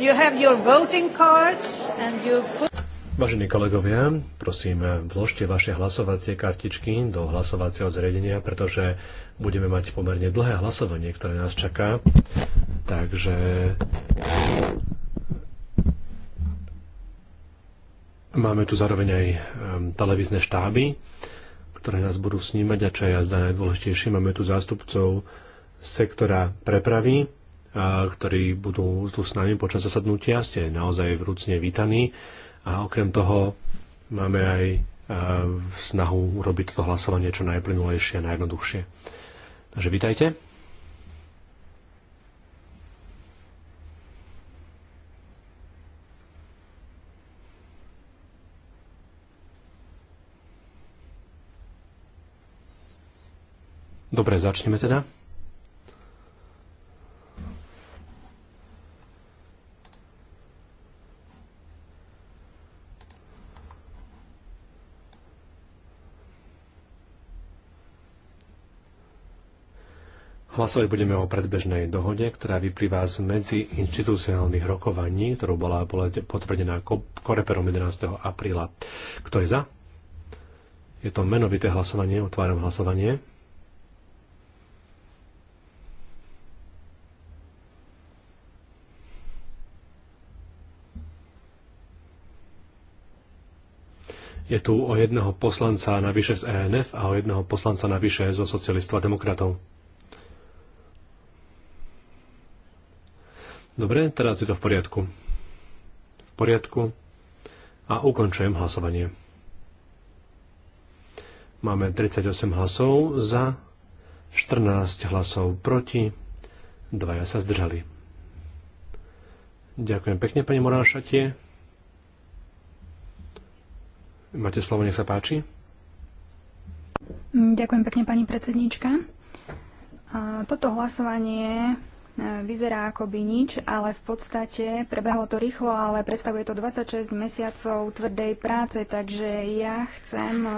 You have your voting cards and you put... Vážení kolegovia, prosím, vložte vaše hlasovacie kartičky do hlasovacieho zriadenia, pretože budeme mať pomerne dlhé hlasovanie, ktoré nás čaká. Takže máme tu zároveň aj televízne štáby, ktoré nás budú snímať a čo je jazda najdôležitejšie. Máme tu zástupcov sektora prepravy, ktorí budú tu s nami počas zasadnutia. Ste naozaj vrúcne vítaní. A okrem toho máme aj snahu urobiť toto hlasovanie čo najplynulejšie a najjednoduchšie. Takže vítajte. Dobre, začneme teda. Hlasovať budeme o predbežnej dohode, ktorá vyplýva z inštitúciálnych rokovaní, ktorú bola potvrdená koreperom 11. apríla. Kto je za? Je to menovité hlasovanie, otváram hlasovanie. Je tu o jedného poslanca navyše z ENF a o jedného poslanca navyše zo socialistov a demokratov. Dobre, teraz je to v poriadku. V poriadku. A ukončujem hlasovanie. Máme 38 hlasov za, 14 hlasov proti, dvaja sa zdržali. Ďakujem pekne, pani Morášatie. Máte slovo, nech sa páči. Ďakujem pekne, pani predsednička. Toto hlasovanie E, vyzerá akoby nič, ale v podstate prebehlo to rýchlo, ale predstavuje to 26 mesiacov tvrdej práce, takže ja chcem e,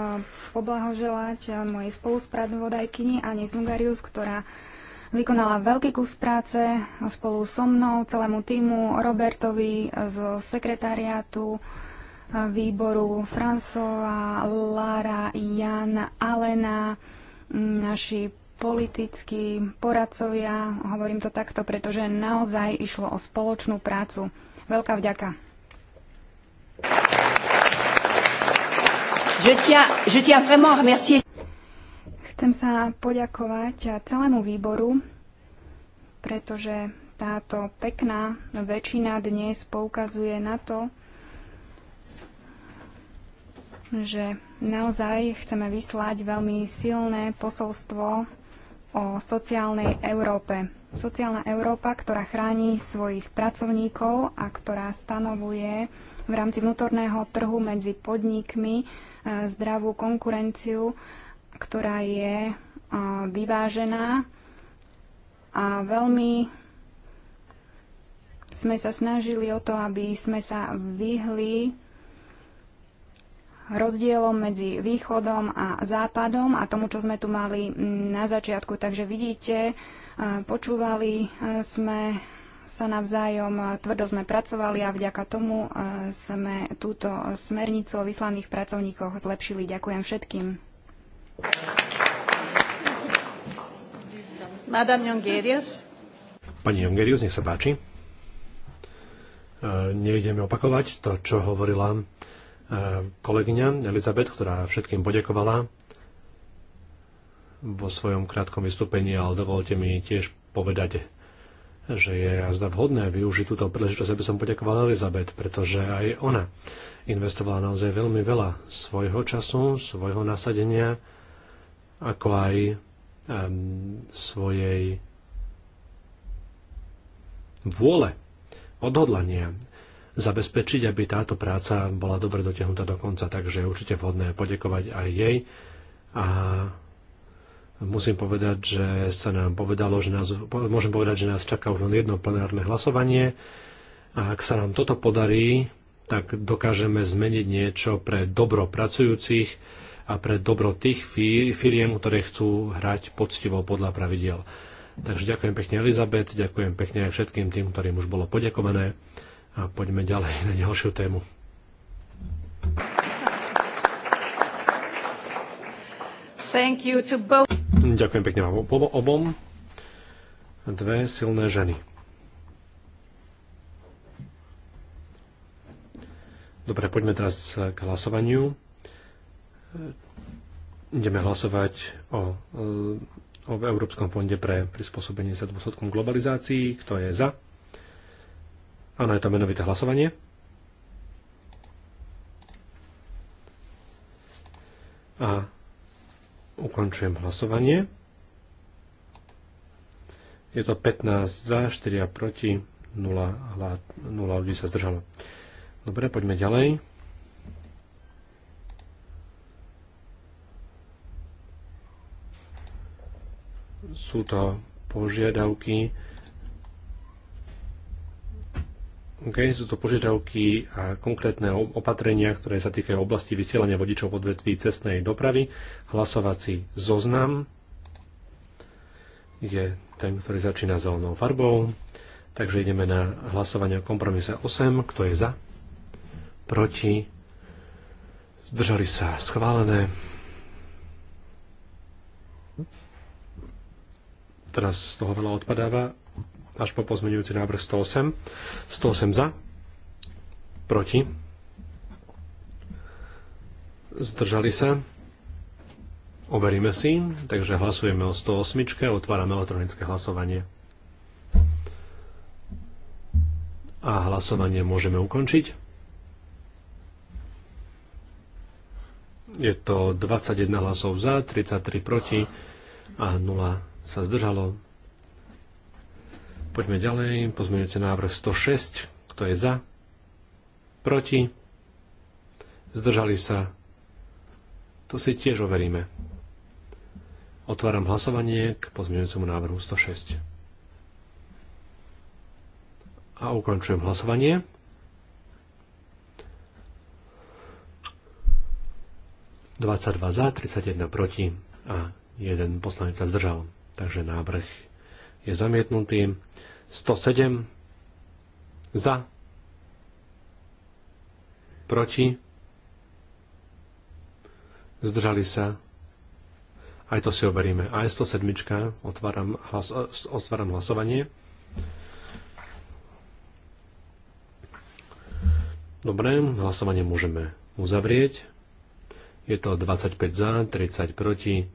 poblahoželať e, mojej spoluspravodajkyni Ani Zungarius, ktorá vykonala veľký kus práce spolu so mnou, celému týmu, Robertovi zo sekretariátu výboru, Francova, Lara, Jan, Alena, naši politickí poradcovia. Hovorím to takto, pretože naozaj išlo o spoločnú prácu. Veľká vďaka. Je tiens, je tiens vraiment remercier chcem sa poďakovať celému výboru, pretože táto pekná väčšina dnes poukazuje na to, že naozaj chceme vyslať veľmi silné posolstvo o sociálnej Európe. Sociálna Európa, ktorá chráni svojich pracovníkov a ktorá stanovuje v rámci vnútorného trhu medzi podnikmi e, zdravú konkurenciu, ktorá je e, vyvážená a veľmi sme sa snažili o to, aby sme sa vyhli rozdielom medzi východom a západom a tomu, čo sme tu mali na začiatku. Takže vidíte, počúvali sme sa navzájom, tvrdo sme pracovali a vďaka tomu sme túto smernicu o vyslaných pracovníkoch zlepšili. Ďakujem všetkým. Madame Jongerius. Pani Jongerius, nech sa páči. E, nejdeme opakovať to, čo hovorila kolegyňa Elizabeth, ktorá všetkým poďakovala vo svojom krátkom vystúpení, ale dovolte mi tiež povedať, že je jazda vhodné využiť túto príležitosť, aby som poďakoval Elizabeth, pretože aj ona investovala naozaj veľmi veľa svojho času, svojho nasadenia, ako aj um, svojej vôle, odhodlania zabezpečiť, aby táto práca bola dobre dotiahnutá do konca. Takže je určite vhodné podekovať aj jej. A musím povedať, že sa nám povedalo, že nás, môžem povedať, že nás čaká už len jedno plenárne hlasovanie. A ak sa nám toto podarí, tak dokážeme zmeniť niečo pre dobro pracujúcich a pre dobro tých firiem, ktoré chcú hrať poctivo podľa pravidiel. Takže ďakujem pekne Elizabet, ďakujem pekne aj všetkým tým, ktorým už bolo podekované a poďme ďalej na ďalšiu tému. Thank you to both. Ďakujem pekne vám obom. Dve silné ženy. Dobre, poďme teraz k hlasovaniu. Ideme hlasovať o, o Európskom fonde pre prispôsobenie sa dôsledkom globalizácií. Kto je za? Áno, je to menovité hlasovanie. A ukončujem hlasovanie. Je to 15 za, 4 proti, 0, 0 ľudí sa zdržalo. Dobre, poďme ďalej. Sú to požiadavky Okay, sú to požiadavky a konkrétne opatrenia, ktoré sa týkajú oblasti vysielania vodičov v odvetví cestnej dopravy. Hlasovací zoznam je ten, ktorý začína zelenou farbou. Takže ideme na hlasovanie o kompromise 8. Kto je za? Proti? Zdržali sa schválené. Teraz z toho veľa odpadáva až po pozmeňujúci návrh 108. 108 za, proti, zdržali sa, overíme si, takže hlasujeme o 108, otvárame elektronické hlasovanie. A hlasovanie môžeme ukončiť. Je to 21 hlasov za, 33 proti a 0 sa zdržalo. Poďme ďalej. Pozmeňujúci návrh 106. Kto je za? Proti? Zdržali sa? To si tiež overíme. Otváram hlasovanie k pozmeňujúcemu návrhu 106. A ukončujem hlasovanie. 22 za, 31 proti a jeden poslanec sa zdržal. Takže návrh je zamietnutý. 107 za, proti, zdržali sa. Aj to si overíme. Aj 107. Otváram, hlas, otváram hlasovanie. Dobre, hlasovanie môžeme uzavrieť. Je to 25 za, 30 proti,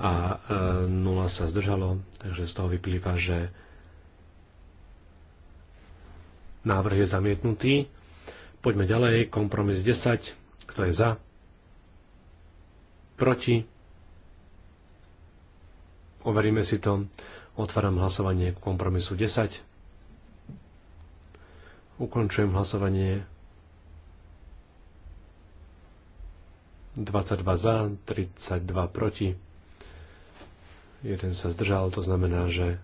a e, nula sa zdržalo, takže z toho vyplýva, že návrh je zamietnutý. Poďme ďalej, kompromis 10, kto je za, proti, overíme si to, otváram hlasovanie k kompromisu 10, ukončujem hlasovanie 22 za, 32 proti jeden sa zdržal, to znamená, že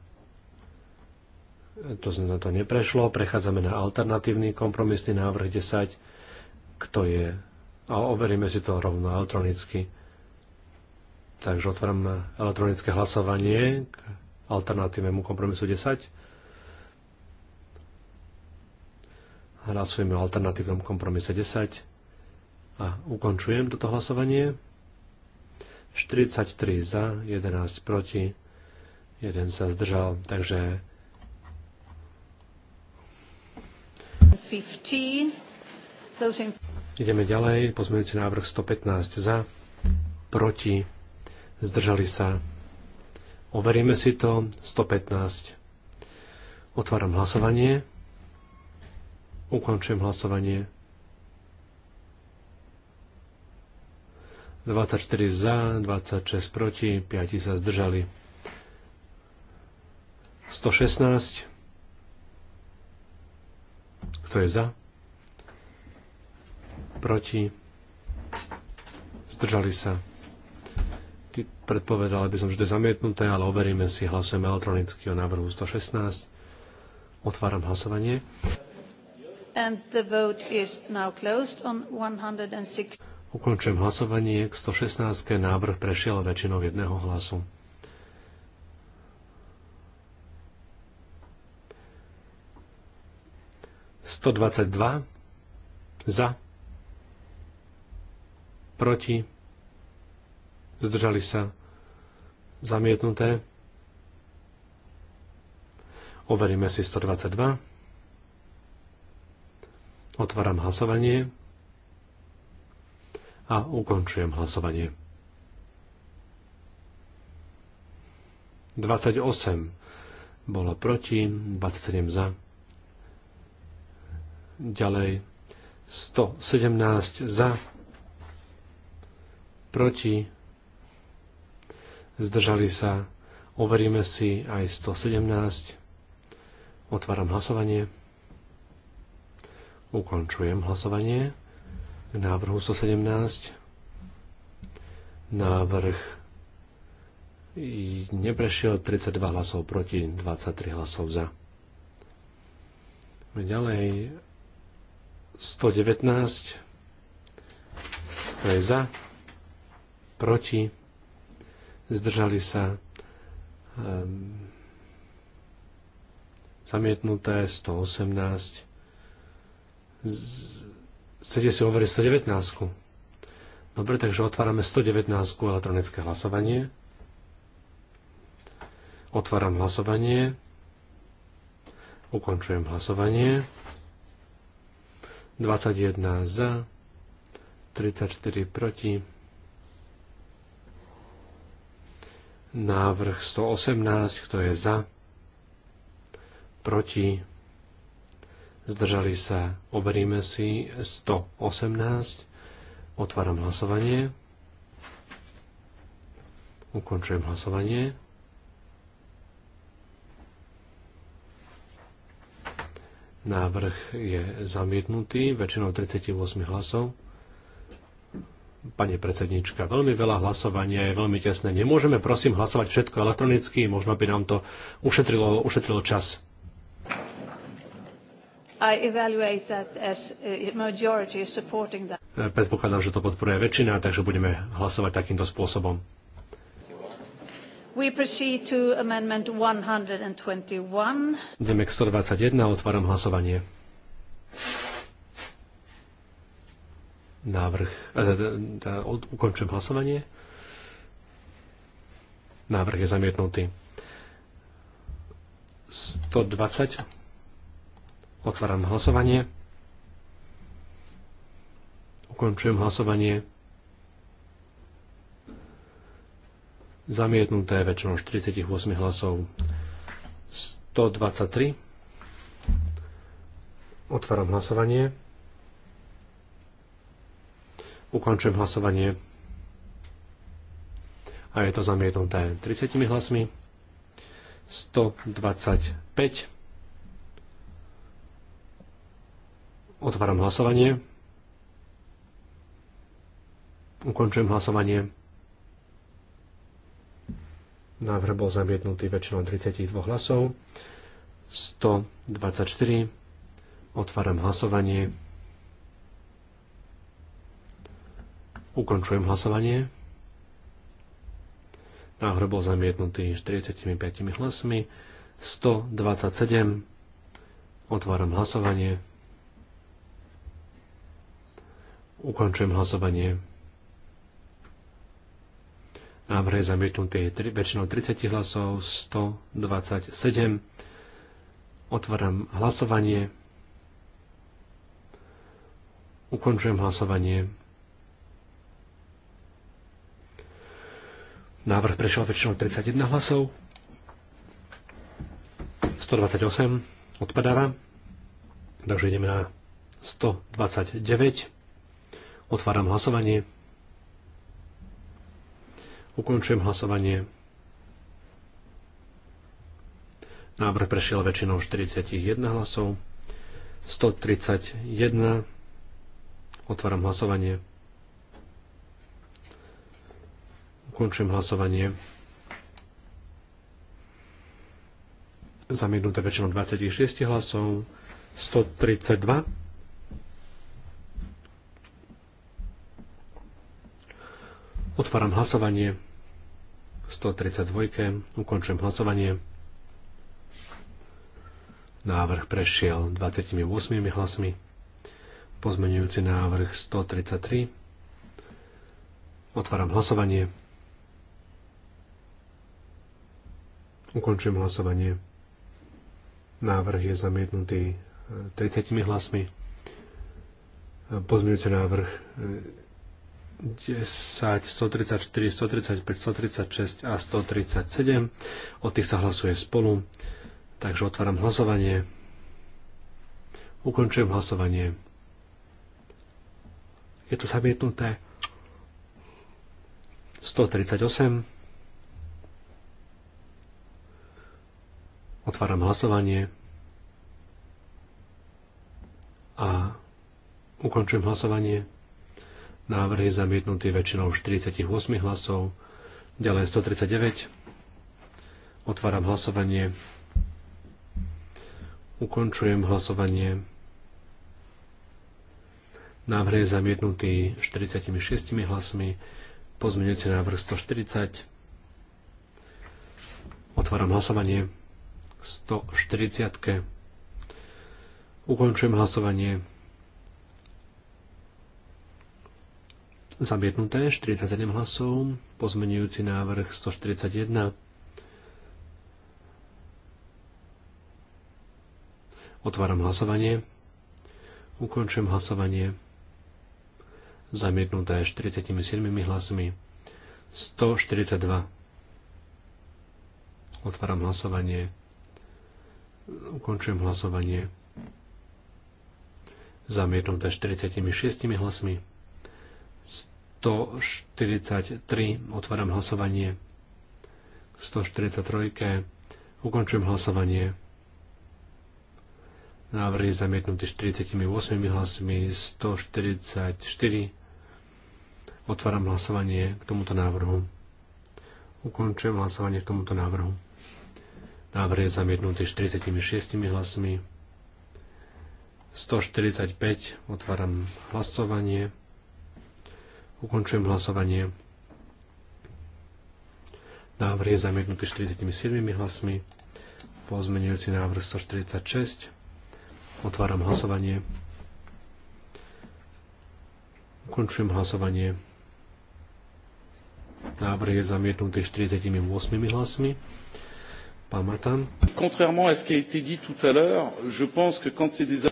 to znamená, to neprešlo. Prechádzame na alternatívny kompromisný návrh 10. Kto je? A overíme si to rovno elektronicky. Takže otváram elektronické hlasovanie k alternatívnemu kompromisu 10. Hlasujeme o alternatívnom kompromise 10 a ukončujem toto hlasovanie. 43 za, 11 proti, 1 sa zdržal, takže 15. Ideme ďalej, pozmeňujúci návrh 115 za, proti, zdržali sa. Overíme si to, 115. Otváram hlasovanie, ukončujem hlasovanie. 24 za, 26 proti, 5 sa zdržali. 116. Kto je za? Proti? Zdržali sa. Ty predpovedal by som, že to je zamietnuté, ale overíme si, hlasujeme elektronicky o návrhu 116. Otváram hlasovanie. And the vote is now closed on 116. Ukončujem hlasovanie. K 116. návrh prešiel väčšinou jedného hlasu. Sto dvadsať dva za proti zdržali sa zamietnuté. Overíme si 122. Otváram hlasovanie a ukončujem hlasovanie. 28 bolo proti, 27 za. Ďalej 117 za, proti, zdržali sa, overíme si aj 117. Otváram hlasovanie. Ukončujem hlasovanie k návrhu 117. Návrh neprešiel 32 hlasov proti, 23 hlasov za. Ďalej 119. To je za, proti, zdržali sa ehm, zamietnuté 118 z, Chcete si overiť 119? Dobre, takže otvárame 119 elektronické hlasovanie. Otváram hlasovanie. Ukončujem hlasovanie. 21 za, 34 proti. Návrh 118, kto je za, proti zdržali sa, overíme si 118, otváram hlasovanie, ukončujem hlasovanie. Návrh je zamietnutý väčšinou 38 hlasov. Pani predsednička, veľmi veľa hlasovania je veľmi tesné. Nemôžeme prosím hlasovať všetko elektronicky, možno by nám to ušetrilo, ušetrilo čas. I evaluate that as majority supporting that. E, predpokladám, že to podporuje väčšina, takže budeme hlasovať takýmto spôsobom. We proceed to amendment 121. Ideme k 121, otváram hlasovanie. Návrh, e, e, ukončujem hlasovanie. Návrh je zamietnutý. 120, Otváram hlasovanie. Ukončujem hlasovanie. Zamietnuté väčšinou 48 hlasov. 123. Otváram hlasovanie. Ukončujem hlasovanie. A je to zamietnuté 30 hlasmi. 125. Otváram hlasovanie. Ukončujem hlasovanie. Návrh bol zamietnutý väčšinou 32 hlasov. 124. Otváram hlasovanie. Ukončujem hlasovanie. Návrh bol zamietnutý 45 hlasmi. 127. Otváram hlasovanie. Ukončujem hlasovanie. Návrh je zamietnutý väčšinou 30 hlasov 127. Otváram hlasovanie. Ukončujem hlasovanie. Návrh prešiel väčšinou 31 hlasov. 128 odpadáva. Takže ideme na 129. Otváram hlasovanie. Ukončujem hlasovanie. Návrh prešiel väčšinou 41 hlasov. 131. Otváram hlasovanie. Ukončujem hlasovanie. Zamietnuté väčšinou 26 hlasov. 132. Otváram hlasovanie. 132. Ukončujem hlasovanie. Návrh prešiel 28 hlasmi. Pozmenujúci návrh 133. Otváram hlasovanie. Ukončujem hlasovanie. Návrh je zamietnutý 30 hlasmi. Pozmenujúci návrh 10, 134, 135, 136 a 137. O tých sa hlasuje spolu. Takže otváram hlasovanie. Ukončujem hlasovanie. Je to zamietnuté. 138. Otváram hlasovanie. A ukončujem hlasovanie návrh je zamietnutý väčšinou 48 hlasov, ďalej 139. Otváram hlasovanie. Ukončujem hlasovanie. Návrh je zamietnutý 46 hlasmi. Pozmeňujúci návrh 140. Otváram hlasovanie. 140. Ukončujem hlasovanie. Zamietnuté 47 hlasov, pozmenujúci návrh 141. Otváram hlasovanie. Ukončujem hlasovanie. Zamietnuté 47 hlasmi. 142. Otváram hlasovanie. Ukončujem hlasovanie. Zamietnuté 46 hlasmi. 143. Otváram hlasovanie. 143. Ukončujem hlasovanie. Návrh je zamietnutý 48 hlasmi 144. Otváram hlasovanie k tomuto návrhu. Ukončujem hlasovanie k tomuto návrhu. Návrh je zamietnutý 46 hlasmi. 145. Otváram hlasovanie. Ukončujem hlasovanie. Návrh je zamietnutý 47 hlasmi. Pozmenujúci návrh 146. Otváram hlasovanie. Ukončujem hlasovanie. Návrh je zamietnutý 48 hlasmi. Pán Matan. Contrairement à ce qui a été dit tout à l'heure, je pense que quand c'est des...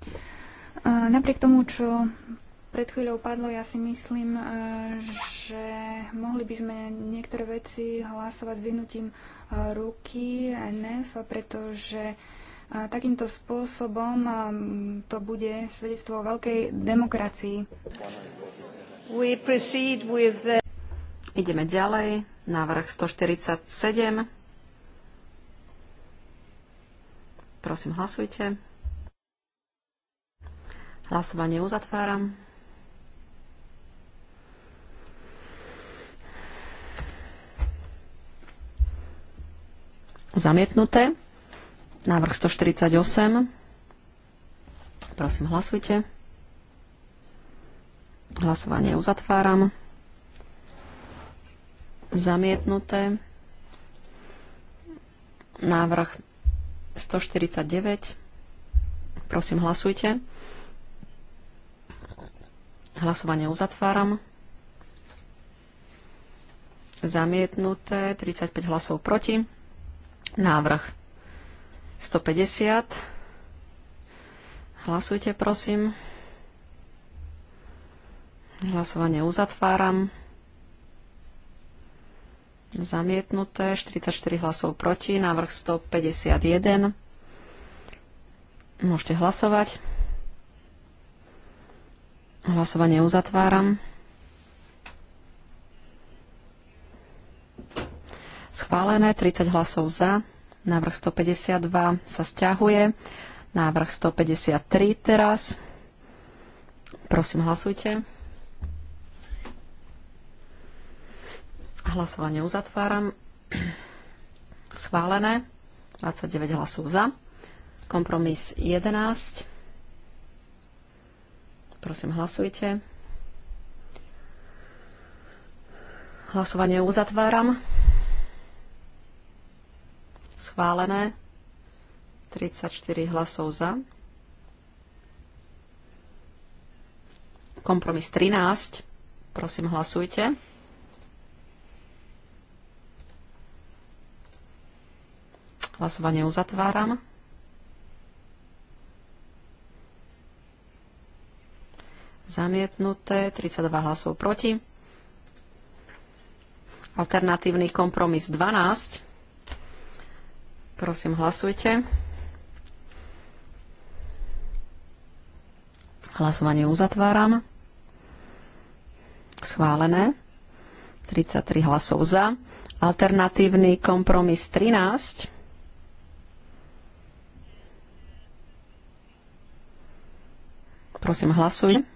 Napriek tomu, čo pred chvíľou padlo, ja si myslím, e, že mohli by sme niektoré veci hlasovať s vyhnutím e, ruky NF, pretože e, takýmto spôsobom to bude svedectvo o veľkej demokracii. The... Ideme ďalej. Návrh 147. Prosím, hlasujte. Hlasovanie uzatváram. Zamietnuté. Návrh 148. Prosím, hlasujte. Hlasovanie uzatváram. Zamietnuté. Návrh 149. Prosím, hlasujte. Hlasovanie uzatváram. Zamietnuté. 35 hlasov proti. Návrh 150. Hlasujte, prosím. Hlasovanie uzatváram. Zamietnuté. 44 hlasov proti. Návrh 151. Môžete hlasovať. Hlasovanie uzatváram. schválené, 30 hlasov za, návrh 152 sa stiahuje, návrh 153 teraz. Prosím, hlasujte. Hlasovanie uzatváram. Schválené. 29 hlasov za. Kompromis 11. Prosím, hlasujte. Hlasovanie uzatváram. Schválené. 34 hlasov za. Kompromis 13. Prosím, hlasujte. Hlasovanie uzatváram. Zamietnuté. 32 hlasov proti. Alternatívny kompromis 12. Prosím, hlasujte. Hlasovanie uzatváram. Schválené. 33 hlasov za. Alternatívny kompromis 13. Prosím, hlasujte.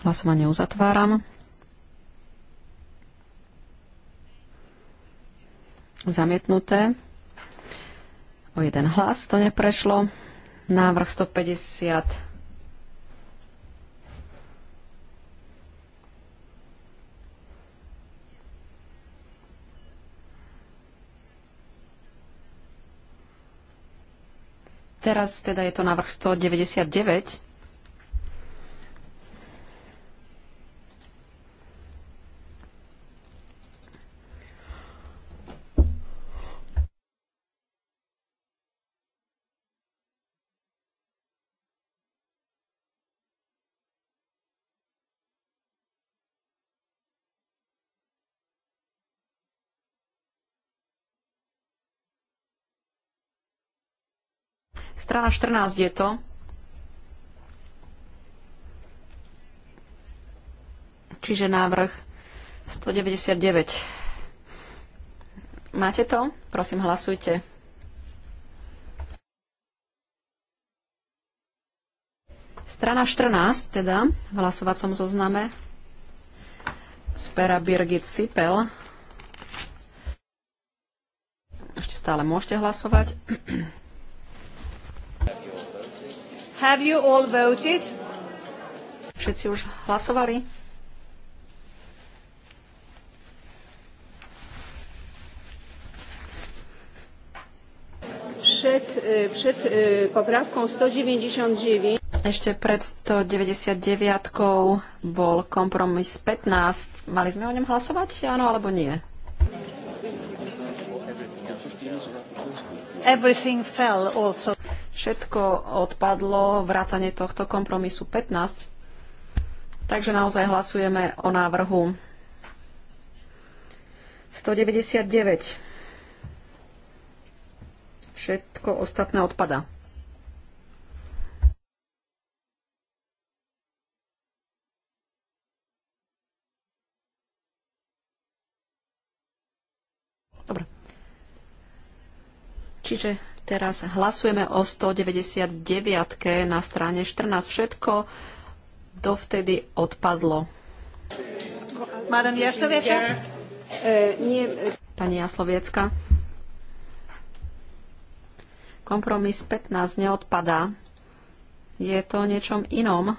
Hlasovanie uzatváram. Zamietnuté. O jeden hlas to neprešlo. Návrh 150. Teraz teda je to návrh 199. Strana 14 je to. Čiže návrh 199. Máte to? Prosím, hlasujte. Strana 14, teda v hlasovacom zozname z pera Birgit Sipel. Ešte stále môžete hlasovať. Have you all voted? Všetci už hlasovali? Před, před poprávkou 199 ešte pred 199 bol kompromis 15. Mali sme o ňom hlasovať, áno alebo nie? Everything fell also. Všetko odpadlo, vrátane tohto kompromisu 15. Takže naozaj hlasujeme o návrhu 199. Všetko ostatné odpada. Dobre. Čiže Teraz hlasujeme o 199 na strane 14. Všetko dovtedy odpadlo. E, Pani Jasloviecka. Kompromis 15 neodpadá. Je to niečom inom.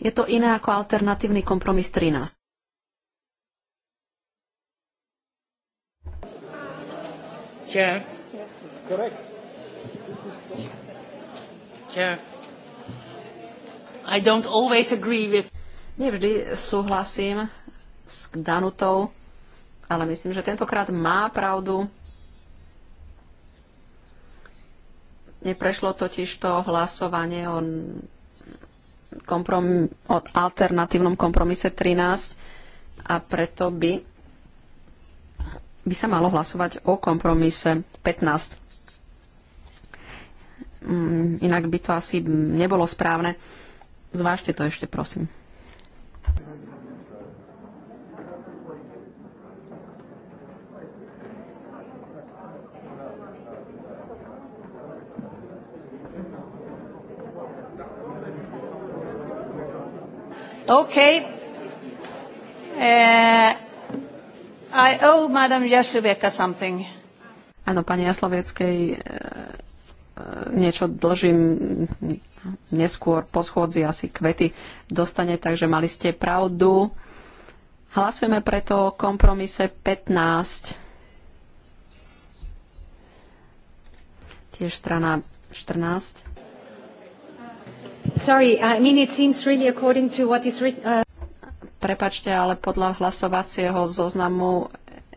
Je to iné ako alternatívny kompromis 13. Chair. I don't always agree with... Nevždy súhlasím s Danutou, ale myslím, že tentokrát má pravdu. Neprešlo totiž to hlasovanie o, komprom- o alternatívnom kompromise 13 a preto by by sa malo hlasovať o kompromise 15. Mm, inak by to asi nebolo správne. Zvážte to ešte, prosím. OK. Uh, i owe something. Áno, pani Jasloveckej e, e, niečo dlžím neskôr po schôdzi asi kvety dostane, takže mali ste pravdu. Hlasujeme preto o kompromise 15. Tiež strana 14. Sorry, I mean it seems really according to what is written. Uh... Prepačte, ale podľa hlasovacieho zoznamu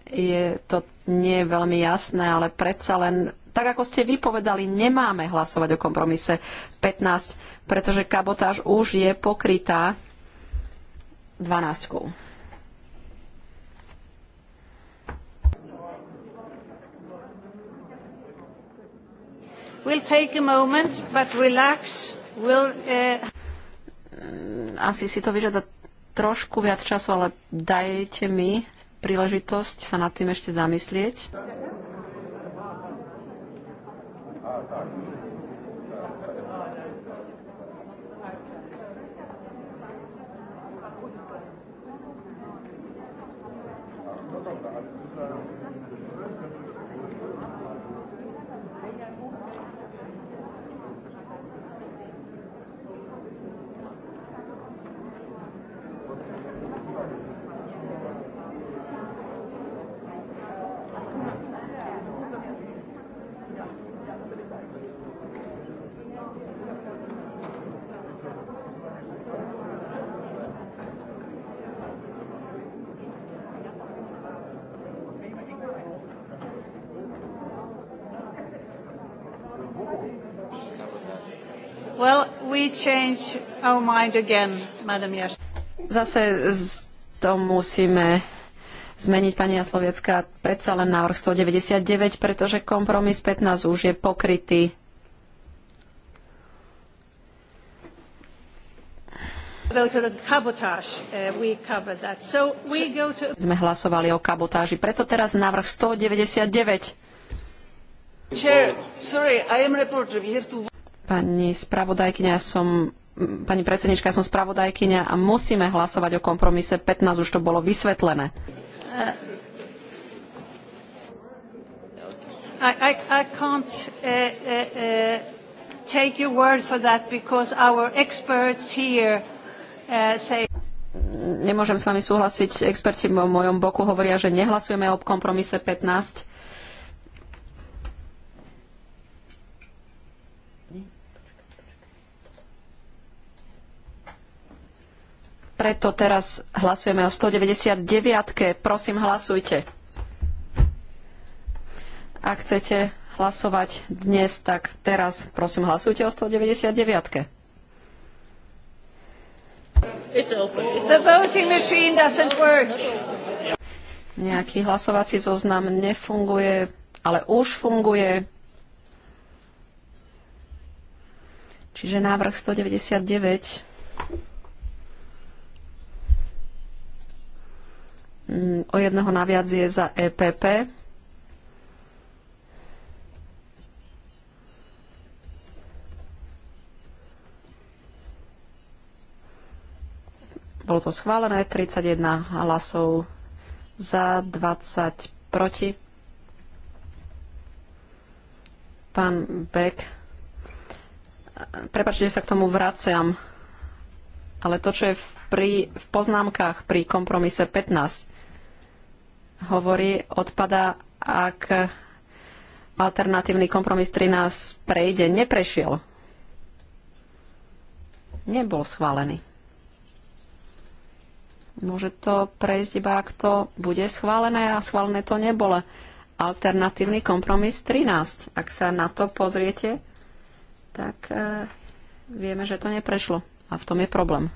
je to nie veľmi jasné, ale predsa len, tak ako ste vypovedali, nemáme hlasovať o kompromise 15, pretože kabotáž už je pokrytá 12. -kou. We'll take a moment, but relax. We'll, uh... Asi si to vyžada trošku viac času, ale dajte mi príležitosť sa nad tým ešte zamyslieť. A, Zase to musíme zmeniť pani Jasloviecka predsa len návrh 199, pretože kompromis 15 už je pokrytý. Uh, Sme hlasovali o kabotáži, preto teraz návrh 199. Chair, sorry, I am reporter. We have to... Pani spravodajkyňa, som pani predsednička, ja som spravodajkyňa a musíme hlasovať o kompromise 15, už to bolo vysvetlené. I, I, I can't uh, uh, take your word for that because our experts here uh, say Nemôžem s vami súhlasiť, experti v mojom boku hovoria, že nehlasujeme o kompromise 15 Preto teraz hlasujeme o 199. -ke. Prosím, hlasujte. Ak chcete hlasovať dnes, tak teraz prosím hlasujte o 199. -ke. It's open. The voting machine doesn't work. Nejaký hlasovací zoznam nefunguje, ale už funguje. Čiže návrh 199 Mm, o jedného naviac je za EPP. Bolo to schválené, 31 hlasov za, 20 proti. Pán Beck, prepačte, sa k tomu vraciam, ale to, čo je v, pri, v poznámkach pri kompromise 15, hovorí, odpada, ak alternatívny kompromis 13 prejde. Neprešiel. Nebol schválený. Môže to prejsť iba, ak to bude schválené a schválené to nebolo. Alternatívny kompromis 13. Ak sa na to pozriete, tak e, vieme, že to neprešlo. A v tom je problém.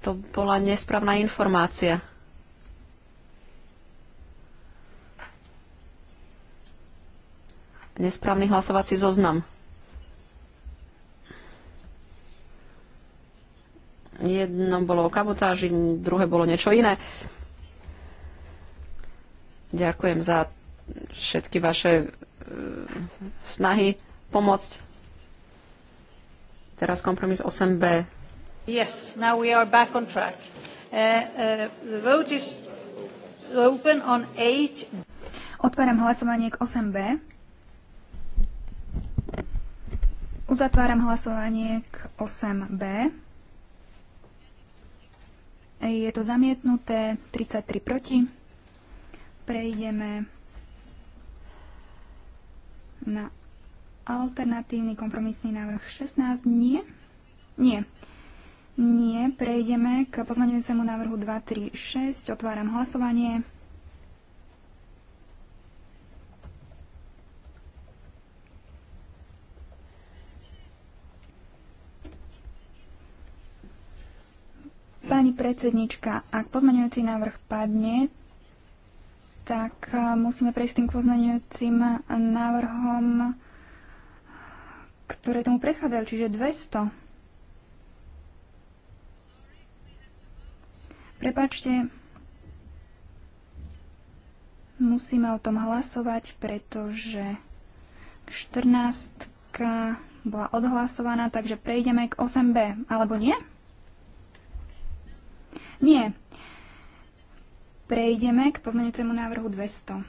To bola nesprávna informácia. Nesprávny hlasovací zoznam. Jedno bolo o kabotáži, druhé bolo niečo iné. Ďakujem za všetky vaše e, snahy pomôcť. Teraz kompromis 8b Yes, now we are back on track. Uh, uh, the vote is open on 8. Otváram hlasovanie k 8b. Uzatváram hlasovanie k 8b. Je to zamietnuté, 33 proti. Prejdeme na alternatívny kompromisný návrh 16. Nie? Nie. Nie, prejdeme k pozmaňujúcemu návrhu 236. Otváram hlasovanie. Pani predsednička, ak pozmaňujúci návrh padne, tak eh, musíme prejsť tým pozmaňujúcim návrhom, ktoré tomu predchádzajú, čiže 200. Prepačte, musíme o tom hlasovať, pretože 14 bola odhlasovaná, takže prejdeme k 8b, alebo nie? Nie. Prejdeme k pozmeňujúcemu návrhu 200.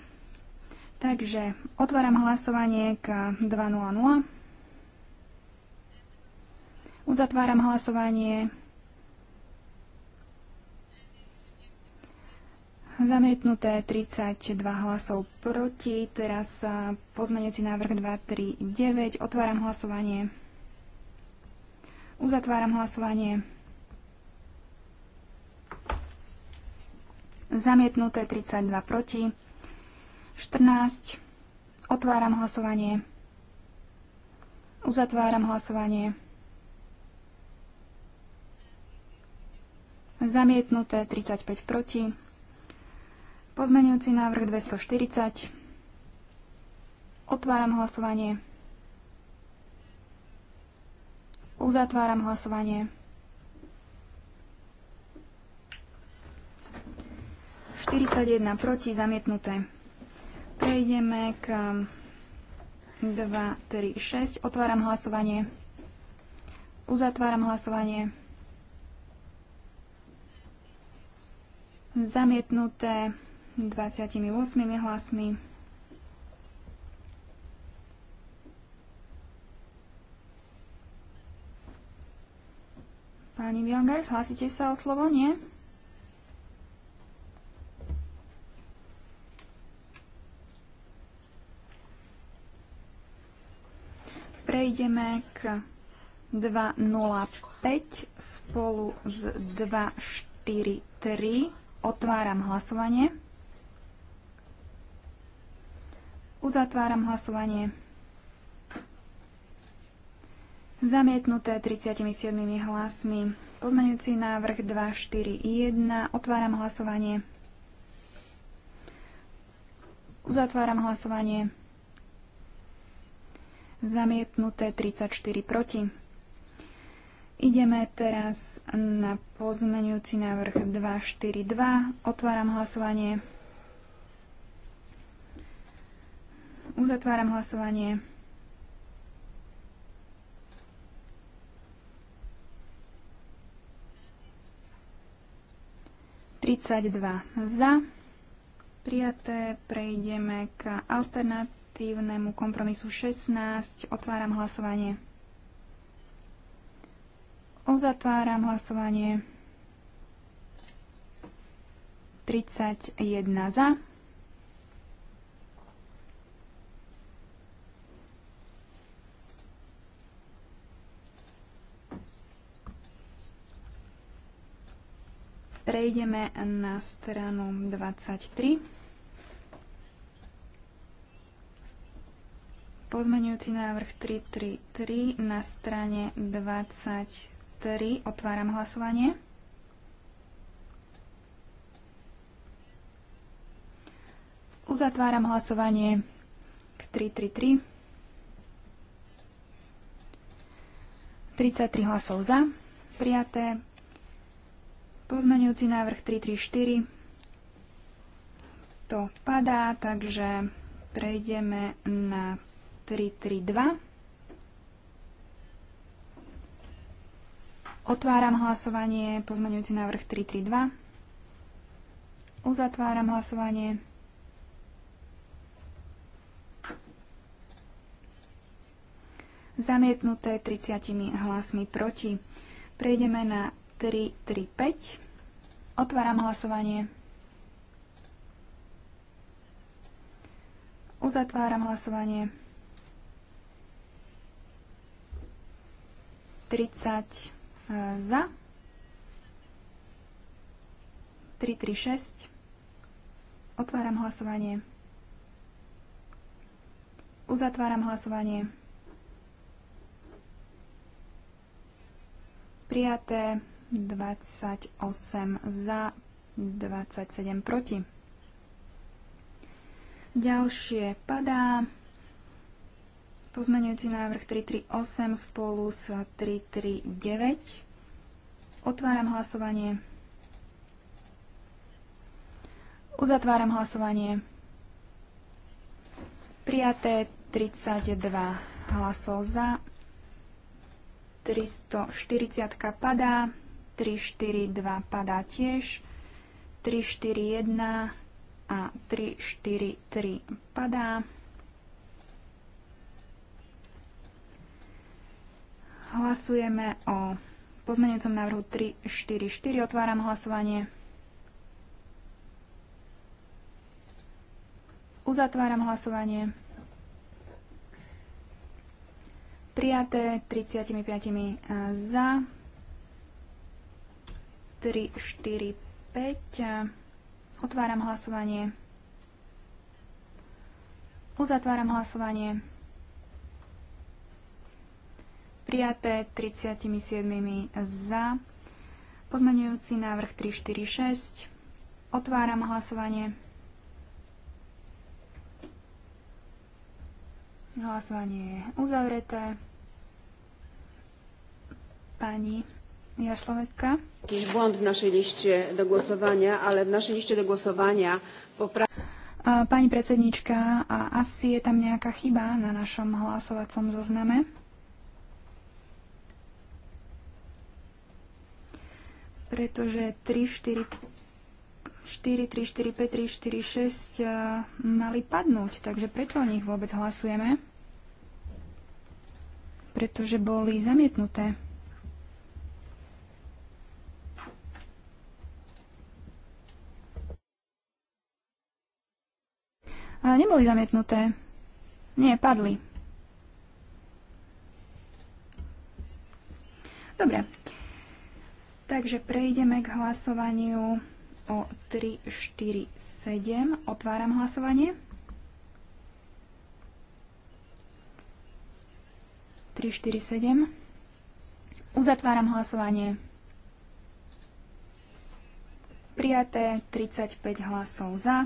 Takže otváram hlasovanie k 2.00. Uzatváram hlasovanie Zamietnuté 32 hlasov proti. Teraz pozmeňujúci návrh 239. Otváram hlasovanie. Uzatváram hlasovanie. Zamietnuté 32 proti. 14. Otváram hlasovanie. Uzatváram hlasovanie. Zamietnuté 35 proti. Pozmeňujúci návrh 240. Otváram hlasovanie. Uzatváram hlasovanie. proti, zamietnuté. Prejdeme k 2, 3, 6. Otváram hlasovanie. Uzatváram hlasovanie. Zamietnuté. 28 hlasmi. Pani Biongers, hlasíte sa o slovo? Nie? Prejdeme k 2.05 spolu s 2.43. Otváram hlasovanie. Uzatváram hlasovanie. Zamietnuté 37 hlasmi. Pozmeňujúci návrh 241. Otváram hlasovanie. Uzatváram hlasovanie. Zamietnuté 34 proti. Ideme teraz na pozmeňujúci návrh 242. Otváram hlasovanie. Uzatváram hlasovanie. za. Prijaté. Prejdeme k alternatívnemu kompromisu 16. Otváram hlasovanie. Uzatváram hlasovanie. 31 za. Prejdeme na stranu 23. Pozmeňujúci návrh 333 na strane 23. Otváram hlasovanie. Uzatváram hlasovanie k 333. 33 hlasov za, prijaté, Pozmeňujúci návrh 334 to padá, takže prejdeme na 332. Otváram hlasovanie, pozmeňujúci návrh 332. Uzatváram hlasovanie. Zamietnuté 30 hlasmi proti. Prejdeme na 5. Otváram hlasovanie. Uzatváram hlasovanie. 30 e, za. 6. Otváram hlasovanie. Uzatváram hlasovanie. Prijaté 28 za, 27 proti. Ďalšie padá pozmeňujúci návrh 338 spolu s 339. Otváram hlasovanie. Uzatváram hlasovanie. Prijaté 32 hlasov za. 340 padá. 3, 4, 2 padá tiež. 3, 4, 1 a 3, 4, 3 padá. Hlasujeme o pozmeňujúcom návrhu 3, 4, 4. Otváram hlasovanie. Uzatváram hlasovanie. Prijaté 35 eh, za, 3, 4, 5. Otváram hlasovanie. Uzatváram hlasovanie. Prijaté 37 za. Pozmenujúci návrh 3 4-6. Otváram hlasovanie. Hlasovanie je uzavreté. Pani Tiež Slovetka. Jakiś błąd w naszej liście do głosowania, ale w naszej liście do głosowania popra... Pani predsednička, a asi je tam nejaká chyba na našom hlasovacom zozname. Pretože 3, 4, 4, 3, 4, 5, 3, 4, 6 mali padnúť. Takže prečo o nich vôbec hlasujeme? Pretože boli zamietnuté. neboli zamietnuté. Nie, padli. Dobre. Takže prejdeme k hlasovaniu o 3, 4, 7. Otváram hlasovanie. 3, 4, 7. Uzatváram hlasovanie. Prijaté 35 hlasov za.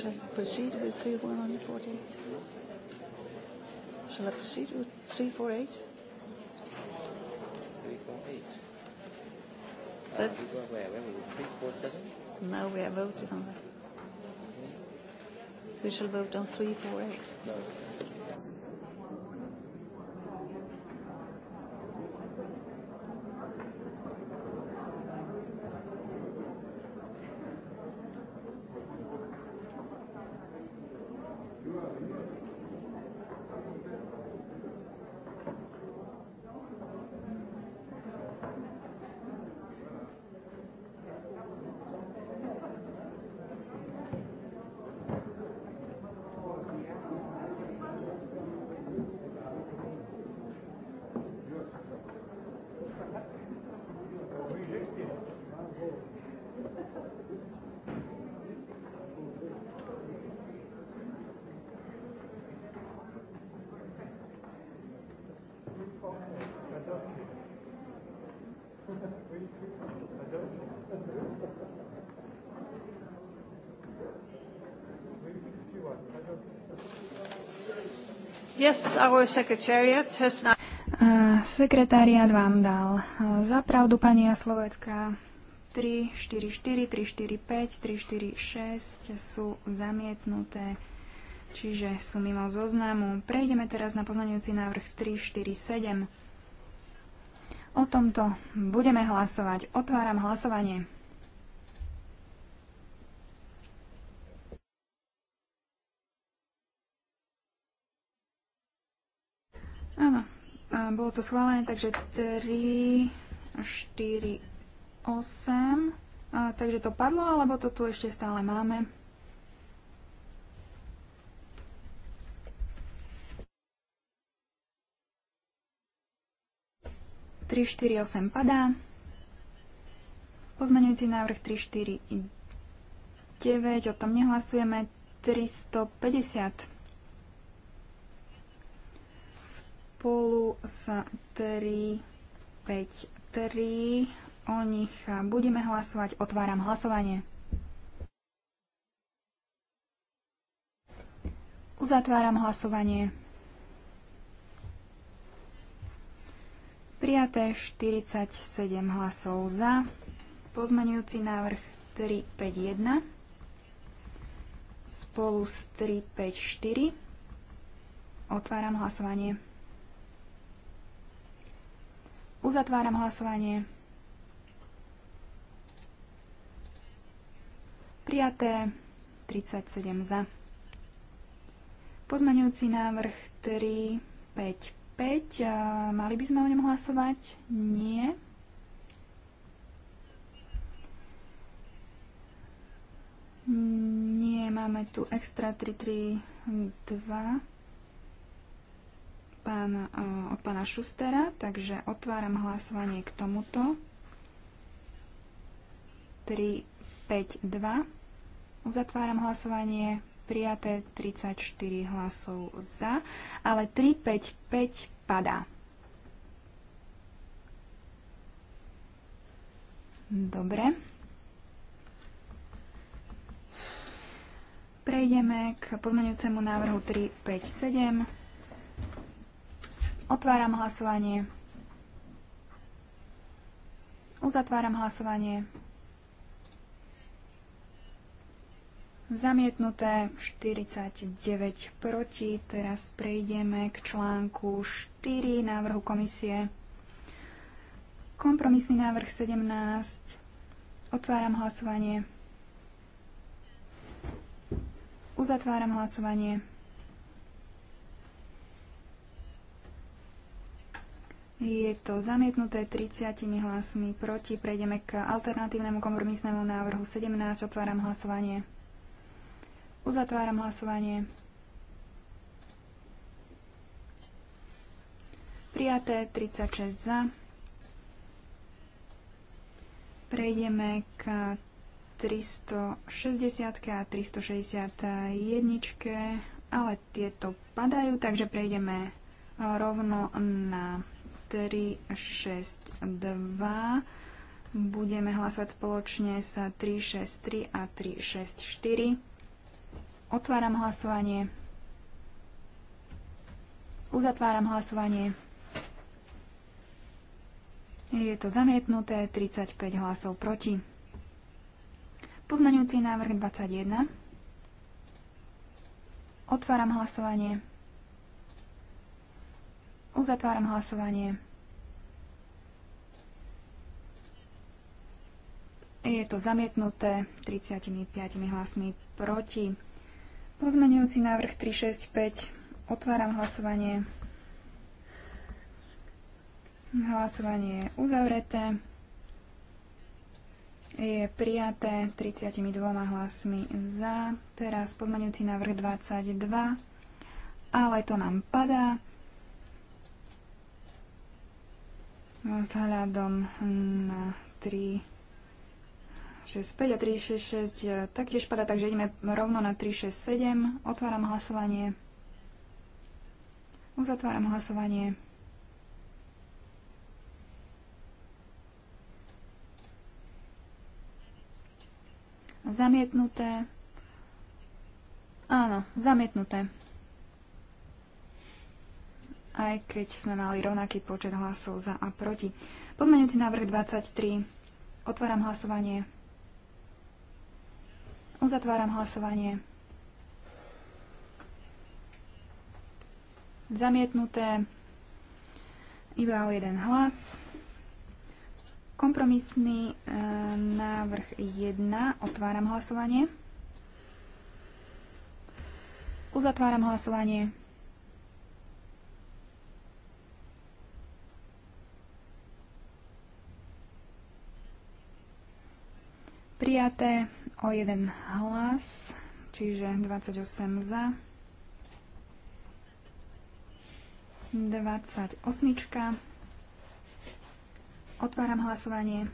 Shall I proceed with 3148? Shall I proceed with 348? 348. That's uh, we where? Where were we? 347? No, we are voting on that. We shall vote on 348. No. Yes, our secretariat has not... Sekretariat vám dal zapravdu, pani Jaslovecká. 3, 4, 4, 3, 4, 5, 3, 4, 6 sú zamietnuté, čiže sú mimo zoznamu. Prejdeme teraz na pozmeňujúci návrh 3, 4, 7. O tomto budeme hlasovať. Otváram hlasovanie. bolo to schválené, takže 3, 4, 8. A, takže to padlo, alebo to tu ešte stále máme? Tri, štyri, osem padá. Pozmeňujúci návrh 3, 4, 9, o tom nehlasujeme. 350. spolu s 3, 5, 3. O nich budeme hlasovať. Otváram hlasovanie. Uzatváram hlasovanie. Prijaté 47 hlasov za. Pozmenujúci návrh 3, 5, 1. spolu s 3 5 4. Otváram hlasovanie. Uzatváram hlasovanie. Prijaté 37 za. Pozmaňujúci návrh 3, 5, 5. Mali by sme o ňom hlasovať? Nie. Nie, máme tu extra 3, 3, 2 pán, e, od pána Šustera, takže otváram hlasovanie k tomuto. 3, 5, 2. Uzatváram hlasovanie. Prijaté 34 hlasov za, ale 3, 5, 5 padá. Dobre. Prejdeme k pozmeňujúcemu návrhu 357. Otváram hlasovanie. Uzatváram hlasovanie. Zamietnuté 49 proti. Teraz prejdeme k článku 4 návrhu komisie. Kompromisný návrh 17. Otváram hlasovanie. Uzatváram hlasovanie. Je to zamietnuté 30 hlasmi proti. Prejdeme k alternatívnemu kompromisnému návrhu 17. Otváram hlasovanie. Uzatváram hlasovanie. Prijaté 36 za. Prejdeme k 360 a 361, ale tieto padajú, takže prejdeme rovno na 6, 2. Budeme hlasovať spoločne sa 363 a 364. Otváram hlasovanie. Uzatváram hlasovanie. Je to zamietnuté, 35 hlasov proti. Pozmeňujúci návrh 21. Otváram hlasovanie. Uzatváram hlasovanie. Je to zamietnuté 35 hlasmi proti. Pozmenujúci návrh 365. Otváram hlasovanie. Hlasovanie je uzavreté. Je prijaté 32 hlasmi za. Teraz pozmenujúci návrh 22. Ale to nám padá. vzhľadom no, na 3, 6, 5 a 3, 6, 6 taktiež padá, takže ideme rovno na 3, 6, 7. Otváram hlasovanie. Uzatváram hlasovanie. Zamietnuté. Áno, zamietnuté aj keď sme mali rovnaký počet hlasov za a proti. Pozmeňujúci návrh 23. Otváram hlasovanie. Uzatváram hlasovanie. Zamietnuté iba o jeden hlas. Kompromisný e, návrh 1. Otváram hlasovanie. Uzatváram hlasovanie. Prijaté o jeden hlas, čiže 28 za. 28. Otváram hlasovanie.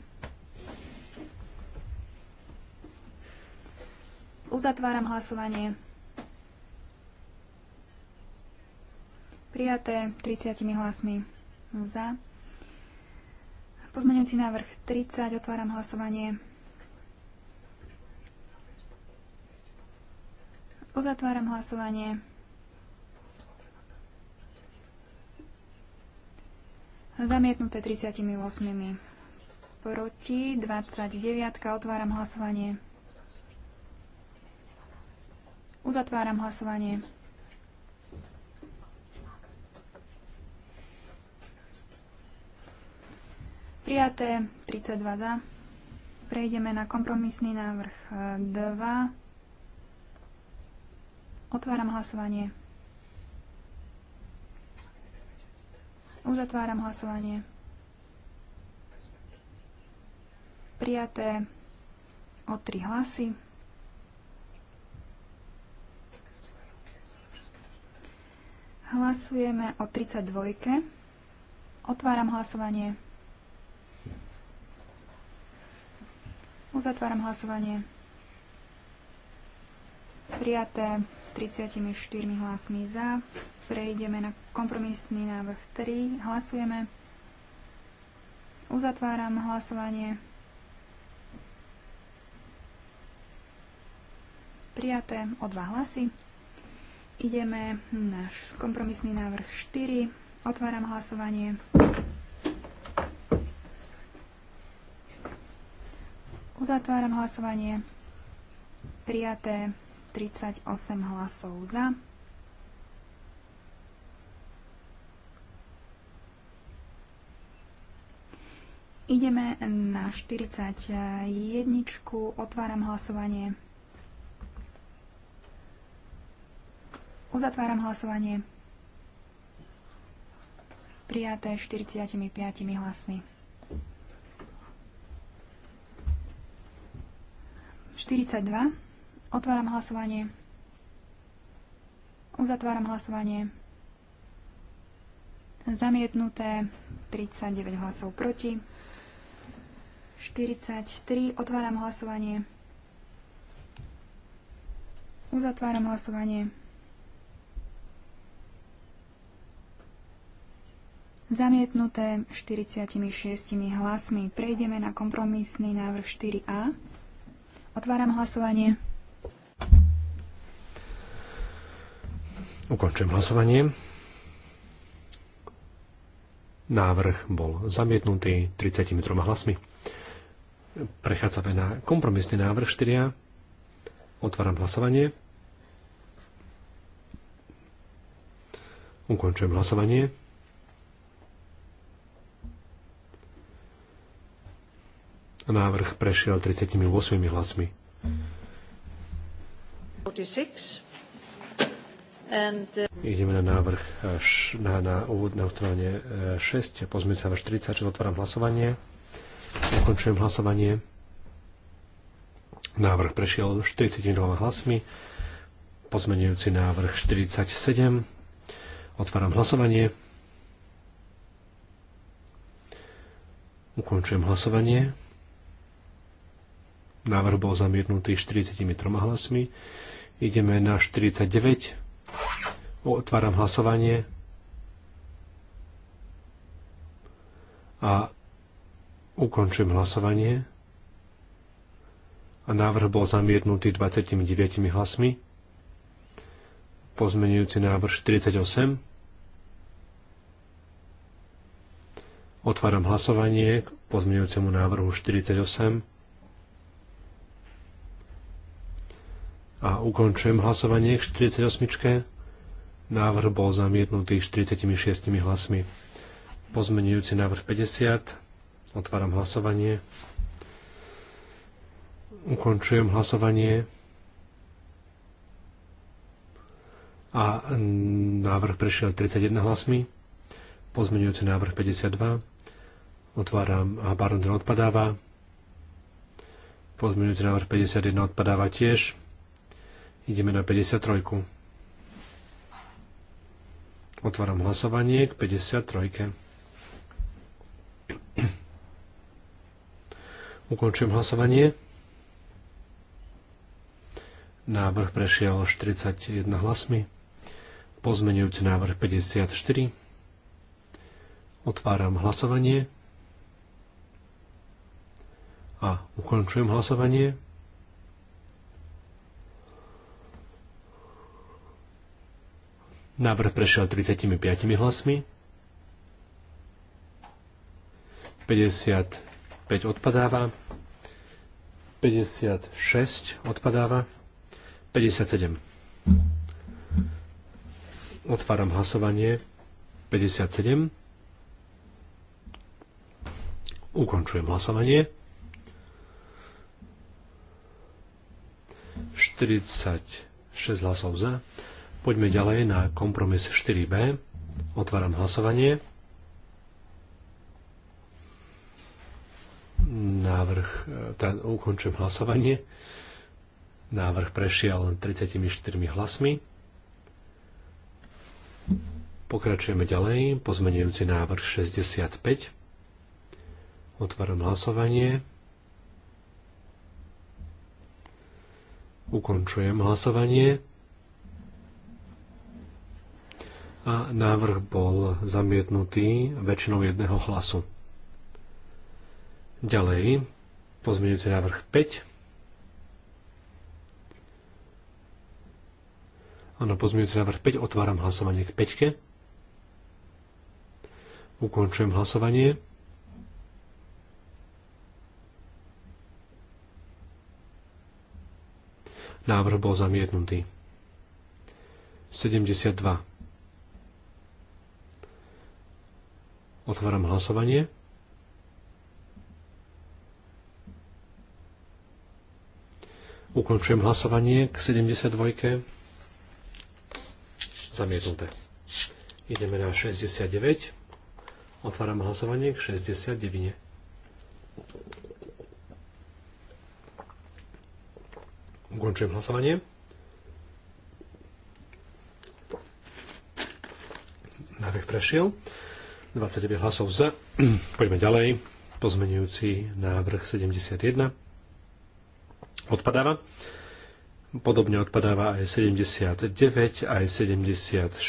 Uzatváram hlasovanie. Prijaté 30 hlasmi za. Pozmeňujúci návrh 30. Otváram hlasovanie. Uzatváram hlasovanie. Zamietnuté 38. Proti 29. Otváram hlasovanie. Uzatváram hlasovanie. Prijaté 32 za. Prejdeme na kompromisný návrh 2. Eh, Otváram hlasovanie. Uzatváram hlasovanie. Prijaté o tri hlasy. Hlasujeme o 32. Otváram hlasovanie. Uzatváram hlasovanie. Prijaté 34 hlasmi za. Prejdeme na kompromisný návrh 3. Hlasujeme. Uzatváram hlasovanie. Prijaté o dva hlasy. Ideme na kompromisný návrh 4. Otváram hlasovanie. Uzatváram hlasovanie. Prijaté 38 hlasov za. Ideme na 41. Otváram hlasovanie. Uzatváram hlasovanie. Prijaté 45 hlasmi. 42. Otváram hlasovanie. Uzatváram hlasovanie. Zamietnuté 39 hlasov proti. 43. Otváram hlasovanie. Uzatváram hlasovanie. Zamietnuté 46 hlasmi. Prejdeme na kompromisný návrh 4a. Otváram hlasovanie. Ukončujem hlasovanie. Návrh bol zamietnutý 33 hlasmi. Prechádzame na kompromisný návrh 4. Otváram hlasovanie. Ukončujem hlasovanie. Návrh prešiel 38 hlasmi. 46. Uh, Ideme na návrh eh, na na, na úvodné ustanovenie 6, pozmeň sa na čo otváram hlasovanie, ukončujem hlasovanie. Návrh prešiel 42 hlasmi, pozmenujúci návrh 47, otváram hlasovanie, ukončujem hlasovanie. Návrh bol zamietnutý 43 hlasmi. Ideme na 49. Otváram hlasovanie. A ukončujem hlasovanie. A návrh bol zamietnutý 29 hlasmi. Pozmenujúci návrh 48. Otváram hlasovanie k pozmenujúcemu návrhu 48. A ukončujem hlasovanie k 48. Návrh bol zamietnutý 46 hlasmi. Pozmenujúci návrh 50. Otváram hlasovanie. Ukončujem hlasovanie. A návrh prešiel 31 hlasmi. Pozmenujúci návrh 52. Otváram a ten odpadáva. Pozmenujúci návrh 51 odpadáva tiež. Ideme na 53. Otváram hlasovanie k 53. Ukončujem hlasovanie. Návrh prešiel 41 hlasmi. Pozmenujúci návrh 54. Otváram hlasovanie. A ukončujem hlasovanie. Návrh prešiel 35 hlasmi. 55 odpadáva. 56 odpadáva. 57. Otváram hlasovanie. 57. Ukončujem hlasovanie. 46 hlasov za. Poďme ďalej na kompromis 4b. Otváram hlasovanie. Návrh, e, teda ukončujem hlasovanie. Návrh prešiel 34 hlasmi. Pokračujeme ďalej. Pozmenujúci návrh 65. Otváram hlasovanie. Ukončujem hlasovanie. a návrh bol zamietnutý väčšinou jedného hlasu. Ďalej, pozmeňujúci návrh 5. Áno, pozmeňujúci návrh 5, otváram hlasovanie k 5. Ukončujem hlasovanie. Návrh bol zamietnutý. 72. Otváram hlasovanie. Ukončujem hlasovanie k 72. Zamietnuté. Ideme na 69. Otváram hlasovanie k 69. Ukončujem hlasovanie. Návrh prešiel. 29 hlasov za. Poďme ďalej. Pozmenujúci návrh 71 odpadáva. Podobne odpadáva aj 79, aj 74.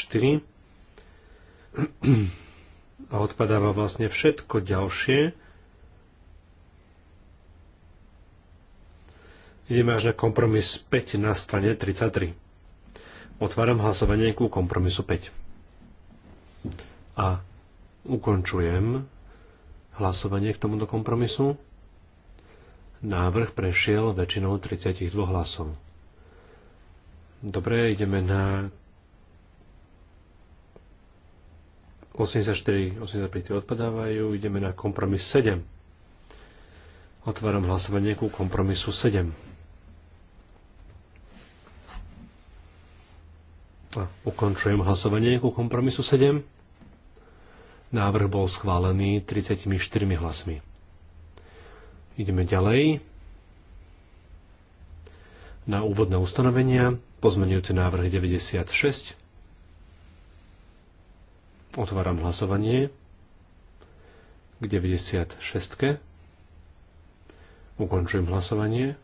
A odpadáva vlastne všetko ďalšie. Ideme až na kompromis 5 na strane 33. Otváram hlasovanie ku kompromisu 5. A Ukončujem hlasovanie k tomuto kompromisu. Návrh prešiel väčšinou 32 hlasov. Dobre, ideme na 84, 85 odpadávajú, ideme na kompromis 7. Otváram hlasovanie ku kompromisu 7. A ukončujem hlasovanie ku kompromisu 7. Návrh bol schválený 34 hlasmi. Ideme ďalej. Na úvodné ustanovenia pozmenujúci návrh 96. Otváram hlasovanie k 96. Ukončujem hlasovanie.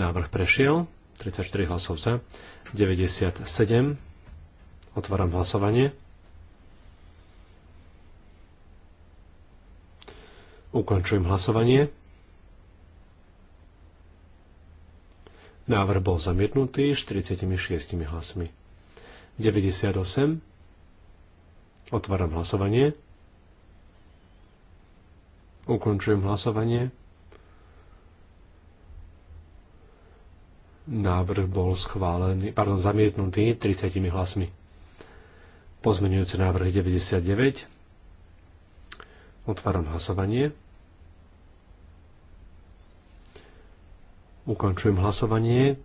Návrh prešiel. 34 hlasov za. 97 Otváram hlasovanie. Ukončujem hlasovanie. Návrh bol zamietnutý 46 hlasmi. 98. Otváram hlasovanie. Ukončujem hlasovanie. Návrh bol schválený, pardon, zamietnutý 30 hlasmi. Pozmenujúce návrh 99. Otváram hlasovanie. Ukončujem hlasovanie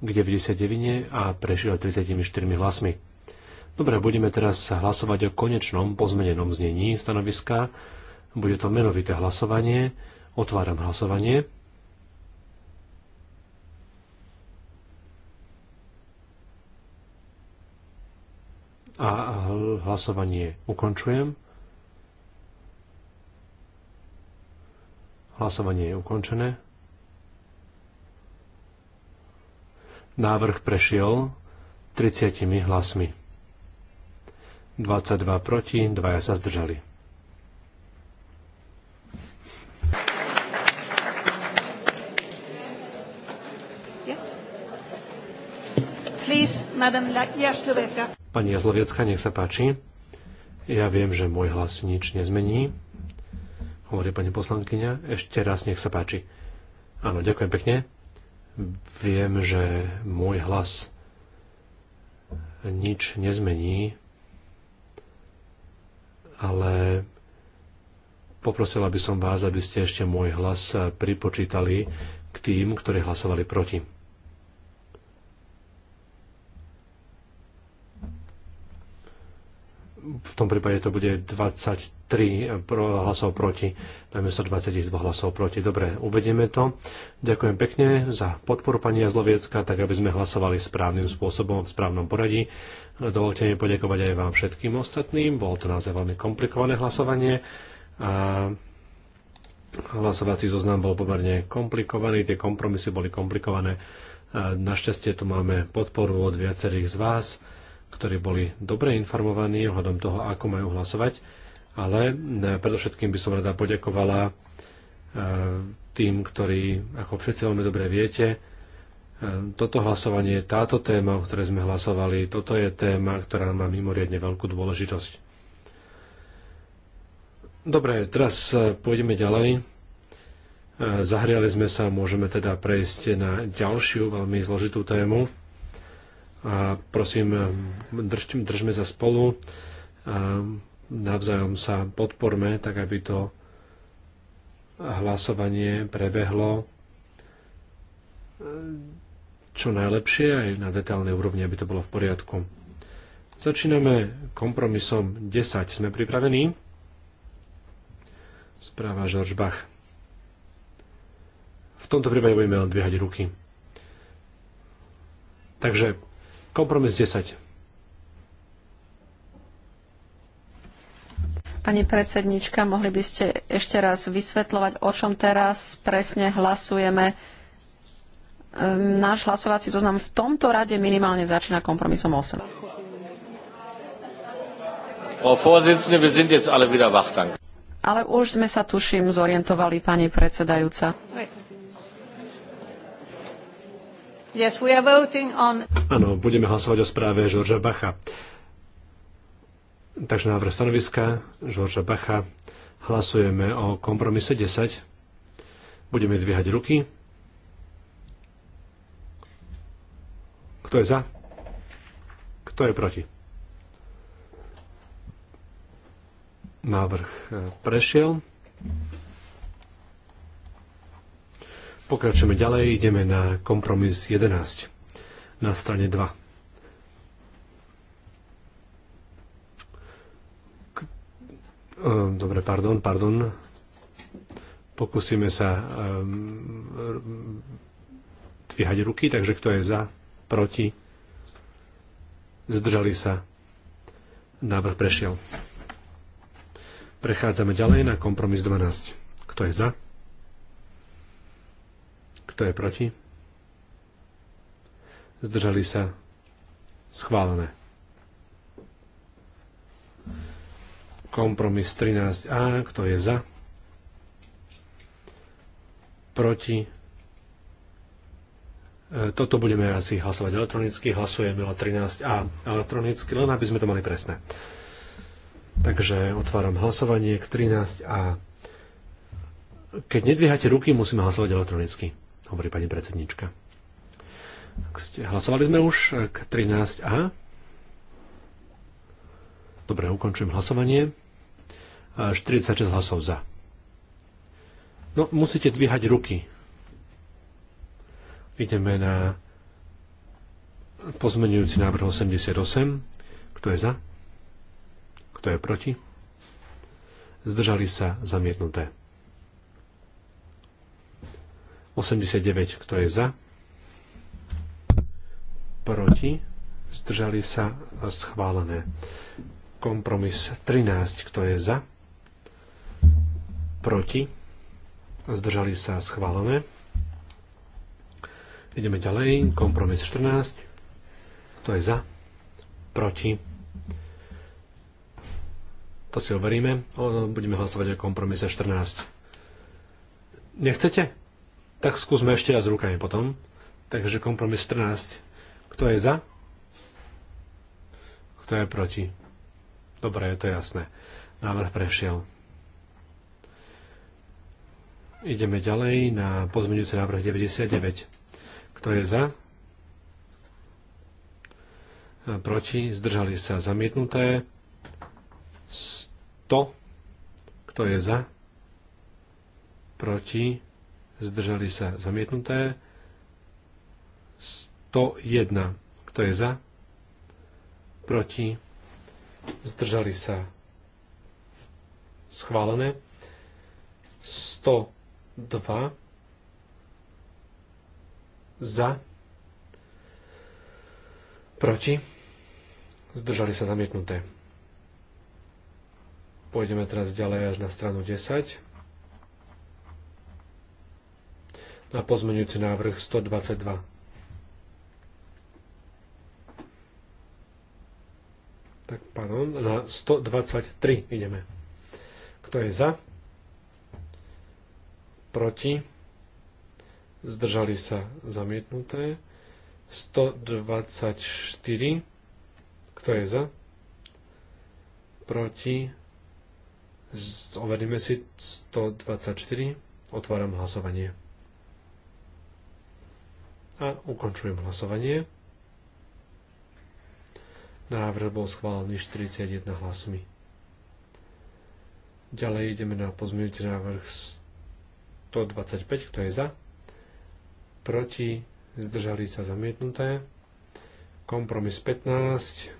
k 99 a prešiel 34 hlasmi. Dobre, budeme teraz hlasovať o konečnom pozmenenom znení stanoviska. Bude to menovité hlasovanie. Otváram hlasovanie. a hlasovanie ukončujem. Hlasovanie je ukončené. Návrh prešiel 30 hlasmi. 22 proti, 2 sa zdržali. Yes. Please, Madam Jaślowiecka. Pani Jazloviecka, nech sa páči. Ja viem, že môj hlas nič nezmení, hovorí pani poslankyňa. Ešte raz, nech sa páči. Áno, ďakujem pekne. Viem, že môj hlas nič nezmení, ale poprosila by som vás, aby ste ešte môj hlas pripočítali k tým, ktorí hlasovali proti. v tom prípade to bude 23 hlasov proti, sa 22 hlasov proti. Dobre, uvedieme to. Ďakujem pekne za podporu pani Jazloviecka, tak aby sme hlasovali správnym spôsobom v správnom poradí. Dovolte mi poďakovať aj vám všetkým ostatným. Bolo to naozaj veľmi komplikované hlasovanie. A hlasovací zoznam bol pomerne komplikovaný, tie kompromisy boli komplikované. E, našťastie tu máme podporu od viacerých z vás ktorí boli dobre informovaní ohľadom toho, ako majú hlasovať, ale e, predovšetkým by som rada poďakovala e, tým, ktorí, ako všetci veľmi dobre viete, e, toto hlasovanie, táto téma, o ktorej sme hlasovali, toto je téma, ktorá má mimoriadne veľkú dôležitosť. Dobre, teraz pôjdeme ďalej. Zahriali sme sa, môžeme teda prejsť na ďalšiu veľmi zložitú tému. A prosím, drž, držme sa spolu a navzájom sa podporme, tak aby to hlasovanie prebehlo čo najlepšie aj na detálnej úrovni, aby to bolo v poriadku. Začíname kompromisom 10. Sme pripravení? Správa George Bach. V tomto prípade budeme len dvíhať ruky. Takže Kompromis 10. Pani predsednička, mohli by ste ešte raz vysvetľovať, o čom teraz presne hlasujeme. Ehm, náš hlasovací zoznam v tomto rade minimálne začína kompromisom 8. Ale už sme sa, tuším, zorientovali, pani predsedajúca. Yes, we are voting on... Áno, budeme hlasovať o správe Žorža Bacha. Takže návrh stanoviska Žorža Bacha. Hlasujeme o kompromise 10. Budeme dvíhať ruky. Kto je za? Kto je proti? Návrh eh, prešiel. Pokračujeme ďalej, ideme na kompromis 11 na strane 2. E, dobre, pardon, pardon. Pokúsime sa e, dvíhať ruky, takže kto je za, proti, zdržali sa, návrh prešiel. Prechádzame ďalej na kompromis 12. Kto je za? Kto je proti? Zdržali sa. Schválené. Kompromis 13a. Kto je za? Proti? E, toto budeme asi hlasovať elektronicky. Hlasujeme o 13a elektronicky, len aby sme to mali presné. Takže otváram hlasovanie k 13a. Keď nedvíhate ruky, musíme hlasovať elektronicky hovorí pani predsednička. Hlasovali sme už k 13a. Dobre, ukončujem hlasovanie. 46 hlasov za. No, musíte dvíhať ruky. Ideme na pozmenujúci návrh 88. Kto je za? Kto je proti? Zdržali sa zamietnuté. 89, kto je za? Proti? Zdržali sa schválené. Kompromis 13, kto je za? Proti? Zdržali sa schválené. Ideme ďalej. Kompromis 14, kto je za? Proti? To si overíme. Budeme hlasovať o kompromise 14. Nechcete? Tak skúsme ešte raz rukami potom. Takže kompromis 14. Kto je za? Kto je proti? Dobre, je to jasné. Návrh prešiel. Ideme ďalej na pozmeňujúci návrh 99. Kto je za? Proti? Zdržali sa zamietnuté. 100. Kto je za? Proti? zdržali sa zamietnuté. 101, kto je za, proti, zdržali sa schválené. 102 za, proti, zdržali sa zamietnuté. Pôjdeme teraz ďalej až na stranu 10. na pozmeňujúci návrh 122. Tak, pardon, na 123 ideme. Kto je za? Proti? Zdržali sa zamietnuté. 124. Kto je za? Proti? Overíme si 124. Otváram hlasovanie. A ukončujem hlasovanie. Návrh bol schválený 41 hlasmi. Ďalej ideme na pozmeňujúci návrh 125, kto je za. Proti, zdržali sa zamietnuté. Kompromis 15.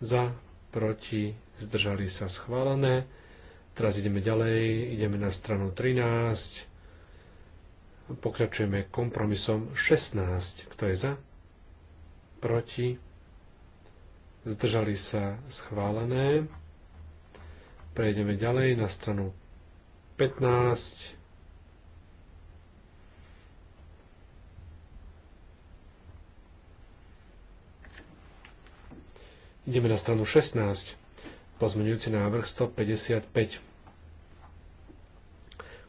Za, proti, zdržali sa schválené. Teraz ideme ďalej, ideme na stranu 13 Pokračujeme kompromisom 16. Kto je za? Proti? Zdržali sa schválené. Prejdeme ďalej na stranu 15. Ideme na stranu 16. Pozmeňujúci návrh 155.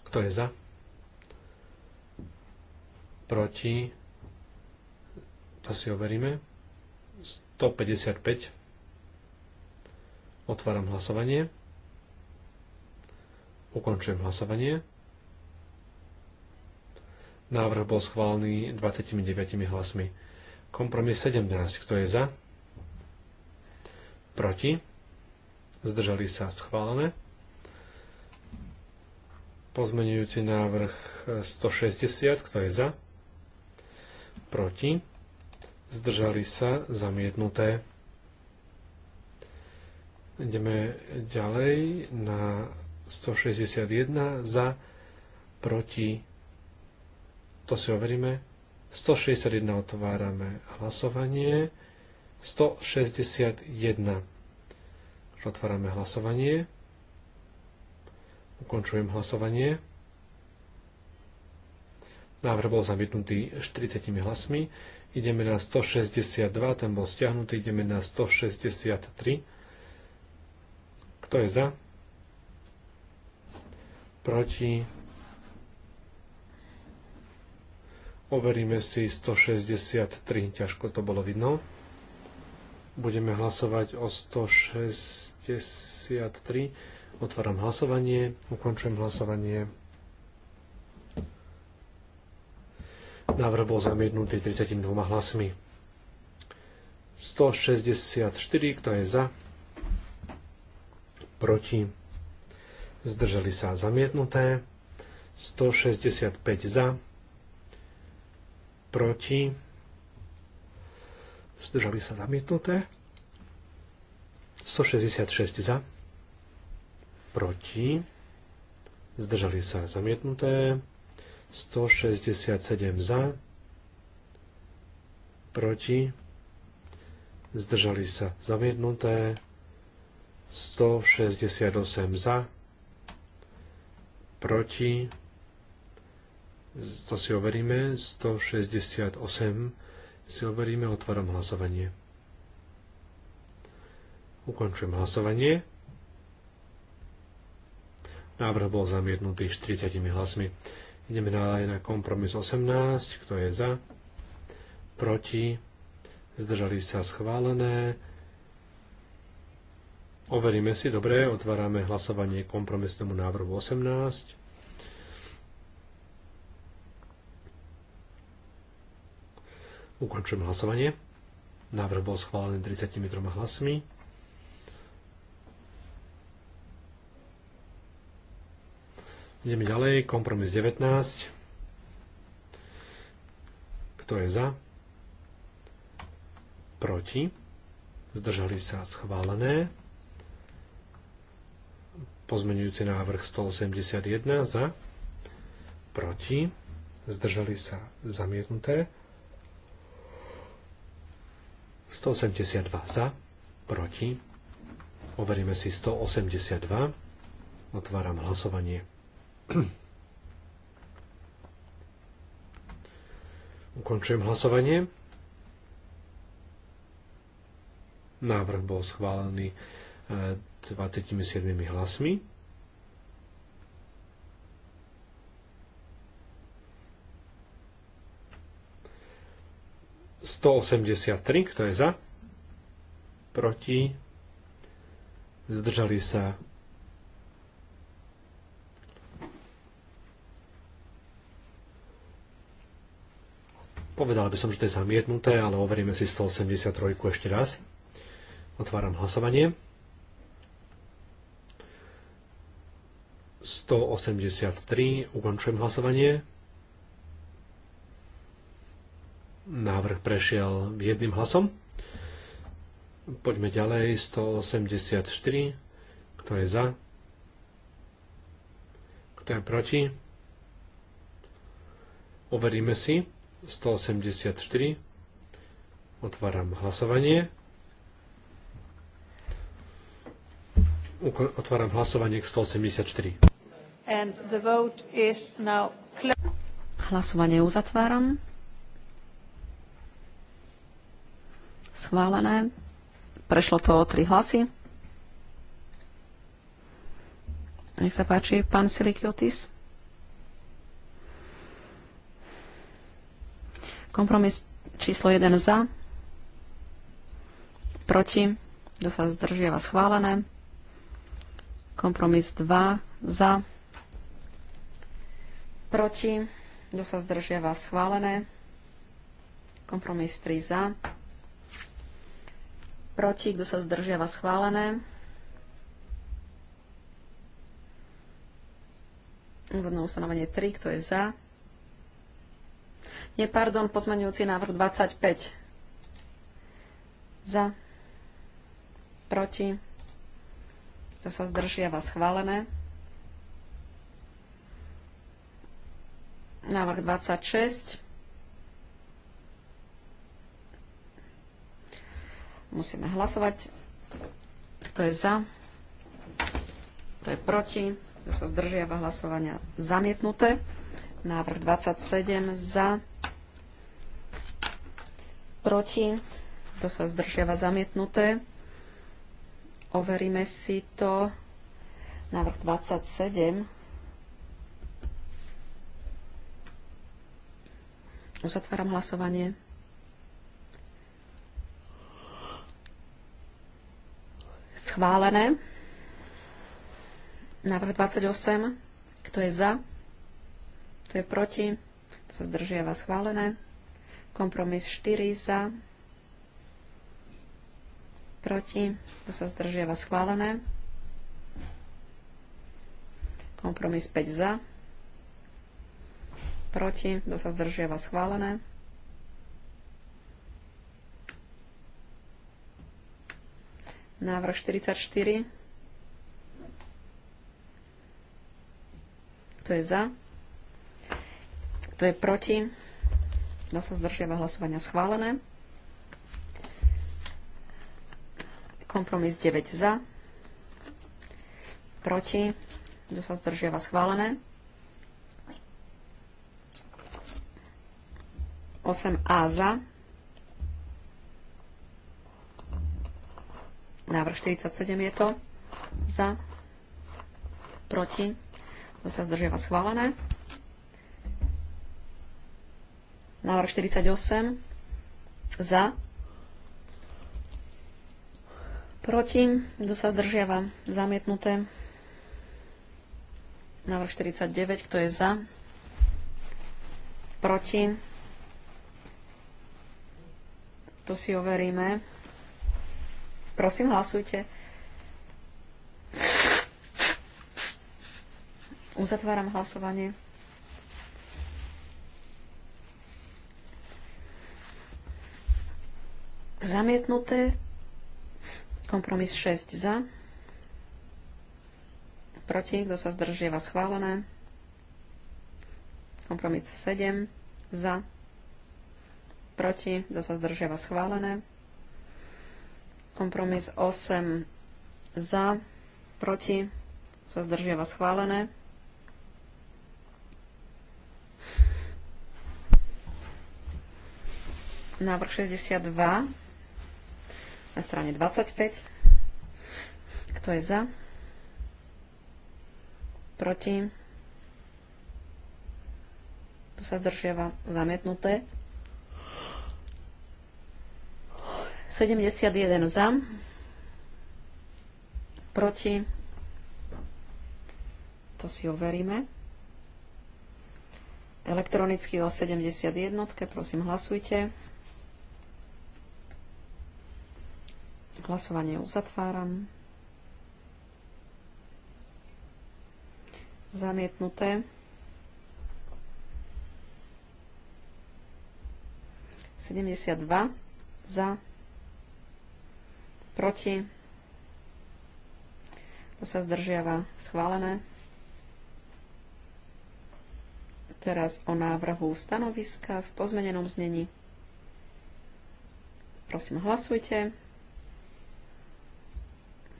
Kto je za? proti, to si overíme, 155. Otváram hlasovanie. Ukončujem hlasovanie. Návrh bol schválený 29 hlasmi. Kompromis 17. Kto je za? Proti? Zdržali sa schválené. Pozmenujúci návrh 160. Kto je za? proti, zdržali sa, zamietnuté. Ideme ďalej na 161 za, proti, to si overíme, 161 otvárame hlasovanie, 161 otvárame hlasovanie, ukončujem hlasovanie, Návrh bol zamietnutý 40 hlasmi. Ideme na 162, ten bol stiahnutý, ideme na 163. Kto je za? Proti? Overíme si 163, ťažko to bolo vidno. Budeme hlasovať o 163. Otváram hlasovanie, ukončujem hlasovanie. Návrh bol zamietnutý 32 hlasmi. 164, kto je za? Proti? Zdržali sa zamietnuté. 165 za. Proti? Zdržali sa zamietnuté. 166 za. Proti? Zdržali sa zamietnuté. 167 za, proti, zdržali sa zamietnuté, 168 za, proti, to si overíme, 168 si overíme, otváram hlasovanie. Ukončujem hlasovanie. Návrh bol zamietnutý 40 hlasmi. Ideme ďalej na kompromis 18, kto je za, proti, zdržali sa schválené. Overíme si, dobre, otvárame hlasovanie kompromisnému návrhu 18. Ukončujem hlasovanie. Návrh bol schválený 33 hlasmi. Ideme ďalej. Kompromis 19. Kto je za? Proti. Zdržali sa schválené. Pozmenujúci návrh 181 za. Proti. Zdržali sa zamietnuté. 182 za. Proti. Overíme si 182. Otváram hlasovanie. Ukončujem hlasovanie. Návrh bol schválený 27 e, hlasmi. Sto osemdesiat tri, kto je za? Proti? Zdržali sa Povedal by som, že to je zamietnuté, ale overíme si 183 ešte raz. Otváram hlasovanie. 183, ukončujem hlasovanie. Návrh prešiel jedným hlasom. Poďme ďalej, 184, kto je za, kto je proti. Overíme si. 184. Otváram hlasovanie. Otváram hlasovanie k 184. And the vote is now Hlasovanie uzatváram. Schválené. Prešlo to o tri hlasy. Nech sa páči, pán Silikiotis. Kompromis číslo 1 za, proti, kto sa zdržiava schválené. Kompromis 2 za, proti, kto sa zdržiava schválené. Kompromis 3 za, proti, kto sa zdržiava schválené. Úvodné ustanovenie 3, kto je za, nie, pardon, pozmeňujúci návrh 25. Za. Proti. To sa zdržiava schválené. Návrh 26. Musíme hlasovať. Kto je za? Kto je proti? Kto sa zdržiava hlasovania? Zamietnuté. Návrh 27 za proti, To sa zdržiava zamietnuté. Overíme si to. Návrh 27. Uzatváram hlasovanie. Schválené. Návrh 28. Kto je za? Kto je proti? Kto sa zdržiava? Schválené. Kompromis 4 za, proti, tu sa zdržiava schválené. Kompromis 5 za, proti, kto sa zdržiava schválené. Návrh 44. To je za? Kto je proti? Kto no, sa zdržiava hlasovania schválené? Kompromis 9 za. Proti. Kto sa zdržiava schválené? 8A za. Návrh 47 je to. Za. Proti. To sa zdržiava schválené? Návrh 48 za. Proti. Kto sa zdržiava? Zamietnuté. Návrh 49. Kto je za? Proti. To si overíme. Prosím, hlasujte. Uzatváram hlasovanie. Zamietnuté. Kompromis 6 za. Proti. Kto sa zdržieva? Schválené. Kompromis 7 za. Proti. Kto sa zdržieva, Schválené. Kompromis 8 za. Proti. Sa zdržieva, Schválené. Návrh 62 na strane 25. Kto je za? Proti? Tu sa zdržiava zamietnuté. 71 za. Proti? To si overíme. Elektronicky o 71. Prosím, hlasujte. Hlasovanie uzatváram. Zamietnuté. 72 za, proti, To sa zdržiava schválené. Teraz o návrhu stanoviska v pozmenenom znení. Prosím, hlasujte.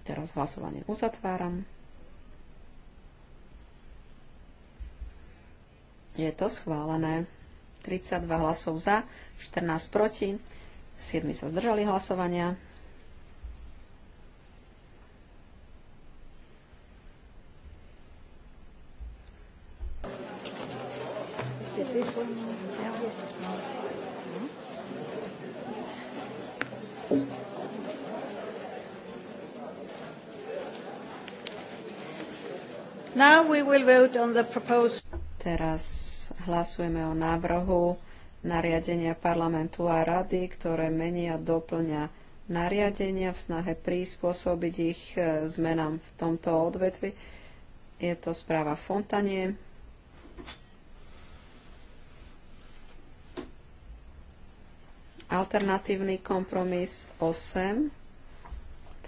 Teraz hlasovanie uzatváram. Je to schválené. 32 hlasov za, 14 proti, 7 sa zdržali hlasovania. Is Teraz hlasujeme o návrhu nariadenia parlamentu a rady, ktoré menia doplňa nariadenia v snahe prispôsobiť ich e, zmenám v tomto odvetvi. Je to správa Fontanie. Alternatívny kompromis 8.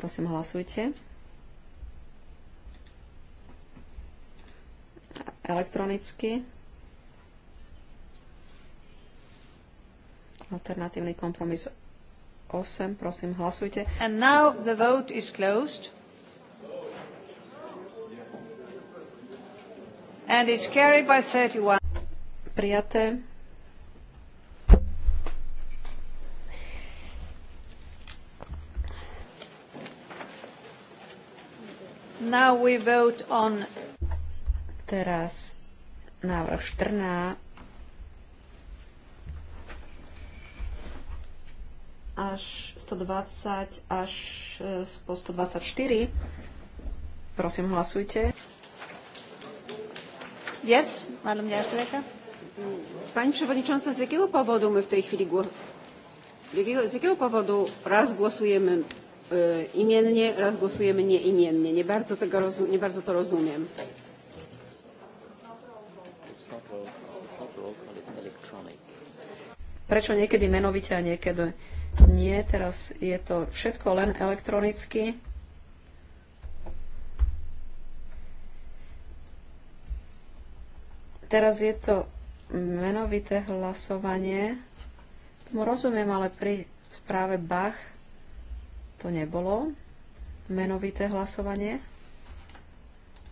Prosím, hlasujte. elektronicky. Alternatívny kompromis 8, prosím, hlasujte. And now the vote is closed. And it's carried by 31. Prijaté. Now we vote on Teraz návrh 14 až 120 až e, po 124. Prosím, hlasujte. Yes, madam Jarkoveka. Pani przewodnicząca, z jakiego powodu my w tej chwili z jakiego powodu raz głosujemy e, imiennie, raz głosujemy nieimiennie? Nie bardzo, tego, nie bardzo to rozumiem. Prečo niekedy menovite a niekedy nie? Teraz je to všetko len elektronicky. Teraz je to menovité hlasovanie. Tomu rozumiem, ale pri správe Bach to nebolo menovité hlasovanie.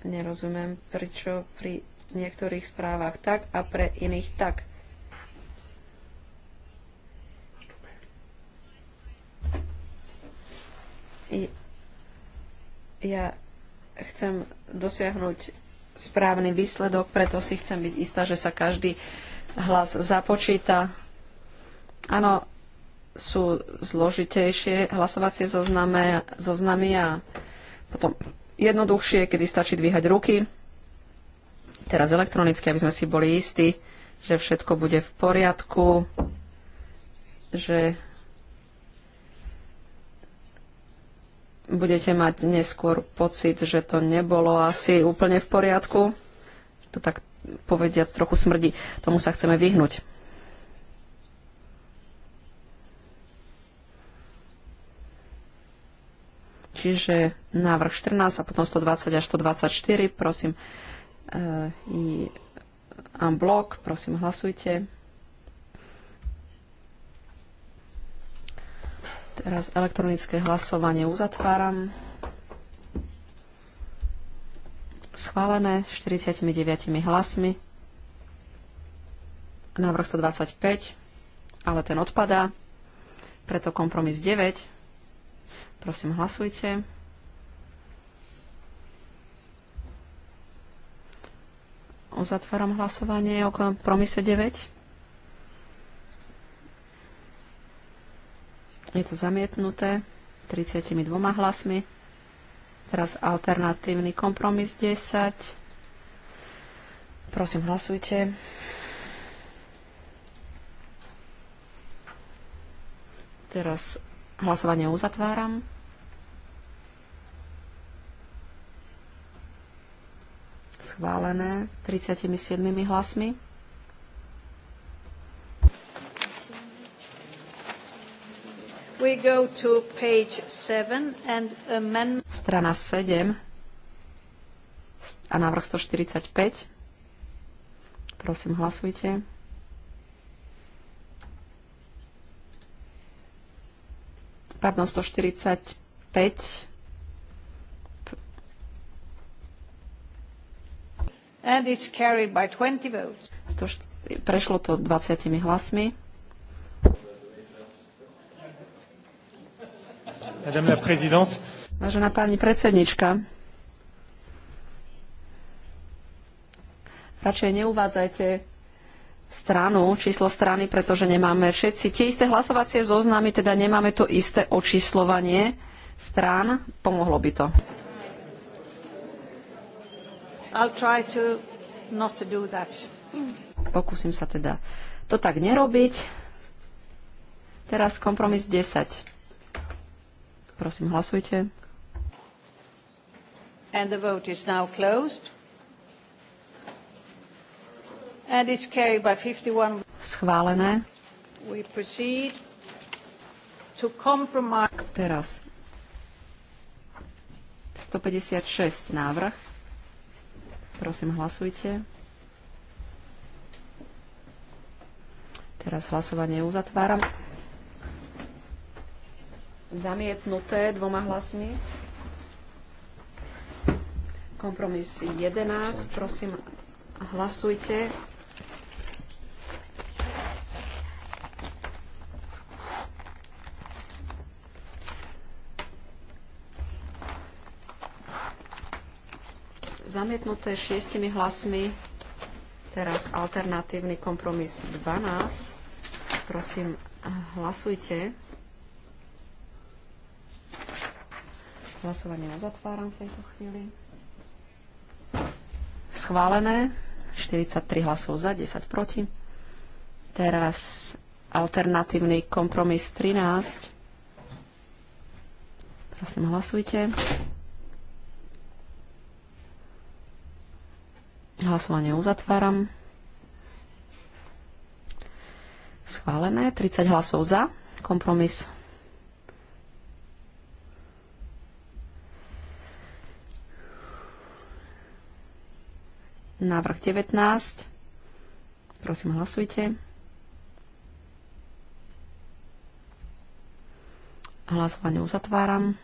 Nerozumiem, prečo pri v niektorých správach tak a pre iných tak. ja chcem dosiahnuť správny výsledok, preto si chcem byť istá, že sa každý hlas započíta. Áno, sú zložitejšie hlasovacie zoznamy, zoznamy a potom jednoduchšie, kedy stačí dvíhať ruky teraz elektronicky, aby sme si boli istí, že všetko bude v poriadku, že budete mať neskôr pocit, že to nebolo asi úplne v poriadku. To tak povediac trochu smrdí. Tomu sa chceme vyhnúť. Čiže návrh 14 a potom 120 až 124, prosím, i unblock. Prosím, hlasujte. Teraz elektronické hlasovanie uzatváram. Schválené 49 hlasmi. Návrh 125, ale ten odpadá. Preto kompromis 9. Prosím, hlasujte. Uzatváram hlasovanie o kompromise 9. Je to zamietnuté 32 hlasmi. Teraz alternatívny kompromis 10. Prosím, hlasujte. Teraz hlasovanie uzatváram. schválené 37 hlasmi. We go to page 7 and amend... Strana 7 a návrh 145. Prosím, hlasujte. Pardon, 145 and it's carried by 20 votes. Prešlo to 20 hlasmi. Madame la présidente. Vážená pani predsednička, radšej neuvádzajte stranu, číslo strany, pretože nemáme všetci tie isté hlasovacie zoznamy, teda nemáme to isté očíslovanie strán. Pomohlo by to. Pokúsim sa teda to tak nerobiť. Teraz kompromis 10. Prosím, hlasujte. And the vote is now closed. And it's carried by 51. Schválené. We proceed to compromise. Teraz 156 návrh. Prosím, hlasujte. Teraz hlasovanie uzatváram. Zamietnuté dvoma hlasmi. Kompromis 11. Prosím, hlasujte. Zamietnuté šiestimi hlasmi. Teraz alternatívny kompromis 12. Prosím, hlasujte. Hlasovanie uzatváram v tejto chvíli. Schválené. 43 hlasov za, 10 proti. Teraz alternatívny kompromis 13. Prosím, hlasujte. Hlasovanie uzatváram. Schválené. 30 hlasov za. Kompromis. Návrh 19. Prosím, hlasujte. Hlasovanie uzatváram.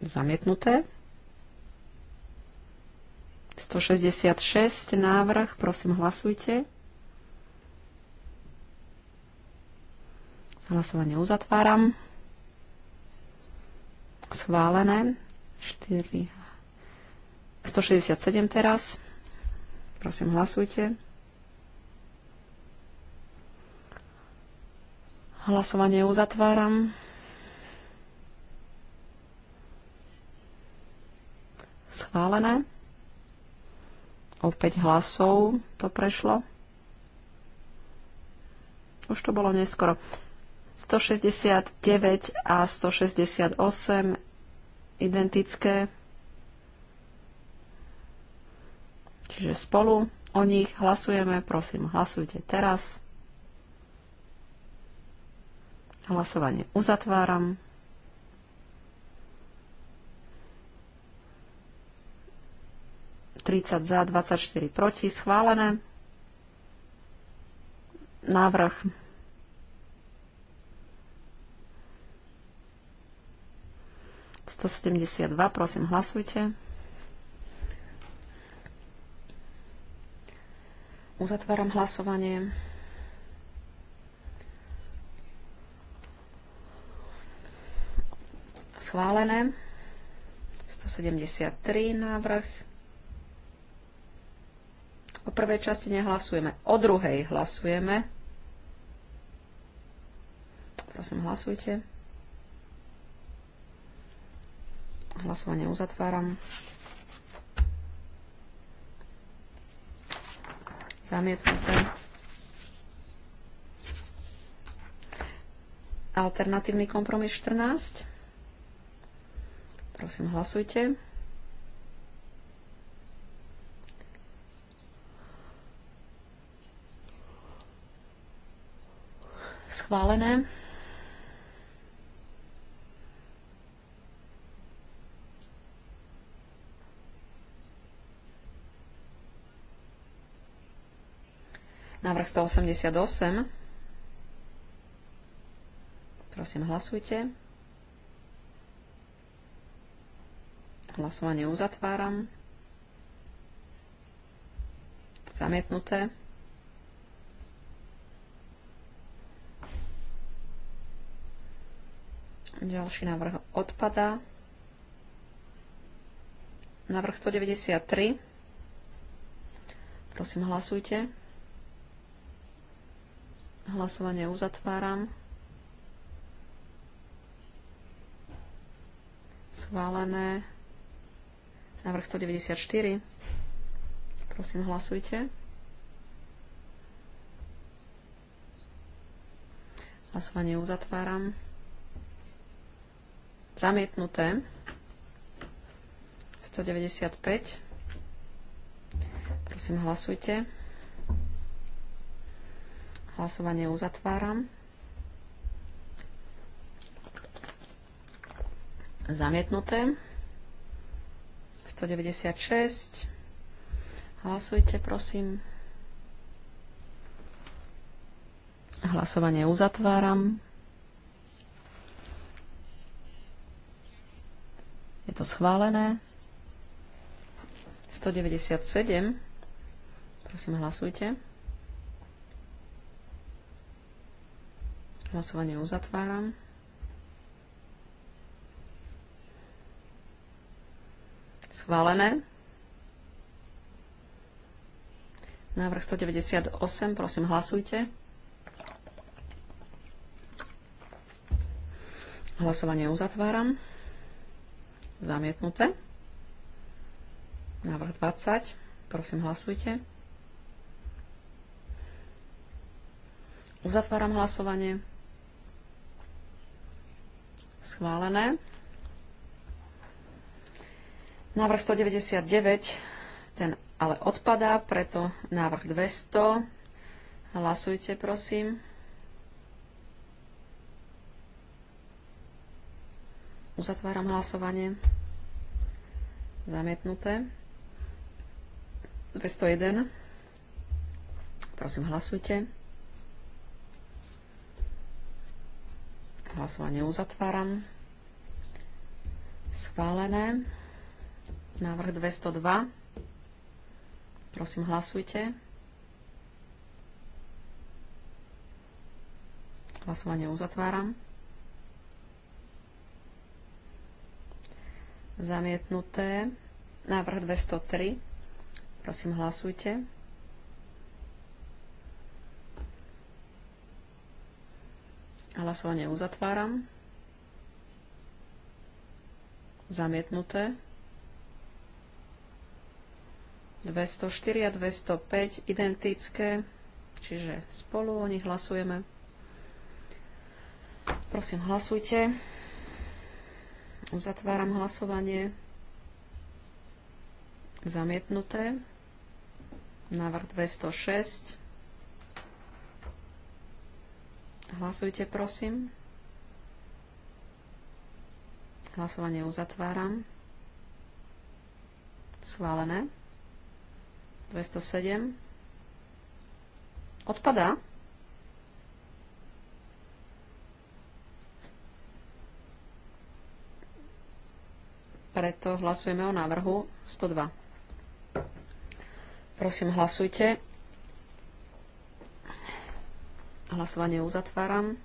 Zamietnuté. 166 návrh, prosím hlasujte. Hlasovanie uzatváram. Schválené. 4. 167 teraz. Prosím, hlasujte. Hlasovanie uzatváram. Schválené. O 5 hlasov to prešlo. Už to bolo neskoro. 169 a 168 identické. Čiže spolu o nich hlasujeme. Prosím, hlasujte teraz. Hlasovanie uzatváram. 30 za, 24 proti, schválené. Návrh Sto sedemdesiat dva, prosím, hlasujte. Uzatváram hlasovanie. Schválené. 173 návrh. O prvej časti nehlasujeme. O druhej hlasujeme. Prosím, hlasujte. Hlasovanie uzatváram. Zamietnuté. Alternatívny kompromis 14. Prosím, hlasujte. Schválené. Návrh 188. Prosím, hlasujte. Hlasovanie uzatváram. Zamietnuté. Ďalší návrh odpadá. Návrh 193. Prosím, hlasujte. Hlasovanie uzatváram. Schválené. Návrh 194. Prosím, hlasujte. Hlasovanie uzatváram. Zamietnuté. 195. Prosím, hlasujte. Hlasovanie uzatváram. Zamietnuté. 196. Hlasujte, prosím. Hlasovanie uzatváram. Je to schválené. 197. Prosím, hlasujte. Hlasovanie uzatváram. Schválené. Návrh 198, prosím, hlasujte. Hlasovanie uzatváram. Zamietnuté. Návrh 20. Prosím, hlasujte. Uzatváram hlasovanie. Schválené. Návrh 199, ten ale odpadá, preto návrh 200. Hlasujte, prosím. Uzatváram hlasovanie. Zamietnuté. 201. Prosím, hlasujte. Hlasovanie uzatváram. Schválené. Návrh 202. Prosím, hlasujte. Hlasovanie uzatváram. Zamietnuté. Návrh 203. Prosím, hlasujte. Hlasovanie uzatváram. Zamietnuté. 204 a 205 identické, čiže spolu o nich hlasujeme. Prosím, hlasujte. Uzatváram hlasovanie. Zamietnuté. Návrh 206. Hlasujte, prosím. Hlasovanie uzatváram. Schválené. 207. Odpadá. preto hlasujeme o návrhu 102. Prosím, hlasujte. Hlasovanie uzatváram.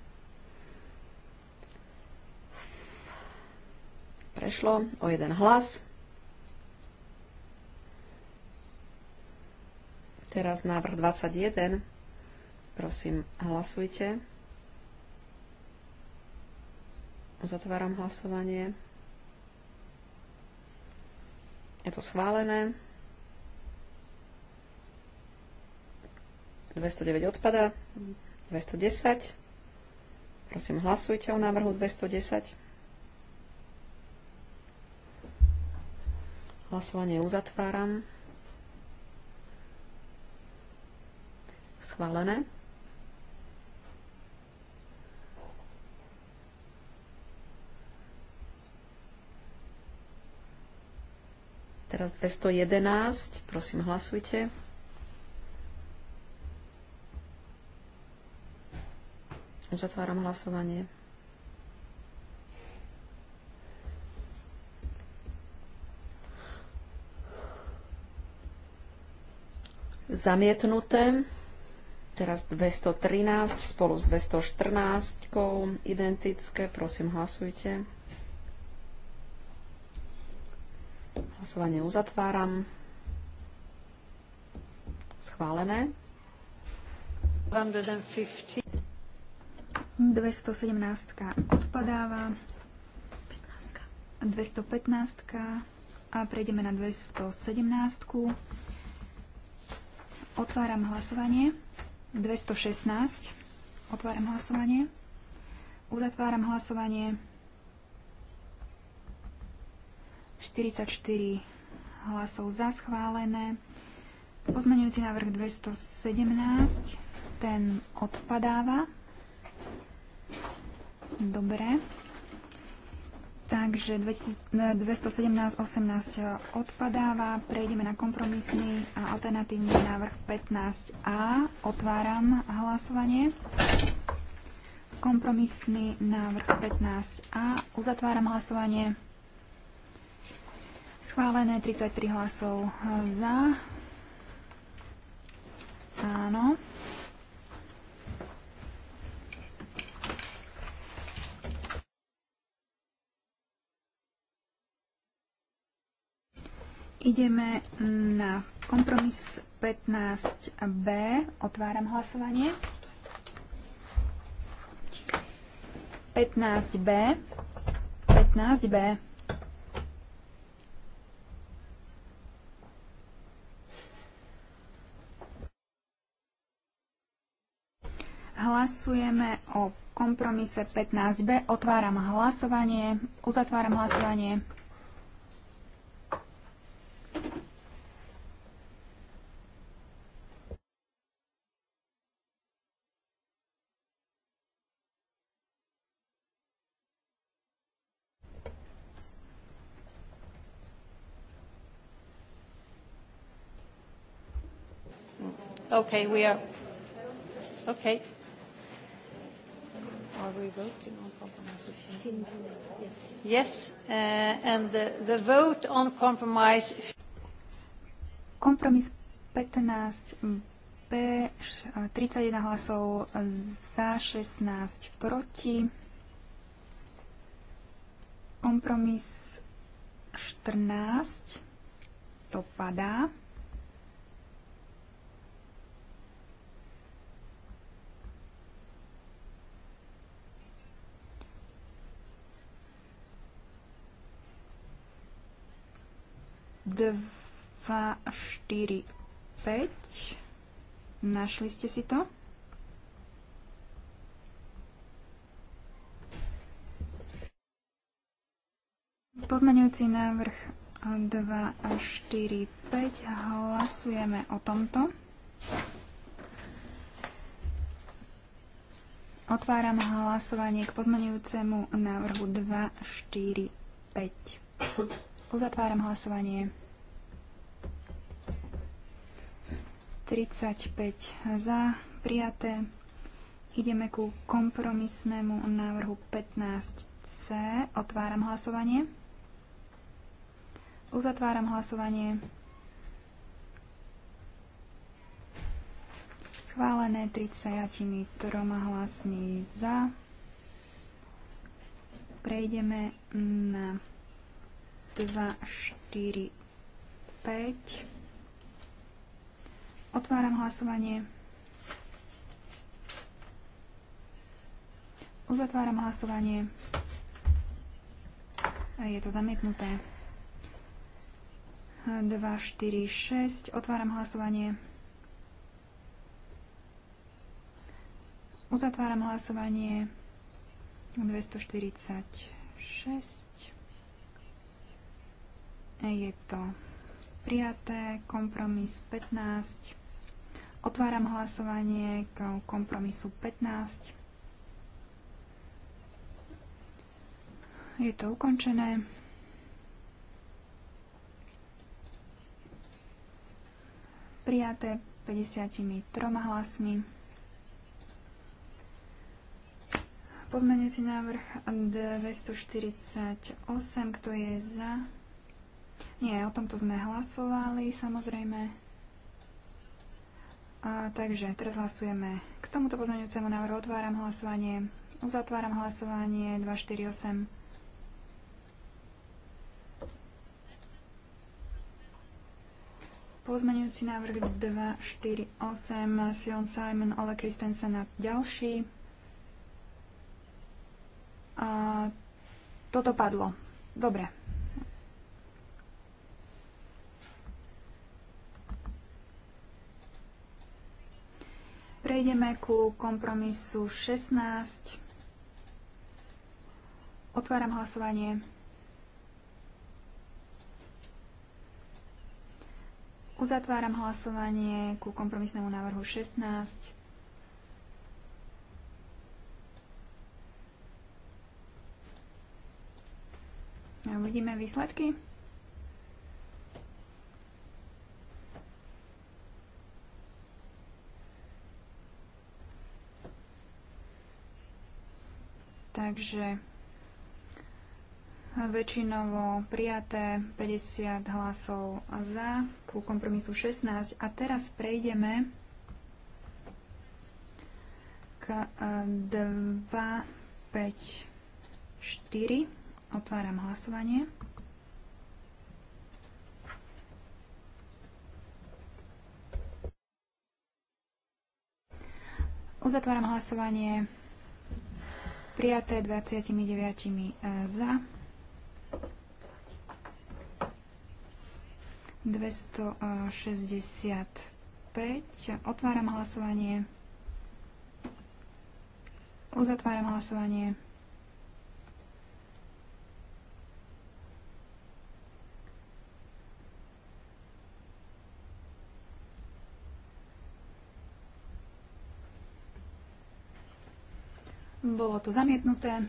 Prešlo o jeden hlas. Teraz návrh 21. Prosím, hlasujte. Uzatváram hlasovanie. Je to schválené. 209 odpada. 210. Prosím, hlasujte o návrhu 210. Hlasovanie uzatváram. Schválené. Teraz 211, prosím hlasujte. Uzatváram hlasovanie. Zamietnuté. Teraz 213 spolu s 214 identické. Prosím, hlasujte. Hlasovanie uzatváram. Schválené. 217 odpadáva. 215 a prejdeme na 217. -ku. Otváram hlasovanie. 216. Otváram hlasovanie. Uzatváram hlasovanie. 44 hlasov za schválené. Pozmeňujúci návrh 217, ten odpadáva. Dobre. Takže 217-18 eh, odpadáva. Prejdeme na kompromisný a alternatívny návrh 15a. Otváram hlasovanie. Kompromisný návrh 15a. Uzatváram hlasovanie. Schválené 33 hlasov e, za. Áno. Ideme na kompromis 15b. Otváram hlasovanie. 15b. 15b. Hlasujeme o kompromise 15b. Otváram hlasovanie. Uzatváram hlasovanie. Okay, we are. Okay. Are we voting on compromise 15? Yes. Yes, uh, and the, the vote on compromise... Kompromis 15 B, 31 hlasov za, 16 proti. Kompromis 14 to padá. 2, 4, 5. Našli ste si to? Pozmeňujúci návrh 2, 4, 5. Hlasujeme o tomto. Otváram hlasovanie k pozmeňujúcemu návrhu 2, 4, 5. Uzatváram hlasovanie. 35 za, prijaté. Ideme ku kompromisnému návrhu 15C. Otváram hlasovanie. Uzatváram hlasovanie. Schválené 33 hlasmi za. Prejdeme na 2, 4, 5. Otváram hlasovanie. Uzatváram hlasovanie. Je to zamietnuté. 2, 4, 6. Otváram hlasovanie. Uzatváram hlasovanie. 246. Je to prijaté. Kompromis 15. Otváram hlasovanie k kompromisu 15. Je to ukončené. Prijaté 53 hlasmi. Pozmeňujúci návrh 248, kto je za? Nie, o tomto sme hlasovali, samozrejme. A, takže teraz hlasujeme k tomuto pozmeňujúcemu návrhu. Otváram hlasovanie. Uzatváram hlasovanie 248. Pozmeňujúci návrh 248 Sion Simon Ole Christensen a ďalší. A, toto padlo. Dobre. Prejdeme ku kompromisu 16. Otváram hlasovanie. Uzatváram hlasovanie ku kompromisnému návrhu 16. Uvidíme výsledky. Takže väčšinovo prijaté 50 hlasov za ku kompromisu 16. A teraz prejdeme k 2, 5, 4. Otváram hlasovanie. Uzatváram hlasovanie prijaté 29 e, za, 265. Otváram hlasovanie. Uzatváram hlasovanie. Bolo to zamietnuté.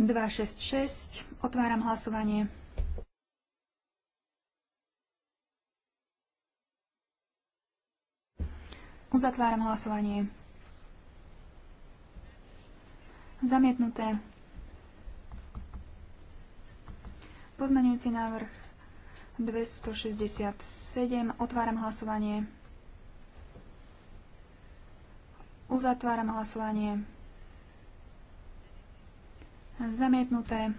266. Otváram hlasovanie. Uzatváram hlasovanie. Zamietnuté. Pozmenujúci návrh 267. Otváram hlasovanie. Uzatváram hlasovanie. Zamietnuté.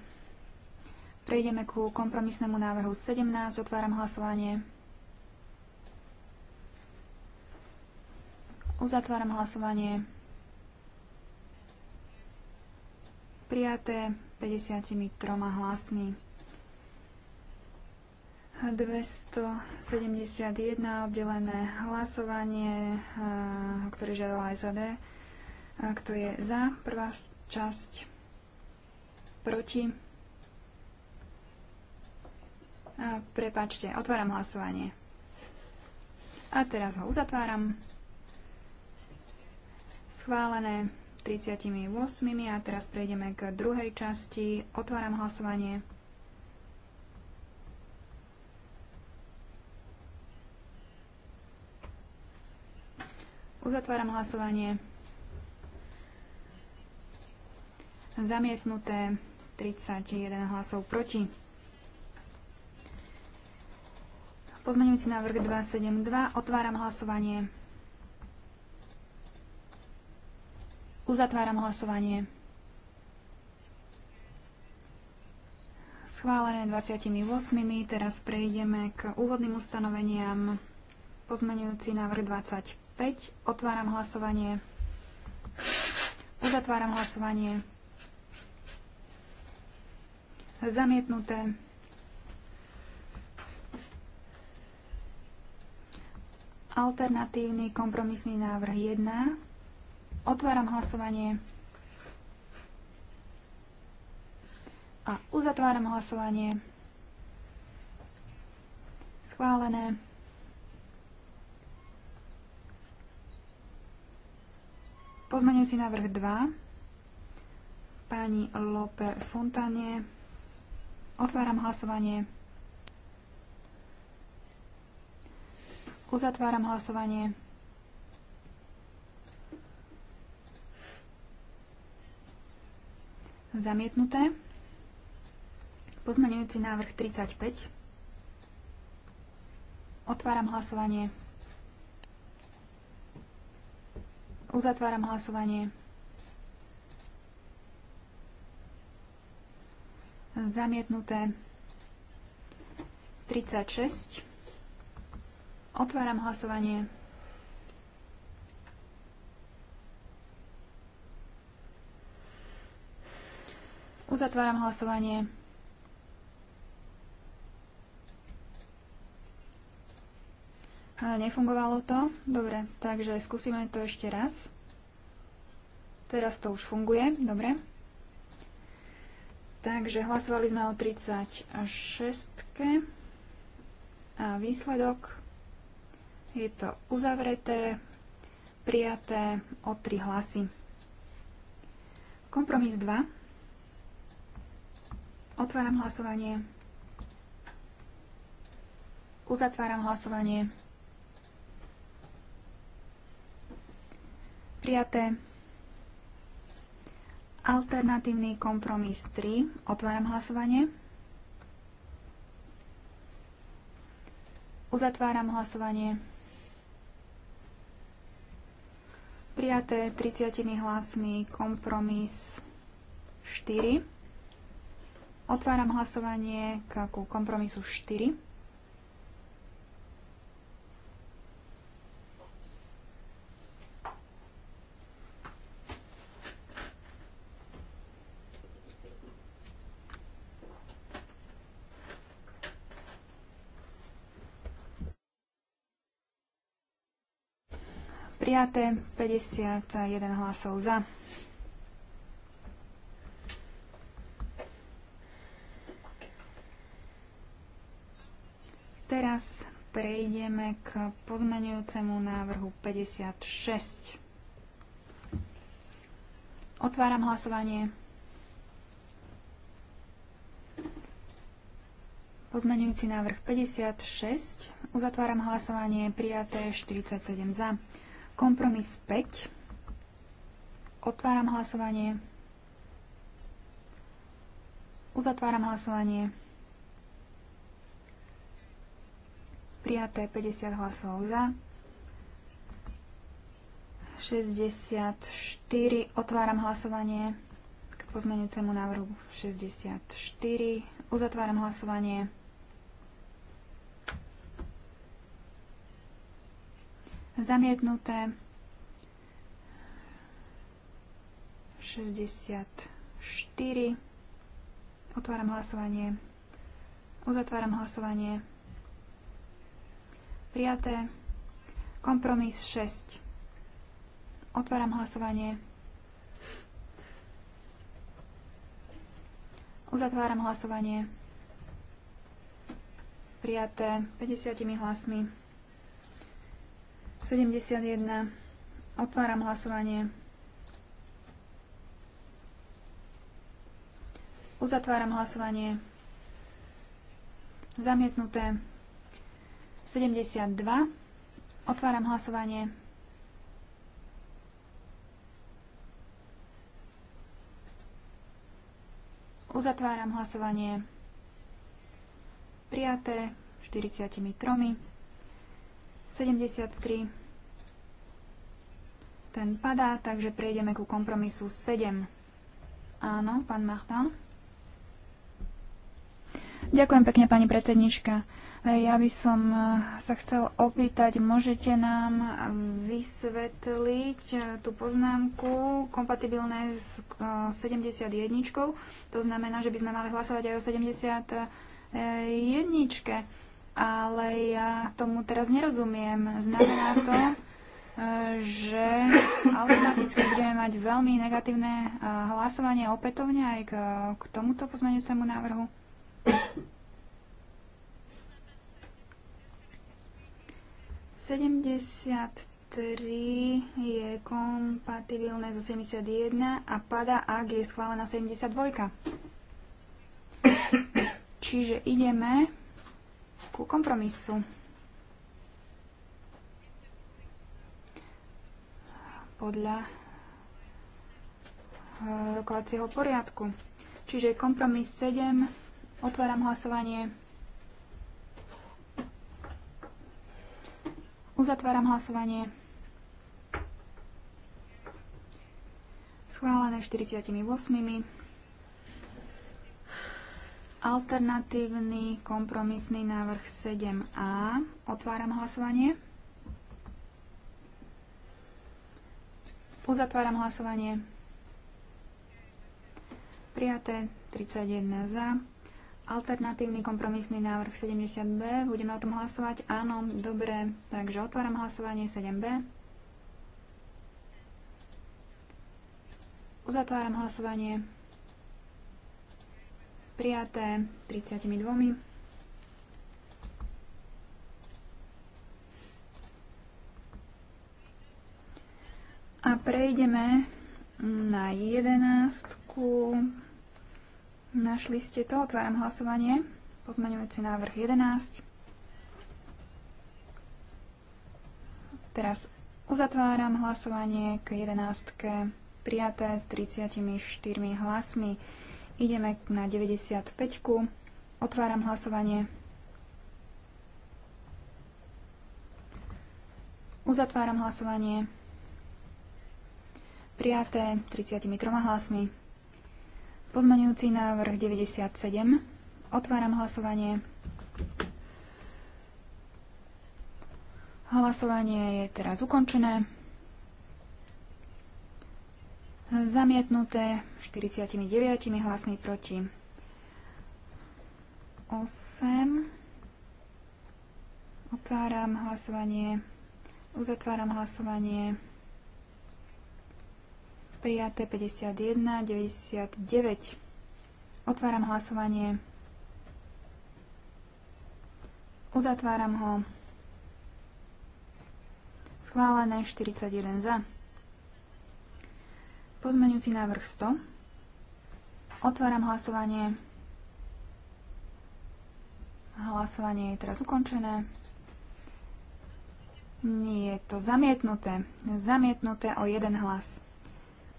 Prejdeme ku kompromisnému návrhu 17. Otváram hlasovanie. Uzatváram hlasovanie. Prijaté 53 hlasmi. 271 oddelené hlasovanie, ktoré žiadala SAD. Kto je za prvá časť? Proti? Prepačte, otváram hlasovanie. A teraz ho uzatváram. Schválené 38. A teraz prejdeme k druhej časti. Otváram hlasovanie. Uzatváram hlasovanie. Zamietnuté 31 hlasov proti. Pozmeňujúci návrh 272. Otváram hlasovanie. Uzatváram hlasovanie. Schválené 28. Teraz prejdeme k úvodným ustanoveniam. Pozmeňujúci návrh 25. 5. Otváram hlasovanie. Uzatváram hlasovanie. Zamietnuté. Alternatívny kompromisný návrh 1. Otváram hlasovanie. A uzatváram hlasovanie. Schválené. Pozmeňujúci návrh 2. Pani Lope Fontane. Otváram hlasovanie. Uzatváram hlasovanie. Zamietnuté. Pozmeňujúci návrh 35. Otváram hlasovanie. Uzatváram hlasovanie. Zamietnuté 36. Otváram hlasovanie. Uzatváram hlasovanie. nefungovalo to? Dobre, takže skúsime to ešte raz. Teraz to už funguje, dobre. Takže hlasovali sme o 36 a výsledok je to uzavreté, prijaté o 3 hlasy. Kompromis 2. Otváram hlasovanie. Uzatváram hlasovanie. Prijaté. Alternatívny kompromis 3. Otváram hlasovanie. Uzatváram hlasovanie. Prijaté 30 hlasmi kompromis 4. Otváram hlasovanie ku kompromisu 4. prijaté, 51 hlasov za. Teraz prejdeme k pozmenujúcemu návrhu 56. Otváram hlasovanie. Pozmenujúci návrh 56. Uzatváram hlasovanie. Prijaté 47 za. Kompromis 5. Otváram hlasovanie. Uzatváram hlasovanie. Prijaté 50 hlasov za. 64. Otváram hlasovanie k pozmenujúcemu návrhu 64. Uzatváram hlasovanie. Zamietnuté. 64. Otváram hlasovanie. Uzatváram hlasovanie. Prijaté. Kompromis 6. Otváram hlasovanie. Uzatváram hlasovanie. Prijaté 50 hlasmi. 71. Otváram hlasovanie. Uzatváram hlasovanie. Zamietnuté. 72. Otváram hlasovanie. Uzatváram hlasovanie. Prijaté 43. 73. Ten padá, takže prejdeme ku kompromisu 7. Áno, pán Martin. Ďakujem pekne, pani predsednička. Ja by som eh, sa chcel opýtať, môžete nám eh, vysvetliť eh, tú poznámku kompatibilné s 71. To znamená, že by sme mali hlasovať aj o 71 ale ja tomu teraz nerozumiem. Znamená to, že automaticky budeme mať veľmi negatívne eh, hlasovanie opätovne aj k, k tomuto pozmeňujúcemu návrhu. Sedemdesiat tri je kompatibilné so 71 a pada, ak je schválená 72. Čiže ideme ku kompromisu. Podľa eh, rokovacieho poriadku. Čiže kompromis 7. Otváram hlasovanie. Uzatváram hlasovanie. Schválené 48. Alternatívny kompromisný návrh 7a. Otváram hlasovanie. Uzatváram hlasovanie. Prijaté 31 za. Alternatívny kompromisný návrh 70b. Budeme o tom hlasovať? Áno, dobre. Takže otváram hlasovanie 7b. Uzatváram hlasovanie. Prijaté 32. A prejdeme na 11. Našli ste to, otváram hlasovanie. Pozmeňujúci návrh 11. Teraz uzatváram hlasovanie k 11. prijaté 34 hlasmi. Ideme na 95. Otváram hlasovanie. Uzatváram hlasovanie. Prijaté 33 hlasmi. Pozmenujúci návrh 97. Otváram hlasovanie. Hlasovanie je teraz ukončené. Zamietnuté 49 hlasmi proti 8. Otváram hlasovanie. Uzatváram hlasovanie. Prijaté 51, 99. Otváram hlasovanie. Uzatváram ho. Schválené 41 za. Pozmeňujúci návrh 100. Otváram hlasovanie. Hlasovanie je teraz ukončené. Nie je to zamietnuté. Zamietnuté o jeden hlas.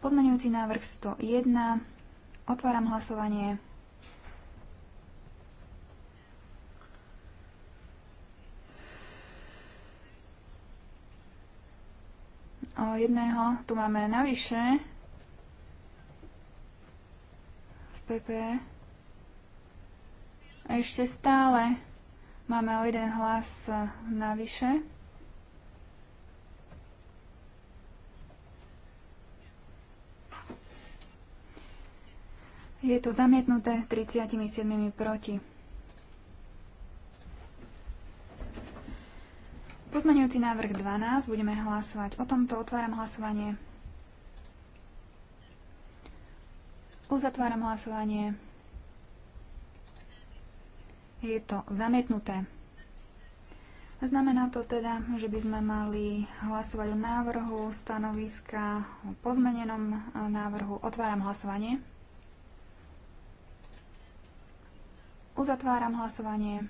Pozmeňujúci návrh 101. Otváram hlasovanie. O jedného tu máme navyše. A Ešte stále máme o jeden hlas navyše. Je to zamietnuté 37 proti. Pozmeňujúci návrh 12, budeme hlasovať o tomto, otváram hlasovanie. Uzatváram hlasovanie. Je to zamietnuté. Znamená to teda, že by sme mali hlasovať o návrhu stanoviska, o pozmenenom návrhu. Otváram hlasovanie. Uzatváram hlasovanie.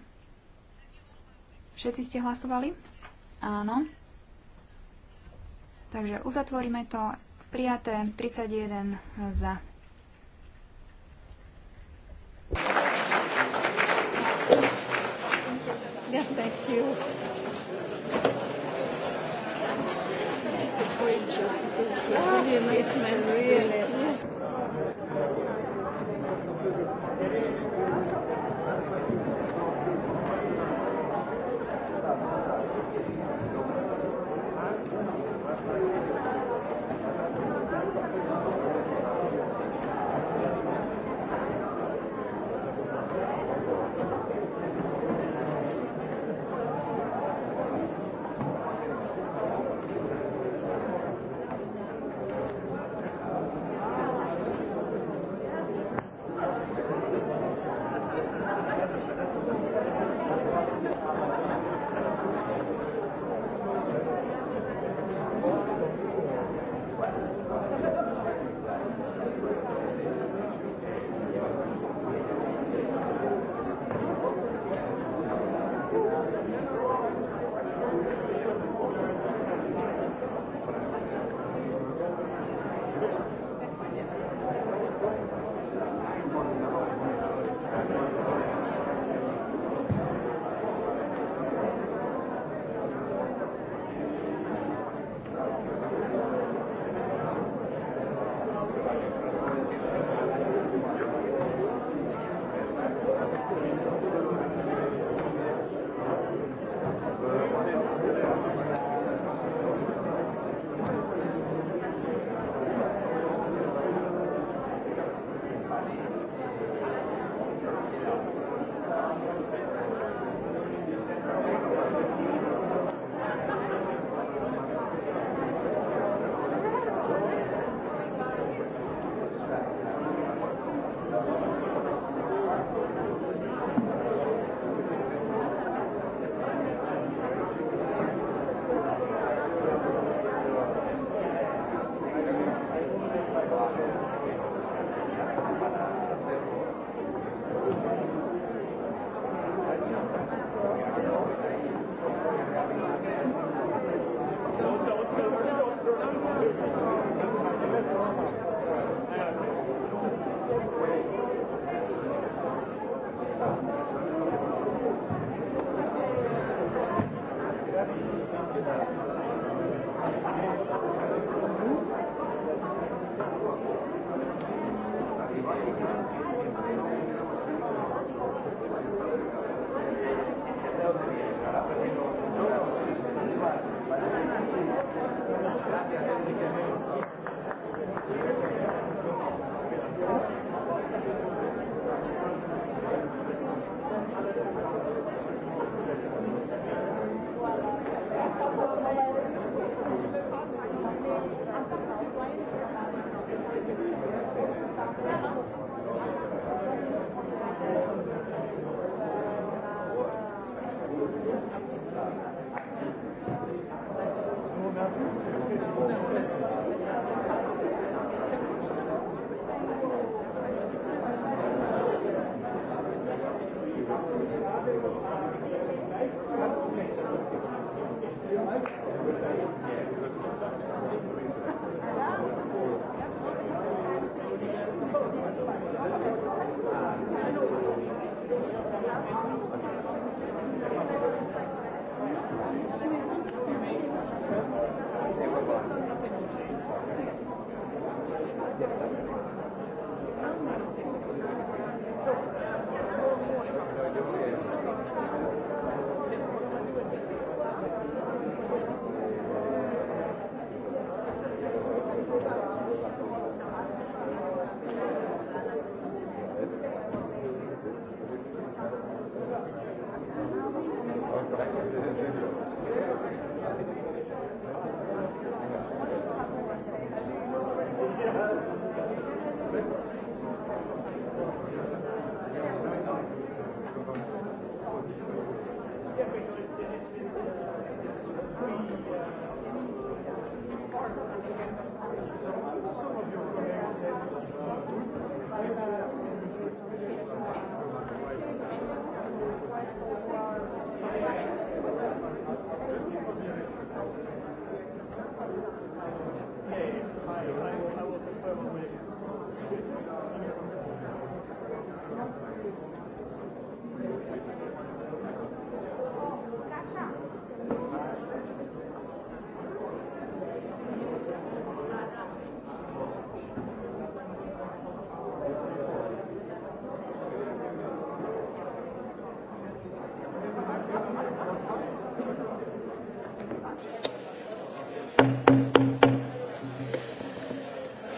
Všetci ste hlasovali? Áno. Takže uzatvoríme to. Prijaté 31 za. Yeah, thank you. It's a great job because it really a nice man, really.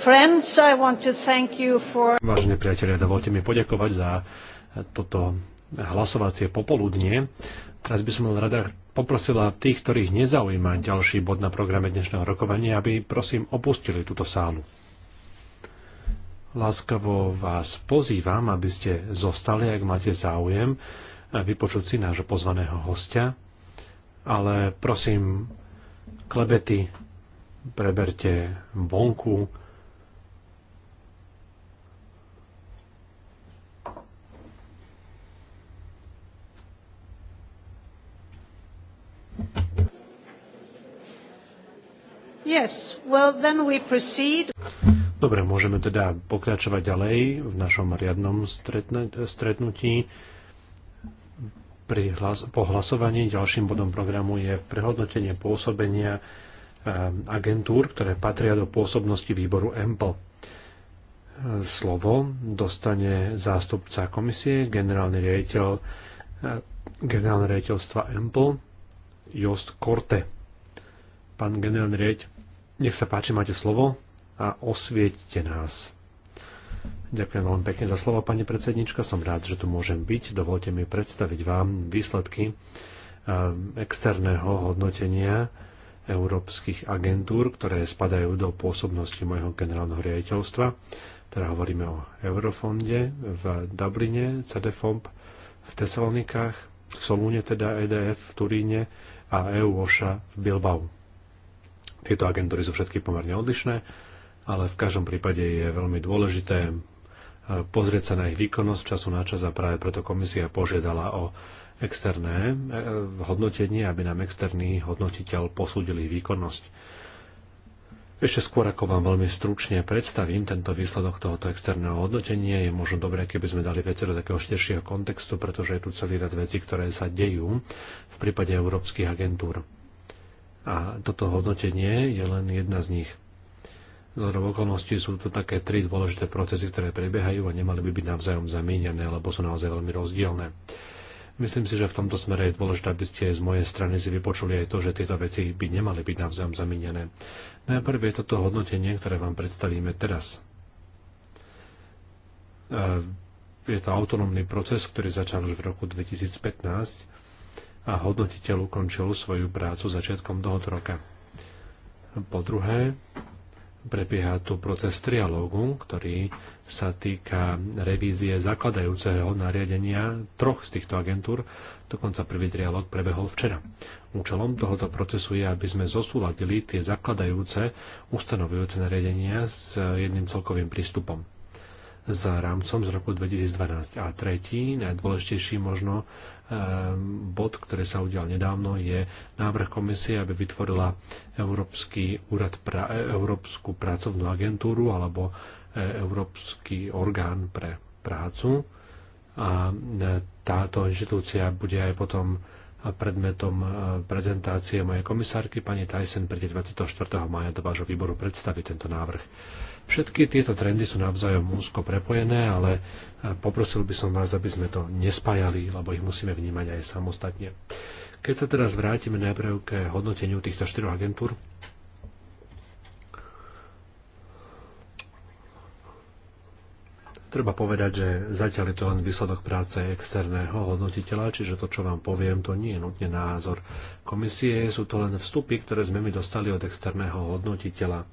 Friends, I Vážení priatelia, dovolte mi poďakovať za toto hlasovacie popoludnie. Teraz by som rada poprosila tých, ktorých nezaujíma ďalší bod na programe dnešného rokovania, aby prosím opustili túto sálu. Láskavo vás pozývam, aby ste zostali, ak máte záujem, vypočuť si nášho pozvaného hostia, ale prosím, klebety preberte vonku, Yes, well then we proceed. Dobre, môžeme teda pokračovať ďalej v našom riadnom stretne, stretnutí. Pri hlas, po hlasovaní ďalším bodom programu je prehodnotenie pôsobenia eh, agentúr, ktoré patria do pôsobnosti výboru EMPL. Eh, slovo dostane zástupca komisie, generálny riaditeľ eh, generálne riaditeľstva EMPL, Jost Korte. Pán generálny riaditeľ, nech sa páči, máte slovo a osvietite nás. Ďakujem veľmi pekne za slovo, pani predsednička. Som rád, že tu môžem byť. Dovolte mi predstaviť vám výsledky eh, externého hodnotenia európskych agentúr, ktoré spadajú do pôsobnosti mojho generálneho riaditeľstva. Teda hovoríme o Eurofonde v Dubline, CDFOMP v Tesalonikách, v Solúne teda EDF v Turíne a EUOŠA v Bilbao. Tieto agentúry sú všetky pomerne odlišné, ale v každom prípade je veľmi dôležité eh, pozrieť sa na ich výkonnosť času na čas a práve preto komisia požiadala o externé eh, hodnotenie, aby nám externý hodnotiteľ posúdil ich výkonnosť. Ešte skôr, ako vám veľmi stručne predstavím tento výsledok tohoto externého hodnotenia, je možno dobré, keby sme dali veci do takého širšieho kontextu, pretože je tu celý rad vecí, ktoré sa dejú v prípade európskych agentúr. A toto hodnotenie je len jedna z nich. Z okolností sú to také tri dôležité procesy, ktoré prebiehajú a nemali by byť navzájom zamienené, lebo sú naozaj veľmi rozdielne. Myslím si, že v tomto smere je dôležité, aby ste z mojej strany si vypočuli aj to, že tieto veci by nemali byť navzájom zamienené. Najprv je toto hodnotenie, ktoré vám predstavíme teraz. Je to autonómny proces, ktorý začal už v roku 2015 a hodnotiteľ ukončil svoju prácu začiatkom tohoto roka. Po druhé, prebieha tu proces trialógu, ktorý sa týka revízie zakladajúceho nariadenia troch z týchto agentúr. Dokonca prvý trialóg prebehol včera. Účelom tohoto procesu je, aby sme zosúladili tie zakladajúce, ustanovujúce nariadenia s jedným celkovým prístupom za rámcom z roku 2012. A tretí, najdôležitejší možno e, bod, ktorý sa udial nedávno, je návrh komisie, aby vytvorila Európsky úrad pra, e, Európsku pracovnú agentúru alebo e, Európsky orgán pre prácu. A táto inštitúcia bude aj potom predmetom prezentácie mojej komisárky pani Tyson príde 24. maja do vášho výboru predstaviť tento návrh. Všetky tieto trendy sú navzájom úzko prepojené, ale e, poprosil by som vás, aby sme to nespájali, lebo ich musíme vnímať aj samostatne. Keď sa teraz vrátime najprv k hodnoteniu týchto štyroch agentúr, treba povedať, že zatiaľ je to len výsledok práce externého hodnotiteľa, čiže to, čo vám poviem, to nie je nutne názor komisie, sú to len vstupy, ktoré sme my dostali od externého hodnotiteľa.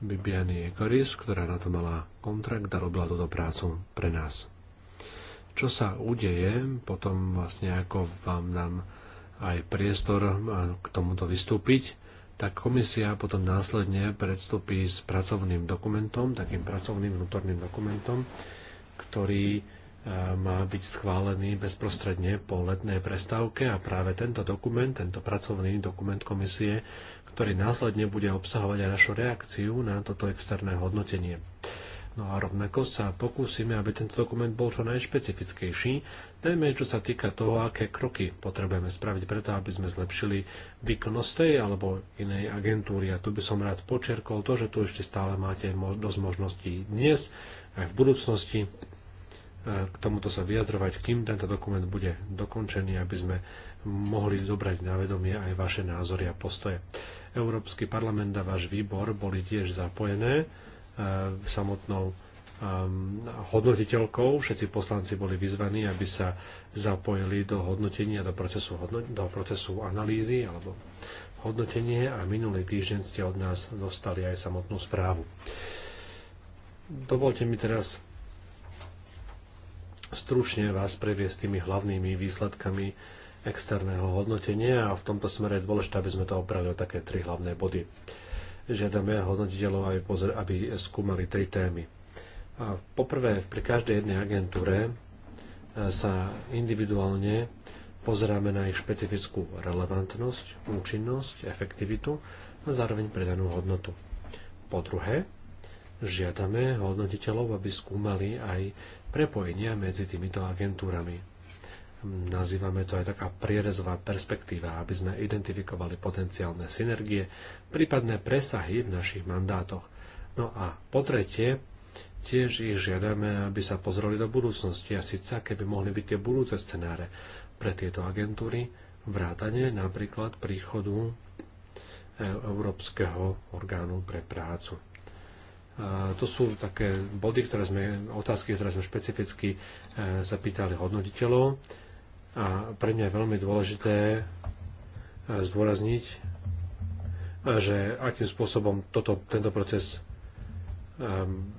Bibiany Ekoris, ktorá na to mala kontrakt a robila túto prácu pre nás. Čo sa udeje, potom vlastne ako vám nám aj priestor k tomuto vystúpiť, tak komisia potom následne predstúpi s pracovným dokumentom, takým pracovným vnútorným dokumentom, ktorý e, má byť schválený bezprostredne po letnej prestávke a práve tento dokument, tento pracovný dokument komisie ktorý následne bude obsahovať aj našu reakciu na toto externé hodnotenie. No a rovnako sa pokúsime, aby tento dokument bol čo najšpecifickejší, najmä čo sa týka toho, aké kroky potrebujeme spraviť preto, aby sme zlepšili výkonnosť tej alebo inej agentúry. A tu by som rád počerkol to, že tu ešte stále máte dosť možností dnes aj v budúcnosti e, k tomuto sa vyjadrovať, kým tento dokument bude dokončený, aby sme mohli zobrať na vedomie aj vaše názory a postoje. Európsky parlament a váš výbor boli tiež zapojené e, samotnou hodnotiteľkou. Všetci poslanci boli vyzvaní, aby sa zapojili do hodnotenia, do procesu, hodno, do procesu analýzy alebo hodnotenie a minulý týždeň ste od nás dostali aj samotnú správu. Dovolte mi teraz stručne vás previesť tými hlavnými výsledkami externého hodnotenia a v tomto smere je dôležité, aby sme to opravili o také tri hlavné body. Žiadame hodnotiteľov, aby, pozre, aby skúmali tri témy. A poprvé, pri každej jednej agentúre e, sa individuálne pozeráme na ich špecifickú relevantnosť, účinnosť, efektivitu a zároveň predanú hodnotu. Po druhé, žiadame hodnotiteľov, aby skúmali aj prepojenia medzi týmito agentúrami nazývame to aj taká prierezová perspektíva, aby sme identifikovali potenciálne synergie, prípadné presahy v našich mandátoch. No a po tretie, tiež ich žiadame, aby sa pozreli do budúcnosti a síce, keby mohli byť tie budúce scenáre pre tieto agentúry, vrátane napríklad príchodu e, Európskeho orgánu pre prácu. A to sú také body, ktoré sme, otázky, ktoré sme špecificky e, zapýtali hodnotiteľov a pre mňa je veľmi dôležité e, zdôrazniť, e, že akým spôsobom toto, tento proces ehm,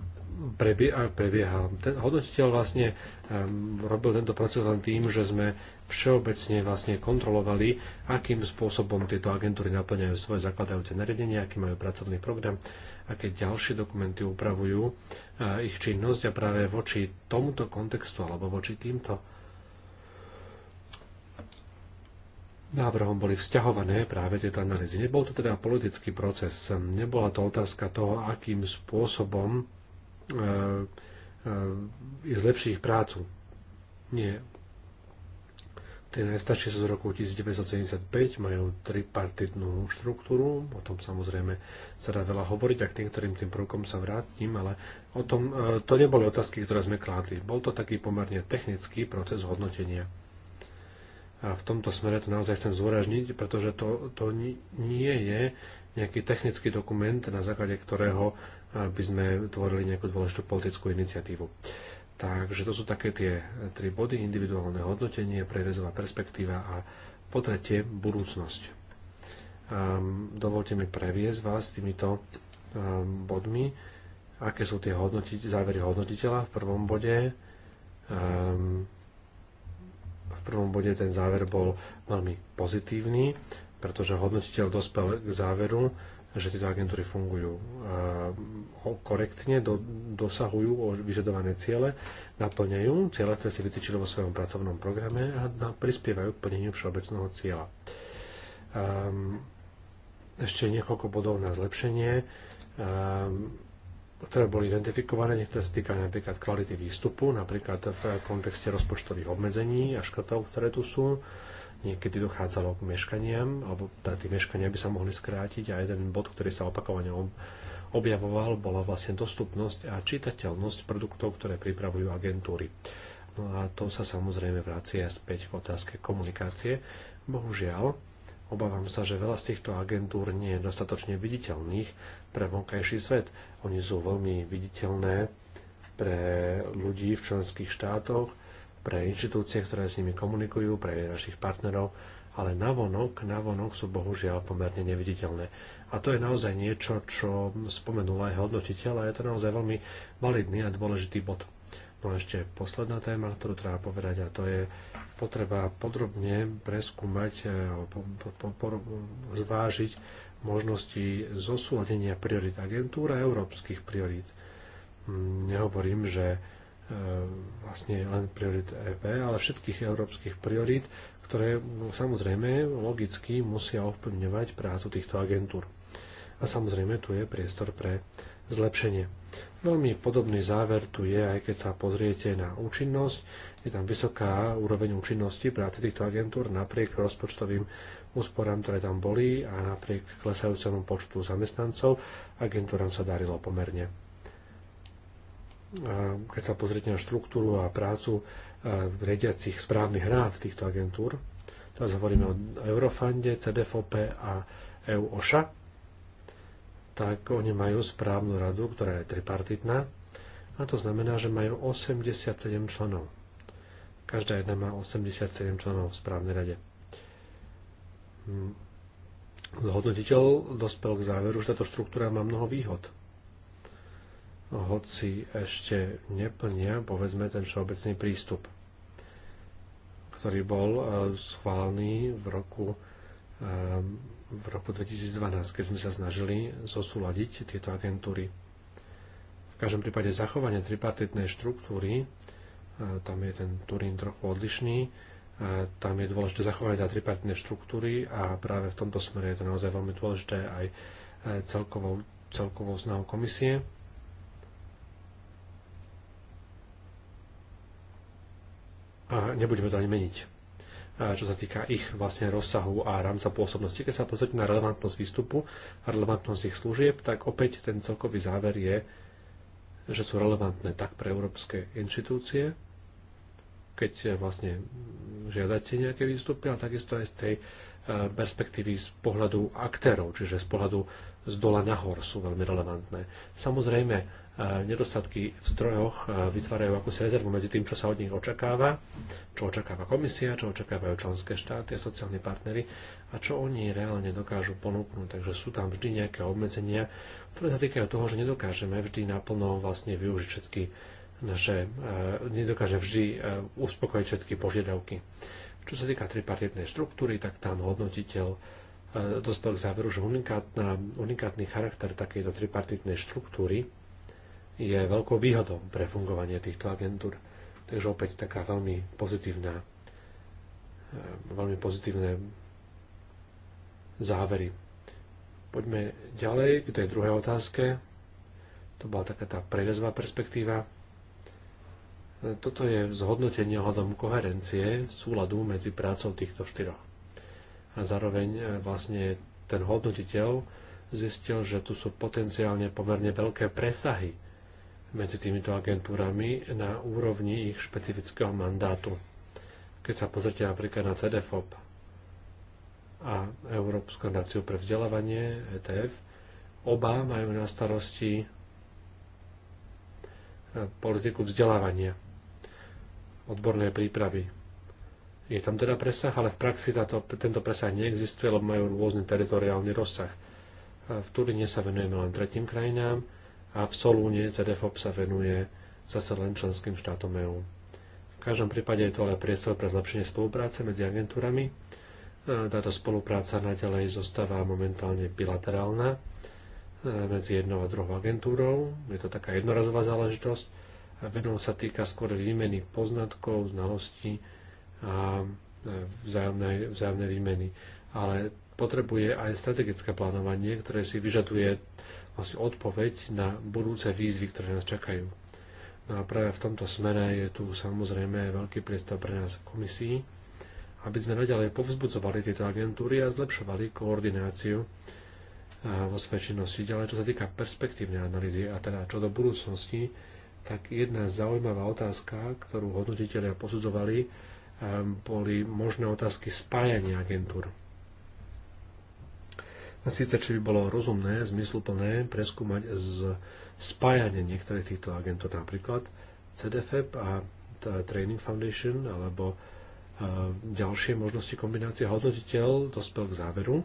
prebieha. Ten hodnotiteľ vlastne ehm, robil tento proces len tým, že sme všeobecne vlastne kontrolovali, akým spôsobom tieto agentúry naplňajú svoje zakladajúce nariadenia, aký majú pracovný program, aké ďalšie dokumenty upravujú e, ich činnosť a práve voči tomuto kontextu alebo voči týmto návrhom boli vzťahované práve tieto analýzy. Nebol to teda politický proces, nebola to otázka toho, akým spôsobom je zlepší e, ich prácu. Nie. Tie najstaršie sú z roku 1975, majú tripartitnú štruktúru, o tom samozrejme sa dá veľa hovoriť a k niektorým tým prvkom sa vrátim, ale o tom, e, to neboli otázky, ktoré sme kládli. Bol to taký pomerne technický proces hodnotenia a v tomto smere to naozaj chcem zúražniť, pretože to, to nie je nejaký technický dokument, na základe ktorého by sme tvorili nejakú dôležitú politickú iniciatívu. Takže to sú také tie tri body, individuálne hodnotenie, prerezová perspektíva a po tretie budúcnosť. Um, dovolte mi previesť vás týmito um, bodmi, aké sú tie hodnotiť, závery hodnotiteľa v prvom bode, um, v prvom bode ten záver bol veľmi pozitívny, pretože hodnotiteľ dospel k záveru, že tieto agentúry fungujú eh, korektne, do, dosahujú vyžadované ciele, naplňajú ciele, ktoré si vytýčili vo svojom pracovnom programe a prispievajú k plneniu všeobecného cieľa. Um, ešte niekoľko bodov na zlepšenie. Um, ktoré boli identifikované, niektoré sa týkajú napríklad kvality výstupu, napríklad v kontexte rozpočtových obmedzení a škrtov, ktoré tu sú. Niekedy dochádzalo k meškaniam, alebo teda tie meškania by sa mohli skrátiť a jeden bod, ktorý sa opakovane objavoval, bola vlastne dostupnosť a čitateľnosť produktov, ktoré pripravujú agentúry. No a to sa samozrejme vracia späť k otázke komunikácie. Bohužiaľ, Obávam sa, že veľa z týchto agentúr nie je dostatočne viditeľných pre vonkajší svet. Oni sú veľmi viditeľné pre ľudí v členských štátoch, pre inštitúcie, ktoré s nimi komunikujú, pre našich partnerov, ale navonok, navonok sú bohužiaľ pomerne neviditeľné. A to je naozaj niečo, čo spomenul aj hodnotiteľ a je to naozaj veľmi validný a dôležitý bod. No a ešte posledná téma, ktorú treba povedať, a to je potreba podrobne preskúmať, e, po, po, po, zvážiť možnosti zosúladenia priorit agentúra európskych priorit. Mm, nehovorím, že e, vlastne len priorit EP, ale všetkých európskych priorit, ktoré samozrejme logicky musia ovplyvňovať prácu týchto agentúr. A samozrejme tu je priestor pre zlepšenie. Veľmi podobný záver tu je, aj keď sa pozriete na účinnosť. Je tam vysoká úroveň účinnosti práce týchto agentúr napriek rozpočtovým úsporám, ktoré tam boli a napriek klesajúcemu počtu zamestnancov agentúram sa darilo pomerne. Keď sa pozriete na štruktúru a prácu riadiacich správnych rád týchto agentúr, teraz hovoríme o Eurofunde, CDFOP a EUOŠA, tak oni majú správnu radu, ktorá je tripartitná, a to znamená, že majú 87 členov. Každá jedna má 87 členov v správnej rade. Hm. Zhodnotiteľ dospel k záveru, že táto štruktúra má mnoho výhod. Hoci ešte neplnia, povedzme, ten všeobecný prístup, ktorý bol eh, schválený v roku eh, v roku 2012, keď sme sa snažili zosúľadiť tieto agentúry. V každom prípade zachovanie tripartitnej štruktúry, tam je ten Turín trochu odlišný, tam je dôležité zachovanie tá tripartitnej štruktúry a práve v tomto smere je to naozaj veľmi dôležité aj e, celkovou, celkovou snahou komisie. A nebudeme to ani meniť čo sa týka ich vlastne rozsahu a rámca pôsobnosti. Keď sa pozrite na relevantnosť výstupu a relevantnosť ich služieb, tak opäť ten celkový záver je, že sú relevantné tak pre európske inštitúcie, keď eh, vlastne žiadate nejaké výstupy, ale takisto aj z tej eh, perspektívy z pohľadu aktérov, čiže z pohľadu z dola nahor sú veľmi relevantné. Samozrejme, nedostatky v zdrojoch vytvárajú akúsi rezervu medzi tým, čo sa od nich očakáva, čo očakáva komisia, čo očakávajú členské štáty a sociálni partnery a čo oni reálne dokážu ponúknuť. Takže sú tam vždy nejaké obmedzenia, ktoré sa týkajú toho, že nedokážeme vždy naplno vlastne využiť všetky naše, nedokáže vždy uspokojiť všetky požiadavky. Čo sa týka tripartitnej štruktúry, tak tam hodnotiteľ dospel k záveru, že unikátna, unikátny charakter takejto tripartitnej štruktúry je veľkou výhodou pre fungovanie týchto agentúr. Takže opäť taká veľmi pozitívna, eh, veľmi pozitívne závery. Poďme ďalej k tej druhej otázke. To bola taká tá prerezová perspektíva. Eh, toto je zhodnotenie hľadom koherencie súladu medzi prácou týchto štyroch. A zároveň eh, vlastne ten hodnotiteľ zistil, že tu sú potenciálne pomerne veľké presahy medzi týmito agentúrami na úrovni ich špecifického mandátu. Keď sa pozrite napríklad na CDFOP a Európsku nadáciu pre vzdelávanie, ETF, oba majú na starosti e, politiku vzdelávania, odbornej prípravy. Je tam teda presah, ale v praxi táto, tento presah neexistuje, lebo majú rôzny teritoriálny rozsah. E, v Turíne sa venujeme len tretím krajinám, a v Solúne CDFOP sa venuje zase len členským štátom EÚ. V každom prípade je to ale priestor pre zlepšenie spolupráce medzi agentúrami. Táto spolupráca naďalej zostáva momentálne bilaterálna e, medzi jednou a druhou agentúrou. Je to taká jednorazová záležitosť Vedom sa týka skôr výmeny poznatkov, znalostí a e, vzájomnej, vzájomnej výmeny. Ale potrebuje aj strategické plánovanie, ktoré si vyžaduje vlastne odpoveď na budúce výzvy, ktoré nás čakajú. No a práve v tomto smere je tu samozrejme veľký priestor pre nás v komisii, aby sme naďalej povzbudzovali tieto agentúry a zlepšovali koordináciu vo svojej činnosti. Ďalej, čo sa týka perspektívnej analýzy a teda čo do budúcnosti, tak jedna zaujímavá otázka, ktorú hodnotiteľia posudzovali, boli možné otázky spájania agentúr. A síce, či by bolo rozumné, zmysluplné preskúmať z spájanie niektorých týchto agentov, napríklad CDFEP a Training Foundation, alebo e, ďalšie možnosti kombinácie. Hodnotiteľ dospel k záveru,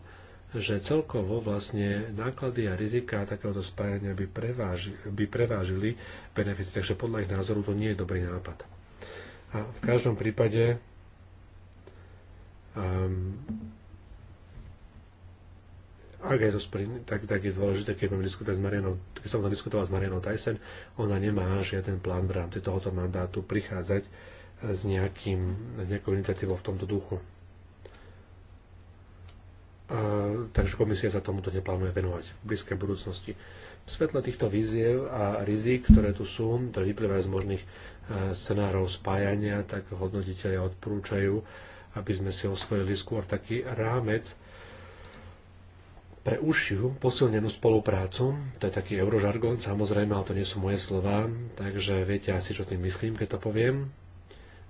že celkovo vlastne náklady a rizika takéhoto spájania by, preváži, by prevážili benefity, takže podľa ich názoru to nie je dobrý nápad. A v každom prípade um, ak je to sprin, tak, tak je dôležité, keď budem diskutovať s Marianou, keď som diskutoval s Marianou Tyson, ona nemá žiaden plán v rámci tohoto mandátu prichádzať eh, s, nejakým, s nejakou iniciatívou v tomto duchu. A, takže komisia sa tomuto neplánuje venovať v blízkej budúcnosti. V svetle týchto víziev a rizik, ktoré tu sú, ktoré vyplývajú z možných eh, scenárov spájania, tak hodnotiteľia odporúčajú, aby sme si osvojili skôr taký rámec, pre užšiu posilnenú spoluprácu. To je taký eurožargon, samozrejme, ale to nie sú moje slova, takže viete asi, čo tým myslím, keď to poviem.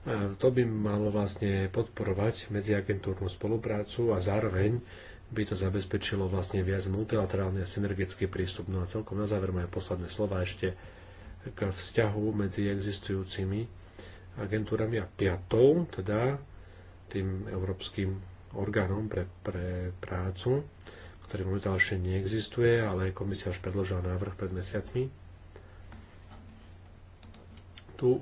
A to by malo vlastne podporovať medziagentúrnu spoluprácu a zároveň by to zabezpečilo vlastne viac multilaterálny a synergický prístup. No a celkom na záver moje posledné slova ešte k vzťahu medzi existujúcimi agentúrami a piatou, teda tým európskym orgánom pre, pre prácu ktorý momentálne ešte neexistuje, ale komisia už predložila návrh pred mesiacmi. Tu e,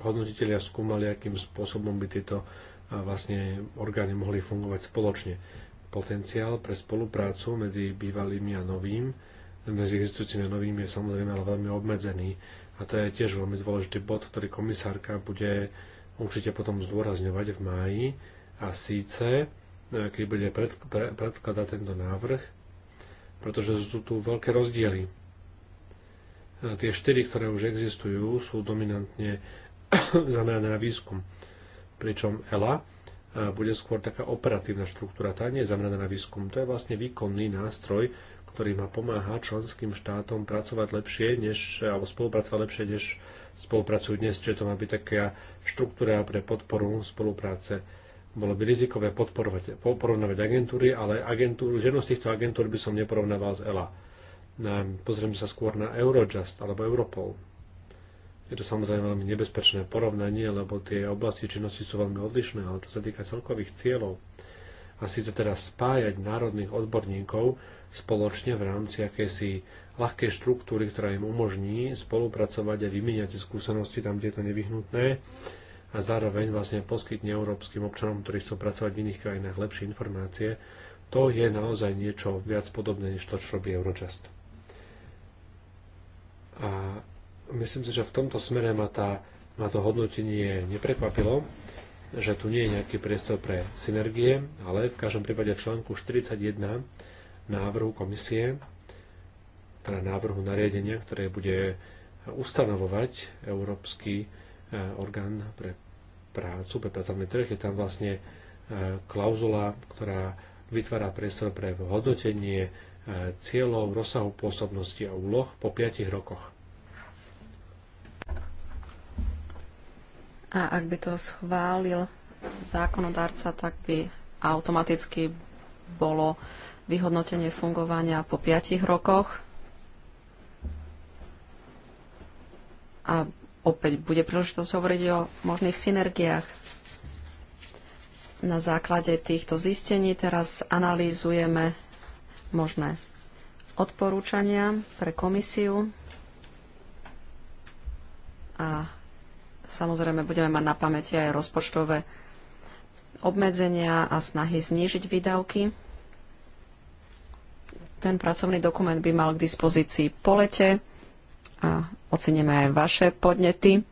hodnotiteľia skúmali, akým spôsobom by tieto e, vlastne orgány mohli fungovať spoločne. Potenciál pre spoluprácu medzi bývalými a novým, medzi existujúcimi a novými je samozrejme ale veľmi obmedzený a to je tiež veľmi dôležitý bod, ktorý komisárka bude určite potom zdôrazňovať v máji a síce No, keď bude predkladať tento návrh, pretože sú tu veľké rozdiely. Tie štyri, ktoré už existujú, sú dominantne zamerané na výskum. Pričom ELA bude skôr taká operatívna štruktúra, tá nie je zameraná na výskum. To je vlastne výkonný nástroj, ktorý má pomáha členským štátom pracovať lepšie, než, alebo spolupracovať lepšie, než spolupracujú dnes, čiže to má byť taká štruktúra pre podporu spolupráce bolo by rizikové podporovať, porovnávať agentúry, ale agentúru, žiadnu z týchto agentúr by som neporovnával s ELA. Pozrieme sa skôr na Eurojust alebo Europol. Je to samozrejme veľmi nebezpečné porovnanie, lebo tie oblasti činnosti sú veľmi odlišné, ale čo sa týka celkových cieľov, a síce teda spájať národných odborníkov spoločne v rámci akejsi ľahkej štruktúry, ktorá im umožní spolupracovať a vymieňať skúsenosti tam, kde je to nevyhnutné, a zároveň vlastne poskytne európskym občanom, ktorí chcú pracovať v iných krajinách, lepšie informácie, to je naozaj niečo viac podobné, než to, čo robí Eurojust. A myslím si, že v tomto smere ma, tá, ma to hodnotenie neprekvapilo, že tu nie je nejaký priestor pre synergie, ale v každom prípade v článku 41 návrhu komisie, teda návrhu nariadenia, ktoré bude ustanovovať Európsky Eh, orgán pre prácu, pre pracovný trh. Je tam vlastne eh, klauzula, ktorá vytvára priestor pre hodnotenie eh, cieľov, rozsahu pôsobnosti a úloh po 5 rokoch. A ak by to schválil zákonodárca, tak by automaticky bolo vyhodnotenie fungovania po 5 rokoch a opäť bude príležitosť hovoriť o možných synergiách. Na základe týchto zistení teraz analýzujeme možné odporúčania pre komisiu a samozrejme budeme mať na pamäti aj rozpočtové obmedzenia a snahy znížiť výdavky. Ten pracovný dokument by mal k dispozícii po lete a oceníme aj vaše podnety.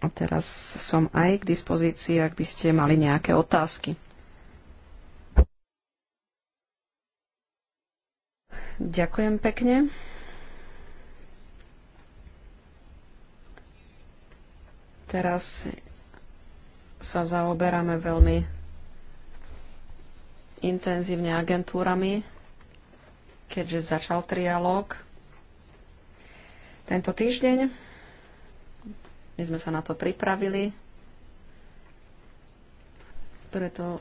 A teraz som aj k dispozícii, ak by ste mali nejaké otázky. Ďakujem pekne. Teraz sa zaoberáme veľmi intenzívne agentúrami, keďže začal trialóg tento týždeň. My sme sa na to pripravili, preto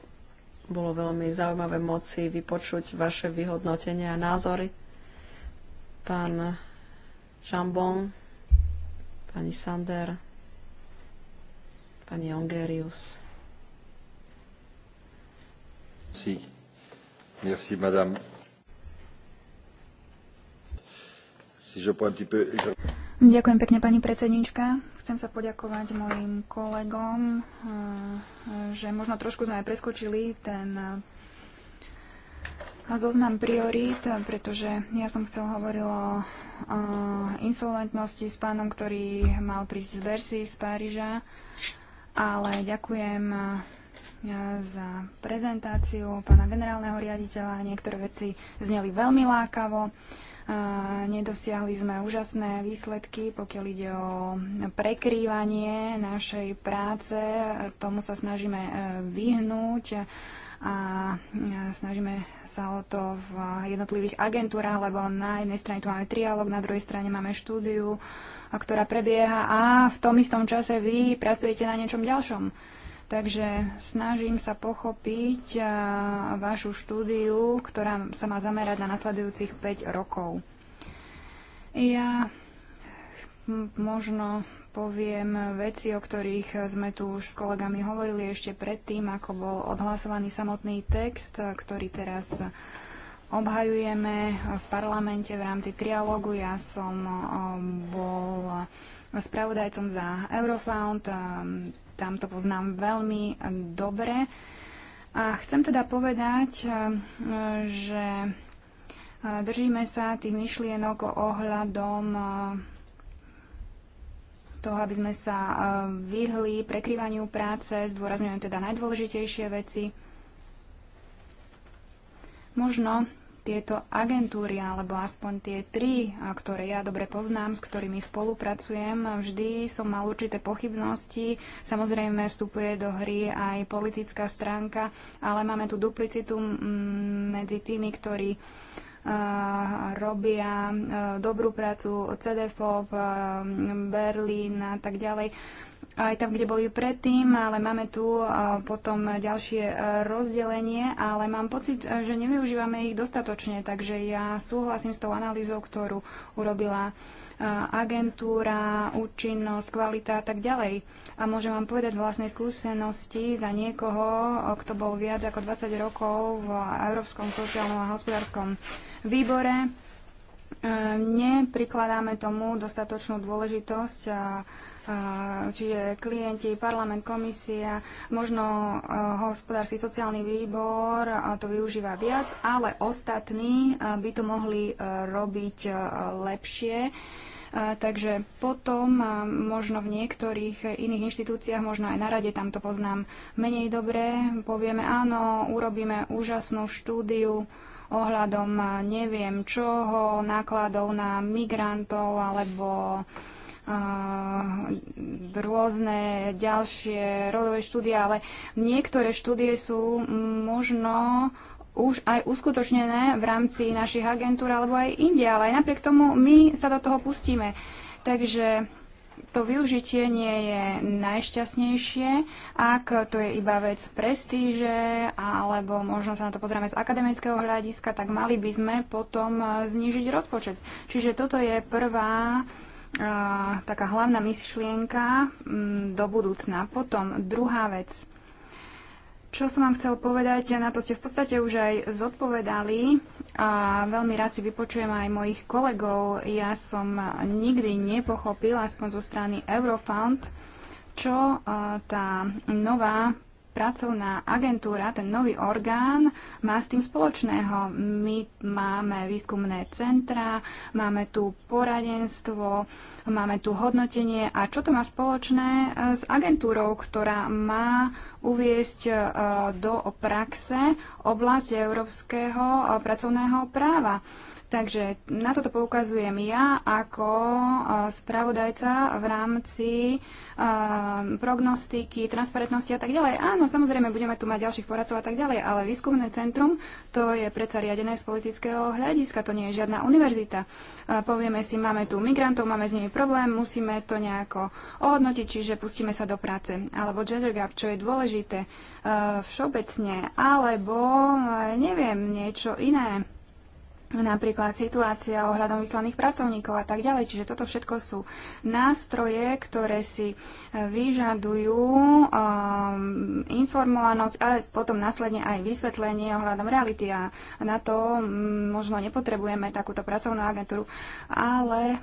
bolo veľmi zaujímavé moci vypočuť vaše vyhodnotenia a názory. Pán Jambon, pani Sander, pani Ongerius. Merci, madame. Ďakujem pekne, pani predsednička. Chcem sa poďakovať mojim kolegom, eh, že možno trošku sme aj preskočili ten eh, zoznam priorít, pretože ja som chcel hovoril o eh, insolventnosti s pánom, ktorý mal prísť z Versi, z Páriža, ale ďakujem za prezentáciu pána generálneho riaditeľa. Niektoré veci zneli veľmi lákavo. Nedosiahli sme úžasné výsledky, pokiaľ ide o prekrývanie našej práce. Tomu sa snažíme e, vyhnúť a e, snažíme sa o to v jednotlivých agentúrach, lebo na jednej strane tu máme trialog, na druhej strane máme štúdiu, ktorá prebieha a v tom istom čase vy pracujete na niečom ďalšom. Takže snažím sa pochopiť vašu štúdiu, ktorá sa má zamerať na nasledujúcich 5 rokov. Ja možno poviem veci, o ktorých sme tu už s kolegami hovorili ešte predtým, ako bol odhlasovaný samotný text, ktorý teraz obhajujeme v parlamente v rámci trialógu. Ja som bol spravodajcom za Eurofound, tam to poznám veľmi eh, dobre. A chcem teda povedať, eh, eh, že držíme sa tých myšlienok ohľadom toho, aby sme sa vyhli prekryvaniu práce, zdôrazňujem teda najdôležitejšie veci. Možno tieto agentúry, alebo aspoň tie tri, ktoré ja dobre poznám, s ktorými spolupracujem, vždy som mal určité pochybnosti. Samozrejme vstupuje do hry aj politická stránka, ale máme tu duplicitu medzi tými, ktorí robia dobrú prácu CDFOP, Berlín a tak ďalej aj tam, kde boli predtým, ale máme tu e, potom ďalšie e, rozdelenie, ale mám pocit, e, že nevyužívame ich dostatočne, takže ja súhlasím s tou analýzou, ktorú urobila agentúra, účinnosť, kvalita a tak ďalej. A môžem vám povedať z vlastnej skúsenosti za niekoho, kto bol viac ako 20 rokov v Európskom sociálnom a hospodárskom výbore, neprikladáme tomu dostatočnú dôležitosť a čiže klienti, parlament, komisia, možno e, hospodársky sociálny výbor to využíva viac, ale ostatní e, by to mohli e, robiť lepšie. Takže potom možno v niektorých iných inštitúciách, možno aj na rade, tam to poznám menej dobre, povieme áno, urobíme úžasnú štúdiu, ohľadom neviem čoho, nákladov na migrantov alebo Eh, rôzne ďalšie rodové štúdie, ale niektoré štúdie sú možno už aj uskutočnené v rámci našich agentúr alebo aj inde, ale aj napriek tomu my sa do toho pustíme. Takže to využitie nie je najšťastnejšie, ak to je iba vec prestíže, alebo možno sa na to pozrieme z akademického hľadiska, tak mali by sme potom eh, znížiť rozpočet. Čiže toto je prvá taká hlavná myšlienka mm, do budúcna. Potom druhá vec. Čo som vám chcel povedať, na to ste v podstate už aj zodpovedali a veľmi rád si vypočujem aj mojich kolegov. Ja som nikdy nepochopil, aspoň zo strany Eurofound, čo tá nová pracovná agentúra, ten nový orgán, má s tým spoločného. My máme výskumné centra, máme tu poradenstvo, máme tu hodnotenie. A čo to má spoločné eh, s agentúrou, ktorá má uviesť eh, do praxe oblasť európskeho eh, pracovného práva? Takže na toto poukazujem ja ako e, spravodajca v rámci e, prognostiky, transparentnosti a tak ďalej. Áno, samozrejme, budeme tu mať ďalších poradcov a tak ďalej, ale výskumné centrum to je predsa riadené z politického hľadiska, to nie je žiadna univerzita. E, povieme si, máme tu migrantov, máme s nimi problém, musíme to nejako ohodnotiť, čiže pustíme sa do práce. Alebo gender gap, čo je dôležité všeobecne, alebo neviem, niečo iné napríklad situácia ohľadom vyslaných pracovníkov a tak ďalej. Čiže toto všetko sú nástroje, ktoré si e, vyžadujú um, informovanosť, ale potom následne aj vysvetlenie ohľadom reality. A na to možno nepotrebujeme takúto pracovnú agentúru, ale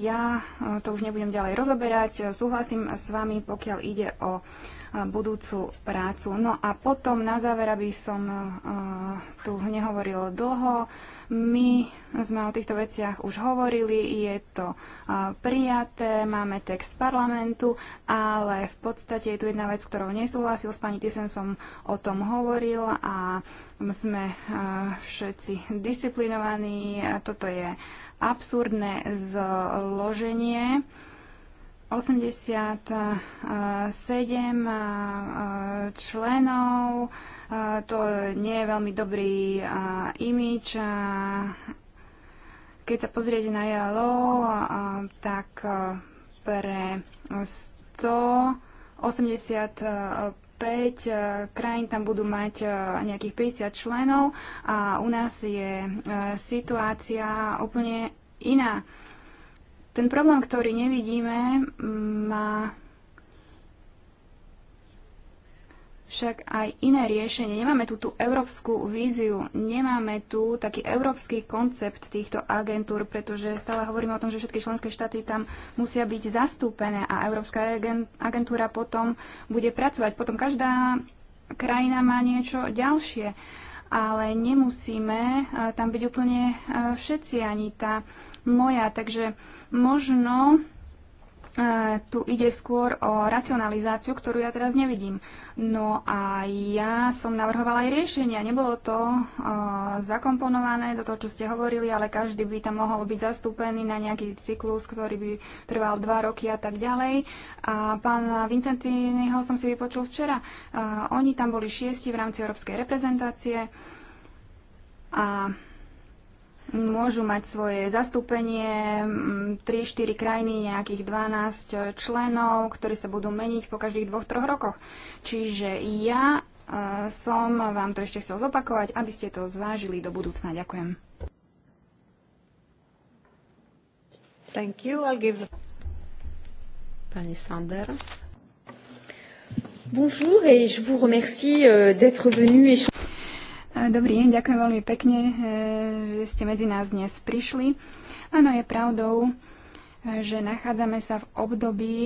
ja e, to už nebudem ďalej rozoberať. Súhlasím s vami, pokiaľ ide o e, budúcu prácu. No a potom na záver, aby som uh, tu nehovoril dlho, uh, my sme o týchto veciach už hovorili, je to prijaté, máme text parlamentu, ale v podstate je tu jedna vec, ktorou nesúhlasil. S pani Tysen som o tom hovoril a sme všetci disciplinovaní. Toto je absurdné zloženie. 87 členov, to nie je veľmi dobrý imič. Keď sa pozriete na JLO, tak pre 185 krajín tam budú mať nejakých 50 členov a u nás je situácia úplne iná. Ten problém, ktorý nevidíme, má však aj iné riešenie. Nemáme tu tú európsku víziu, nemáme tu taký európsky koncept týchto agentúr, pretože stále hovoríme o tom, že všetky členské štáty tam musia byť zastúpené a európska agentúra potom bude pracovať. Potom každá krajina má niečo ďalšie, ale nemusíme eh, tam byť úplne eh, všetci, ani tá moja. Takže Možno e, tu ide skôr o racionalizáciu, ktorú ja teraz nevidím. No a ja som navrhovala aj riešenia. Nebolo to e, zakomponované do toho, čo ste hovorili, ale každý by tam mohol byť zastúpený na nejaký cyklus, ktorý by trval dva roky a tak ďalej. A pán ho som si vypočul včera. E, oni tam boli šiesti v rámci európskej reprezentácie. A môžu mať svoje zastúpenie, 3-4 krajiny, nejakých 12 e, členov, ktorí sa budú meniť po každých 2-3 rokoch. Čiže ja e, som vám to ešte chcel zopakovať, aby ste to zvážili do budúcna. Ďakujem. Thank you. I'll give... Pani Sander. Bonjour et je vous remercie euh, d'être venu échanger. Dobrý deň, ďakujem veľmi pekne, eh, že ste medzi nás dnes prišli. Áno, je pravdou, eh, že nachádzame sa v období,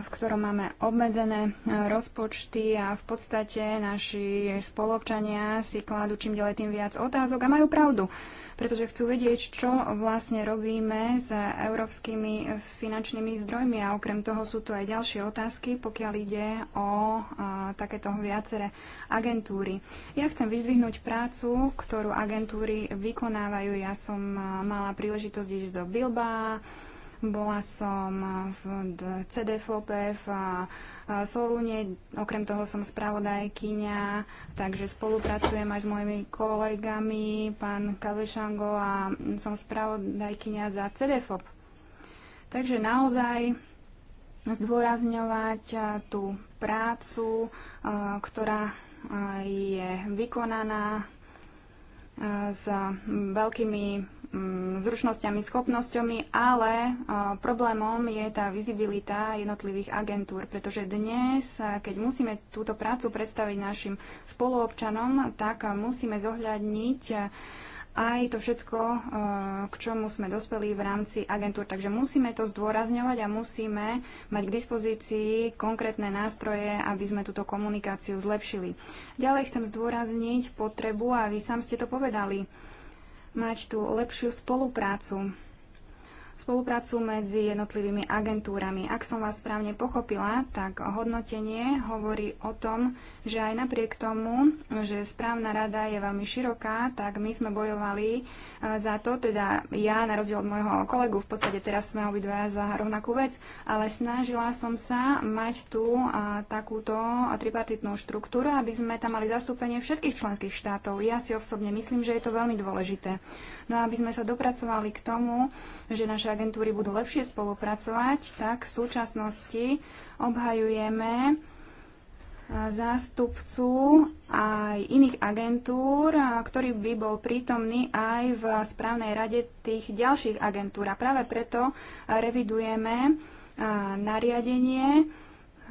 v ktorom máme obmedzené e, rozpočty a v podstate naši spolobčania si kladú čím ďalej tým viac otázok a majú pravdu, pretože chcú vedieť, čo vlastne robíme s európskymi finančnými zdrojmi a okrem toho sú tu aj ďalšie otázky, pokiaľ ide o e, takéto viaceré agentúry. Ja chcem vyzdvihnúť prácu, ktorú agentúry vykonávajú. Ja som e, mala príležitosť ísť do Bilba, bola som v CDFOP v Solune, okrem toho som spravodajkyňa, takže spolupracujem aj s mojimi kolegami, pán Kavešango a som spravodajkyňa za CDFOP. Takže naozaj zdôrazňovať tú prácu, ktorá je vykonaná s veľkými Mm, zručnosťami, schopnosťami, ale e, problémom je tá vizibilita jednotlivých agentúr, pretože dnes, e, keď musíme túto prácu predstaviť našim spoluobčanom, tak musíme zohľadniť e, aj to všetko, k čomu sme dospeli v rámci agentúr. Takže musíme to zdôrazňovať a musíme mať k dispozícii konkrétne nástroje, aby sme túto komunikáciu zlepšili. Ďalej chcem zdôrazniť potrebu, a vy sám ste to povedali, mať tú lepšiu spoluprácu spoluprácu medzi jednotlivými agentúrami. Ak som vás správne pochopila, tak hodnotenie hovorí o tom, že aj napriek tomu, že správna rada je veľmi široká, tak my sme bojovali e, za to, teda ja na rozdiel od môjho kolegu, v podstate teraz sme obidvaja za rovnakú vec, ale snažila som sa mať tu takúto tripartitnú štruktúru, aby sme tam mali zastúpenie všetkých členských štátov. Ja si osobne myslím, že je to veľmi dôležité. No aby sme sa dopracovali k tomu, že naša agentúry budú lepšie spolupracovať, tak v súčasnosti obhajujeme zástupcu aj iných agentúr, ktorý by bol prítomný aj v správnej rade tých ďalších agentúr. A práve preto revidujeme nariadenie,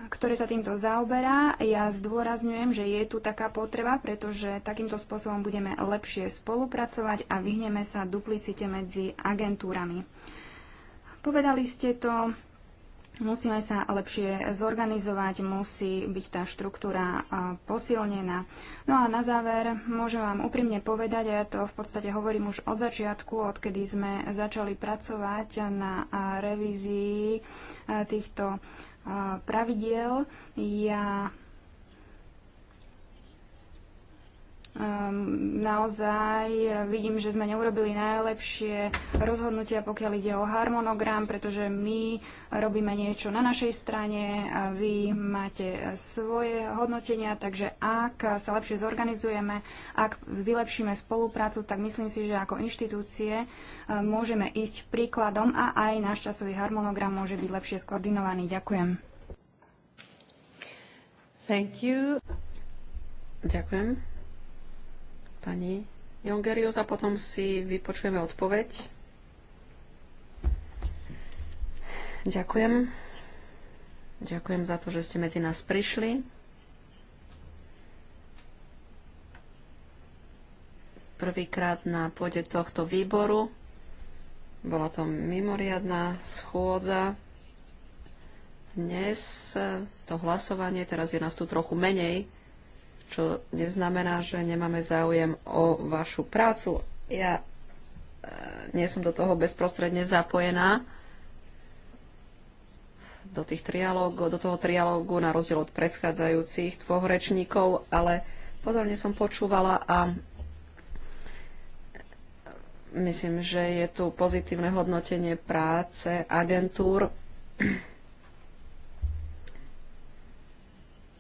ktoré sa týmto zaoberá. Ja zdôrazňujem, že je tu taká potreba, pretože takýmto spôsobom budeme lepšie spolupracovať a vyhneme sa duplicite medzi agentúrami. Povedali ste to, musíme sa lepšie zorganizovať, musí byť tá štruktúra posilnená. No a na záver môžem vám úprimne povedať, a ja to v podstate hovorím už od začiatku, odkedy sme začali pracovať na revízii týchto pravidiel. Ja Um, naozaj eh, vidím, že sme neurobili najlepšie rozhodnutia, pokiaľ ide o harmonogram, pretože my robíme niečo na našej strane a vy máte svoje hodnotenia, takže ak sa lepšie zorganizujeme, ak vylepšíme spoluprácu, tak myslím si, že ako inštitúcie eh, môžeme ísť príkladom a aj náš časový harmonogram môže byť lepšie skoordinovaný. Ďakujem. Thank you. Ďakujem pani Jongerius a potom si vypočujeme odpoveď. Ďakujem. Ďakujem za to, že ste medzi nás prišli. Prvýkrát na pôde tohto výboru. Bola to mimoriadná schôdza dnes to hlasovanie, teraz je nás tu trochu menej, čo neznamená, že nemáme záujem o vašu prácu. Ja e, nie som do toho bezprostredne zapojená do, tých trialóg, do toho trialógu na rozdiel od predchádzajúcich dvoch rečníkov, ale pozorne som počúvala a myslím, že je tu pozitívne hodnotenie práce agentúr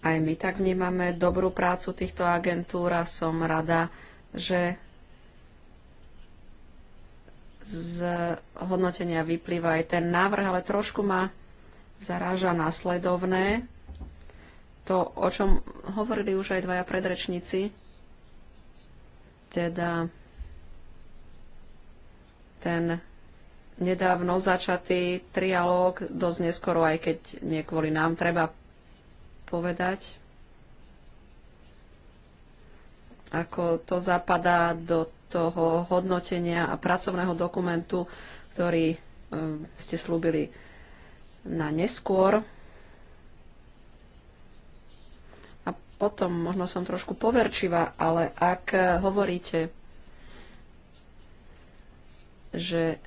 Aj my tak vnímame dobrú prácu týchto agentúr a som rada, že z hodnotenia vyplýva aj ten návrh, ale trošku ma zaráža nasledovné To, o čom hovorili už aj dvaja predrečníci, teda ten nedávno začatý trialóg, dosť neskoro, aj keď nie kvôli nám, treba povedať, ako to zapadá do toho hodnotenia a pracovného dokumentu, ktorý e, ste slúbili na neskôr. A potom, možno som trošku poverčivá, ale ak hovoríte, že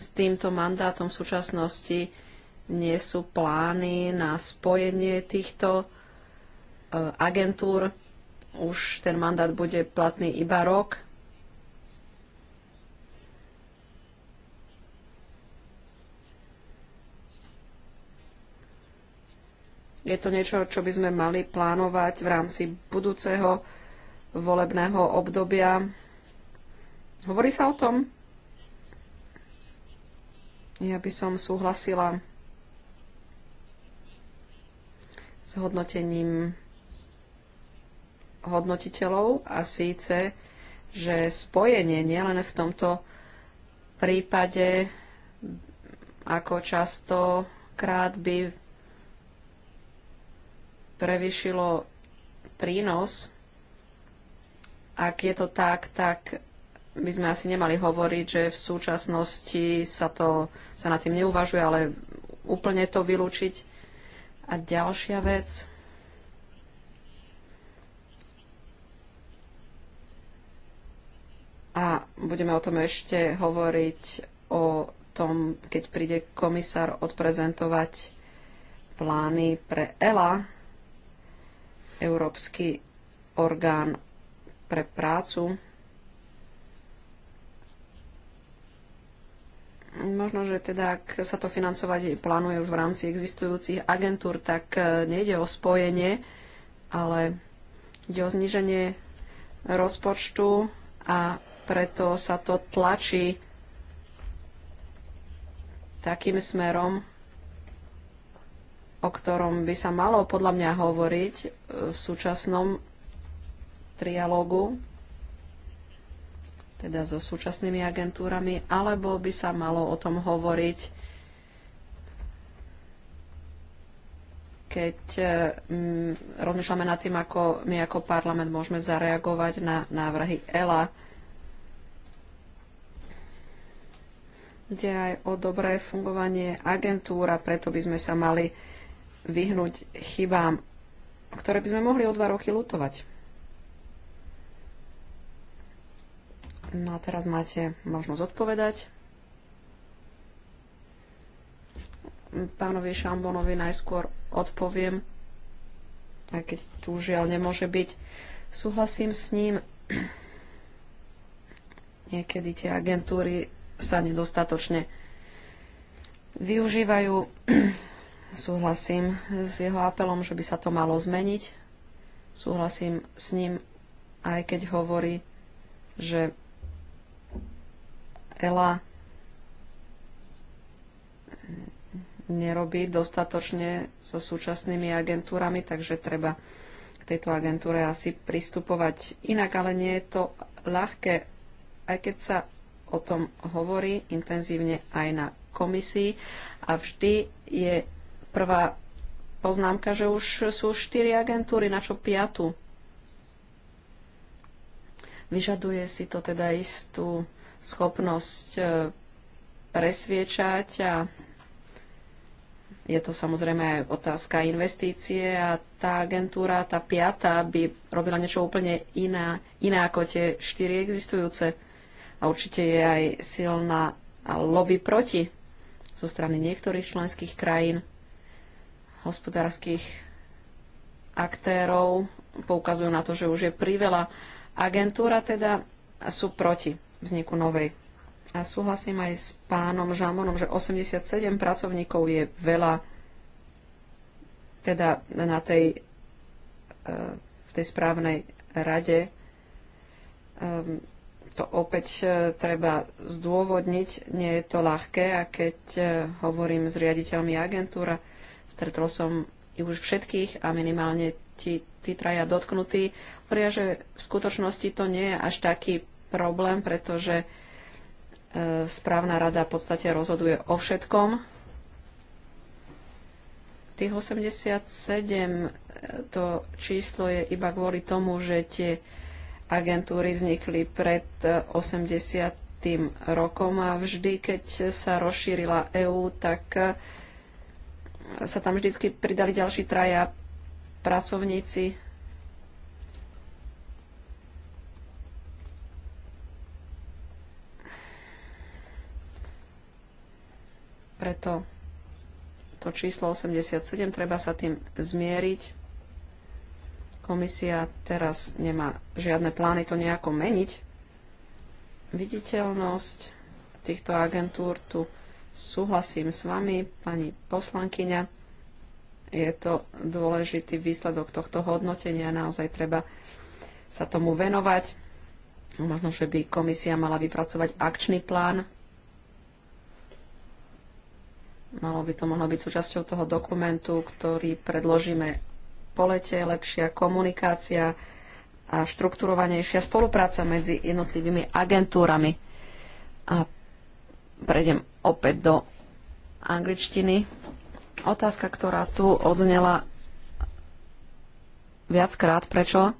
s týmto mandátom v súčasnosti nie sú plány na spojenie týchto e, agentúr. Už ten mandát bude platný iba rok. Je to niečo, čo by sme mali plánovať v rámci budúceho volebného obdobia. Hovorí sa o tom? Ja by som súhlasila s hodnotením hodnotiteľov a síce, že spojenie nielen v tomto prípade, ako často krát by prevyšilo prínos, ak je to tak, tak by sme asi nemali hovoriť, že v súčasnosti sa, to, sa na tým neuvažuje, ale úplne to vylúčiť a ďalšia vec, a budeme o tom ešte hovoriť o tom, keď príde komisár odprezentovať plány pre ELA, Európsky orgán pre prácu. Možno, že teda ak sa to financovať plánuje už v rámci existujúcich agentúr, tak e, nejde o spojenie, ale ide o zniženie rozpočtu a preto sa to tlačí takým smerom, o ktorom by sa malo podľa mňa hovoriť v súčasnom trialógu teda so súčasnými agentúrami, alebo by sa malo o tom hovoriť, keď e, mm, rozmýšľame nad tým, ako my ako parlament môžeme zareagovať na návrhy ELA, ide aj o dobré fungovanie agentúra, preto by sme sa mali vyhnúť chybám, ktoré by sme mohli o dva roky lutovať. No a teraz máte možnosť odpovedať. Pánovi Šambonovi najskôr odpoviem, aj keď tu žiaľ nemôže byť. Súhlasím s ním. Niekedy tie agentúry sa nedostatočne využívajú. Súhlasím s jeho apelom, že by sa to malo zmeniť. Súhlasím s ním, aj keď hovorí, že Ela nerobí dostatočne so súčasnými agentúrami, takže treba k tejto agentúre asi pristupovať inak, ale nie je to ľahké, aj keď sa o tom hovorí intenzívne aj na komisii a vždy je prvá poznámka, že už sú štyri agentúry, na čo piatu. Vyžaduje si to teda istú schopnosť e, presviečať a je to samozrejme aj otázka investície a tá agentúra, tá piata, by robila niečo úplne iná, iná ako tie štyri existujúce. A určite je aj silná lobby proti zo strany niektorých členských krajín, hospodárskych aktérov. Poukazujú na to, že už je priveľa agentúra, teda sú proti vzniku novej. A súhlasím aj s pánom Žamonom, že 87 pracovníkov je veľa teda na tej, e, v tej správnej rade. Ehm, to opäť e, treba zdôvodniť, nie je to ľahké a keď e, hovorím s riaditeľmi agentúra, stretol som ich už všetkých a minimálne tí, tí traja dotknutí, hovoria, že v skutočnosti to nie je až taký problém, pretože e, správna rada v podstate rozhoduje o všetkom. Tých 87 e, to číslo je iba kvôli tomu, že tie agentúry vznikli pred 80. E, rokom a vždy, keď sa rozšírila EÚ, tak sa tam vždy pridali ďalší traja pracovníci Preto to číslo 87 treba sa tým zmieriť. Komisia teraz nemá žiadne plány to nejako meniť. Viditeľnosť týchto agentúr tu súhlasím s vami, pani poslankyňa. Je to dôležitý výsledok tohto hodnotenia, naozaj treba sa tomu venovať. Možno, že by komisia mala vypracovať akčný plán Malo by to mohlo byť súčasťou toho dokumentu, ktorý predložíme po lete, lepšia komunikácia a štrukturovanejšia spolupráca medzi jednotlivými agentúrami. A prejdem opäť do angličtiny. Otázka, ktorá tu odznela viackrát, prečo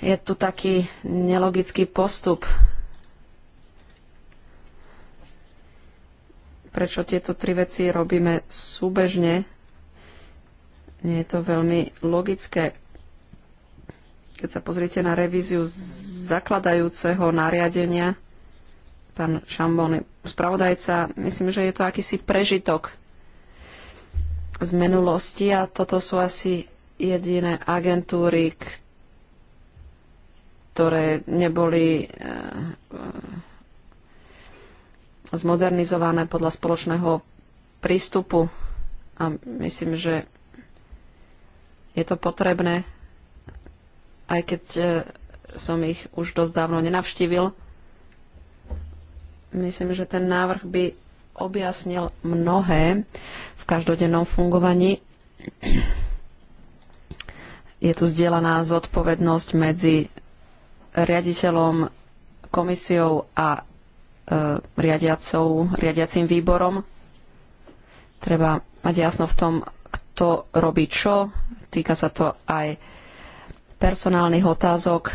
je tu taký nelogický postup prečo tieto tri veci robíme súbežne. Nie je to veľmi logické. Keď sa pozriete na revíziu zakladajúceho nariadenia, pán Šambon, spravodajca, myslím, že je to akýsi prežitok z minulosti a toto sú asi jediné agentúry, ktoré neboli eh, zmodernizované podľa spoločného prístupu a myslím, že je to potrebné, aj keď e, som ich už dosť dávno nenavštívil. Myslím, že ten návrh by objasnil mnohé v každodennom fungovaní. Je tu zdieľaná zodpovednosť medzi riaditeľom, komisiou a E, riadiacou, riadiacim výborom. Treba mať jasno v tom, kto robí čo. Týka sa to aj personálnych otázok.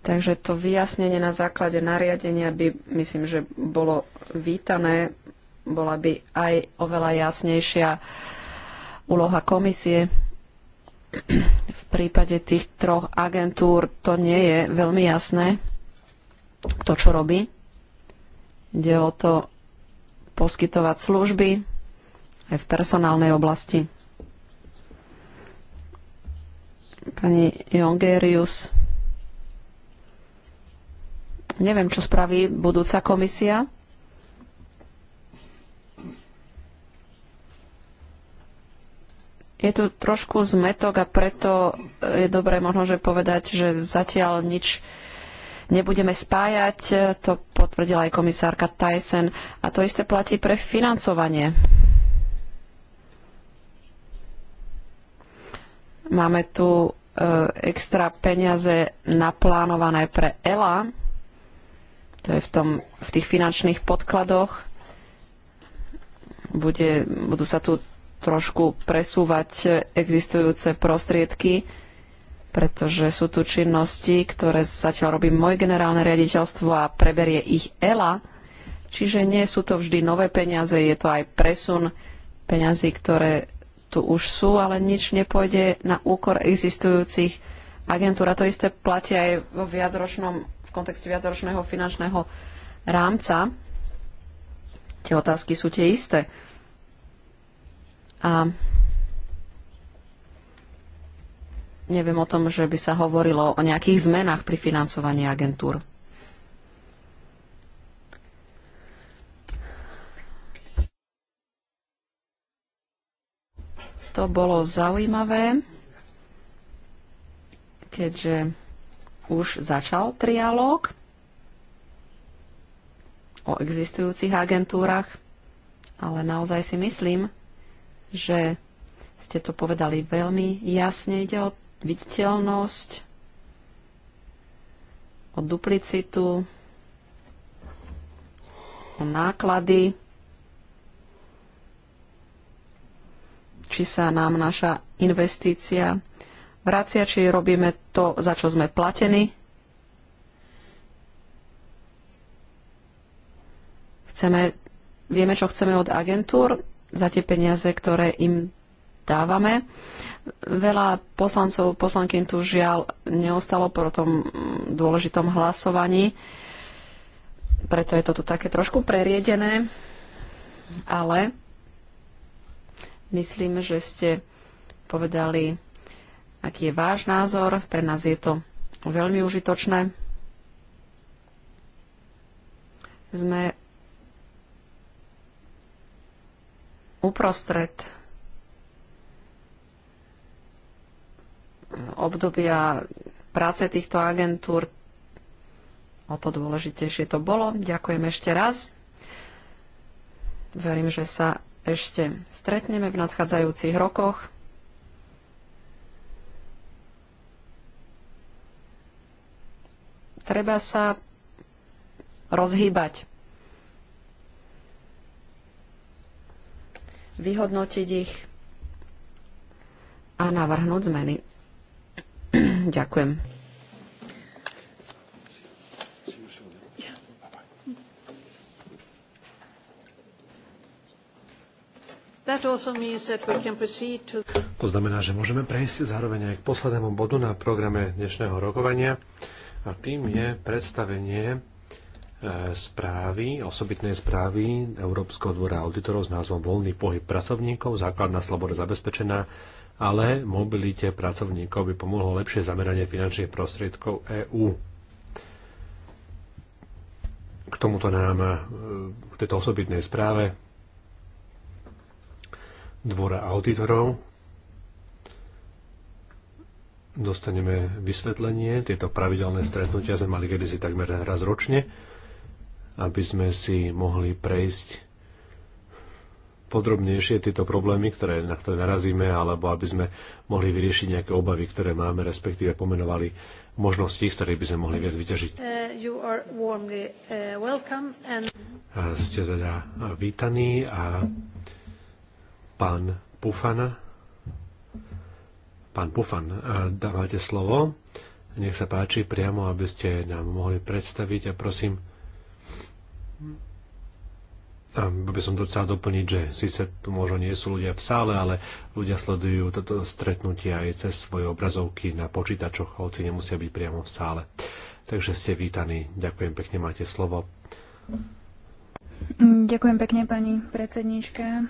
Takže to vyjasnenie na základe nariadenia by, myslím, že bolo vítané. Bola by aj oveľa jasnejšia úloha komisie. V prípade tých troch agentúr to nie je veľmi jasné to, čo robí. Ide o to poskytovať služby aj v personálnej oblasti. Pani Jongerius, neviem, čo spraví budúca komisia. Je tu trošku zmetok a preto je dobré možno, že povedať, že zatiaľ nič nebudeme spájať. E, to potvrdila aj komisárka Tyson. A to isté platí pre financovanie. Máme tu e, extra peniaze naplánované pre ELA, to je v, tom, v tých finančných podkladoch. Bude, budú sa tu trošku presúvať existujúce prostriedky pretože sú tu činnosti, ktoré zatiaľ robí moje generálne riaditeľstvo a preberie ich ELA. Čiže nie sú to vždy nové peniaze, je to aj presun peňazí, ktoré tu už sú, ale nič nepôjde na úkor existujúcich agentúr. A to isté platí aj v, viacročnom, v kontexte viacročného finančného rámca. Tie otázky sú tie isté. A neviem o tom, že by sa hovorilo o nejakých zmenách pri financovaní agentúr. To bolo zaujímavé, keďže už začal trialóg o existujúcich agentúrach, ale naozaj si myslím, že ste to povedali veľmi jasne. Ide o viditeľnosť, o duplicitu, o náklady, či sa nám naša investícia vracia, či robíme to, za čo sme platení. Chceme, vieme, čo chceme od agentúr za tie peniaze, ktoré im dávame. Veľa poslancov, poslankyn tu žiaľ neostalo po tom dôležitom hlasovaní, preto je to tu také trošku preriedené, ale myslím, že ste povedali, aký je váš názor. Pre nás je to veľmi užitočné. Sme uprostred obdobia práce týchto agentúr, o to dôležitejšie to bolo. Ďakujem ešte raz. Verím, že sa ešte stretneme v nadchádzajúcich rokoch. Treba sa rozhýbať, vyhodnotiť ich a navrhnúť zmeny. Ďakujem. To znamená, že môžeme prejsť zároveň aj k poslednému bodu na programe dnešného rokovania a tým je predstavenie e, správy, osobitnej správy Európskeho dvora auditorov s názvom Voľný pohyb pracovníkov, základná sloboda zabezpečená ale mobilite pracovníkov by pomohlo lepšie zameranie finančných prostriedkov EÚ. K tomuto nám v e, tejto osobitnej správe Dvora auditorov dostaneme vysvetlenie. Tieto pravidelné stretnutia sme mali kedysi takmer raz ročne, aby sme si mohli prejsť podrobnejšie tieto problémy, ktoré, na ktoré narazíme, alebo aby sme mohli vyriešiť nejaké obavy, ktoré máme, respektíve pomenovali možnosti, z ktorých by sme mohli viac vyťažiť. Uh, uh, a Ste teda vítaní a pán Pufana. Pán Pufan, dávate slovo. Nech sa páči priamo, aby ste nám mohli predstaviť a prosím, by som to chcel doplniť, že síce tu možno nie sú ľudia v sále, ale ľudia sledujú toto stretnutie aj cez svoje obrazovky na počítačoch, hoci nemusia byť priamo v sále. Takže ste vítaní. Ďakujem pekne, máte slovo. Ďakujem pekne, pani predsednička.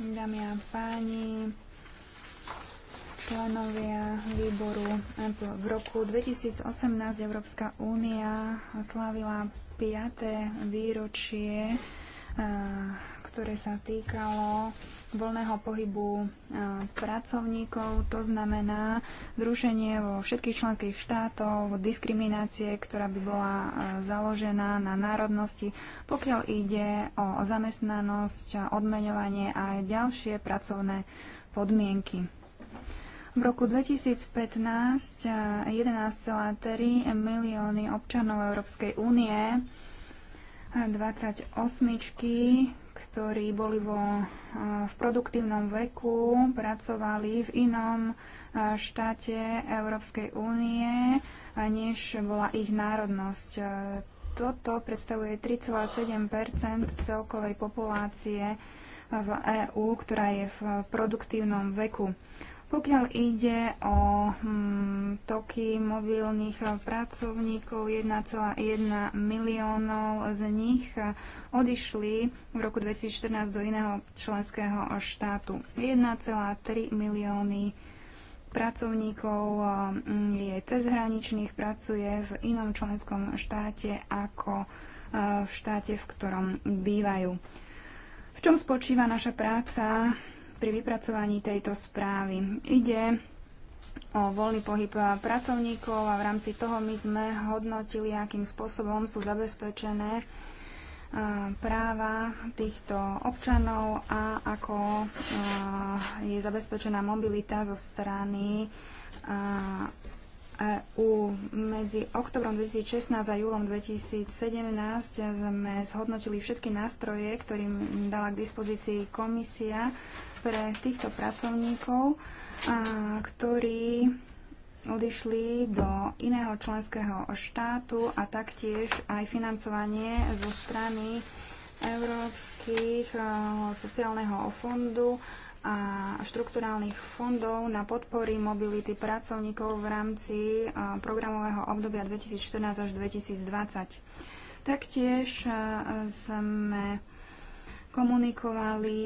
Dámy a páni, členovia výboru. V roku 2018 Európska únia slávila 5. výročie, eh, ktoré sa týkalo voľného pohybu eh, pracovníkov. To znamená zrušenie vo všetkých členských štátov diskriminácie, ktorá by bola eh, založená na národnosti, pokiaľ ide o zamestnanosť, odmeňovanie a ďalšie pracovné podmienky. V roku 2015 11,3 eh, milióny občanov Európskej únie 28, eh, ktorí boli vo, eh, v produktívnom veku, pracovali v inom štáte Európskej únie, než bola ich národnosť. Toto predstavuje 3,7 celkovej populácie v EÚ, ktorá je v produktívnom veku. Pokiaľ ide o hm, toky mobilných pracovníkov, 1,1 miliónov z nich odišli v roku 2014 do iného členského štátu. 1,3 milióny pracovníkov hm, je cezhraničných, pracuje v inom členskom štáte ako hm, v štáte, v ktorom bývajú. V čom spočíva naša práca pri vypracovaní tejto správy. Ide o voľný pohyb pracovníkov a v rámci toho my sme hodnotili, akým spôsobom sú zabezpečené práva týchto občanov a ako je zabezpečená mobilita zo strany EU. Medzi oktobrom 2016 a júlom 2017 sme zhodnotili všetky nástroje, ktorým dala k dispozícii komisia pre týchto pracovníkov, ktorí odišli do iného členského štátu a taktiež aj financovanie zo strany Európskych sociálneho fondu a štrukturálnych fondov na podpory mobility pracovníkov v rámci programového obdobia 2014 až 2020. Taktiež sme komunikovali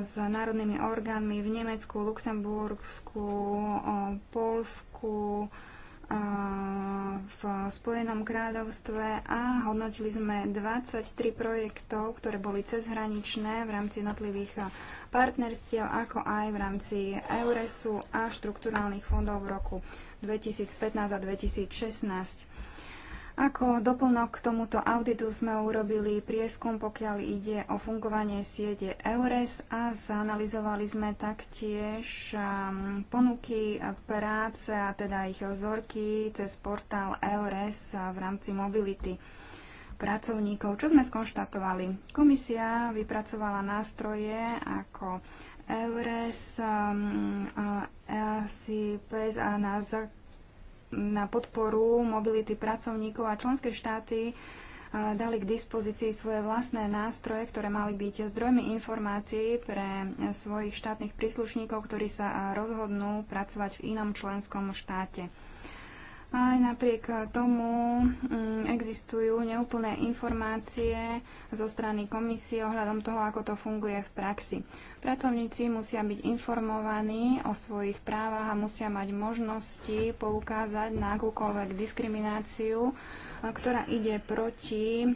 s národnými orgánmi v Nemecku, Luxembursku, Polsku, v Spojenom kráľovstve a hodnotili sme 23 projektov, ktoré boli cezhraničné v rámci jednotlivých partnerstiev, ako aj v rámci Euresu a štrukturálnych fondov v roku 2015 a 2016. Ako doplnok k tomuto auditu sme urobili prieskum, pokiaľ ide o fungovanie siete EURES a zanalizovali sme taktiež ponuky práce, a teda ich vzorky cez portál EURES v rámci mobility pracovníkov. Čo sme skonštatovali? Komisia vypracovala nástroje ako EURES, EASI, PES a na základe na podporu mobility pracovníkov a členské štáty eh, dali k dispozícii svoje vlastné nástroje, ktoré mali byť zdrojmi informácií pre svojich štátnych príslušníkov, ktorí sa eh, rozhodnú pracovať v inom členskom štáte. Aj napriek tomu mm, existujú neúplné informácie zo strany komisie ohľadom toho, ako to funguje v praxi. Pracovníci musia byť informovaní o svojich právach a musia mať možnosti poukázať na akúkoľvek diskrimináciu, e, ktorá ide proti e,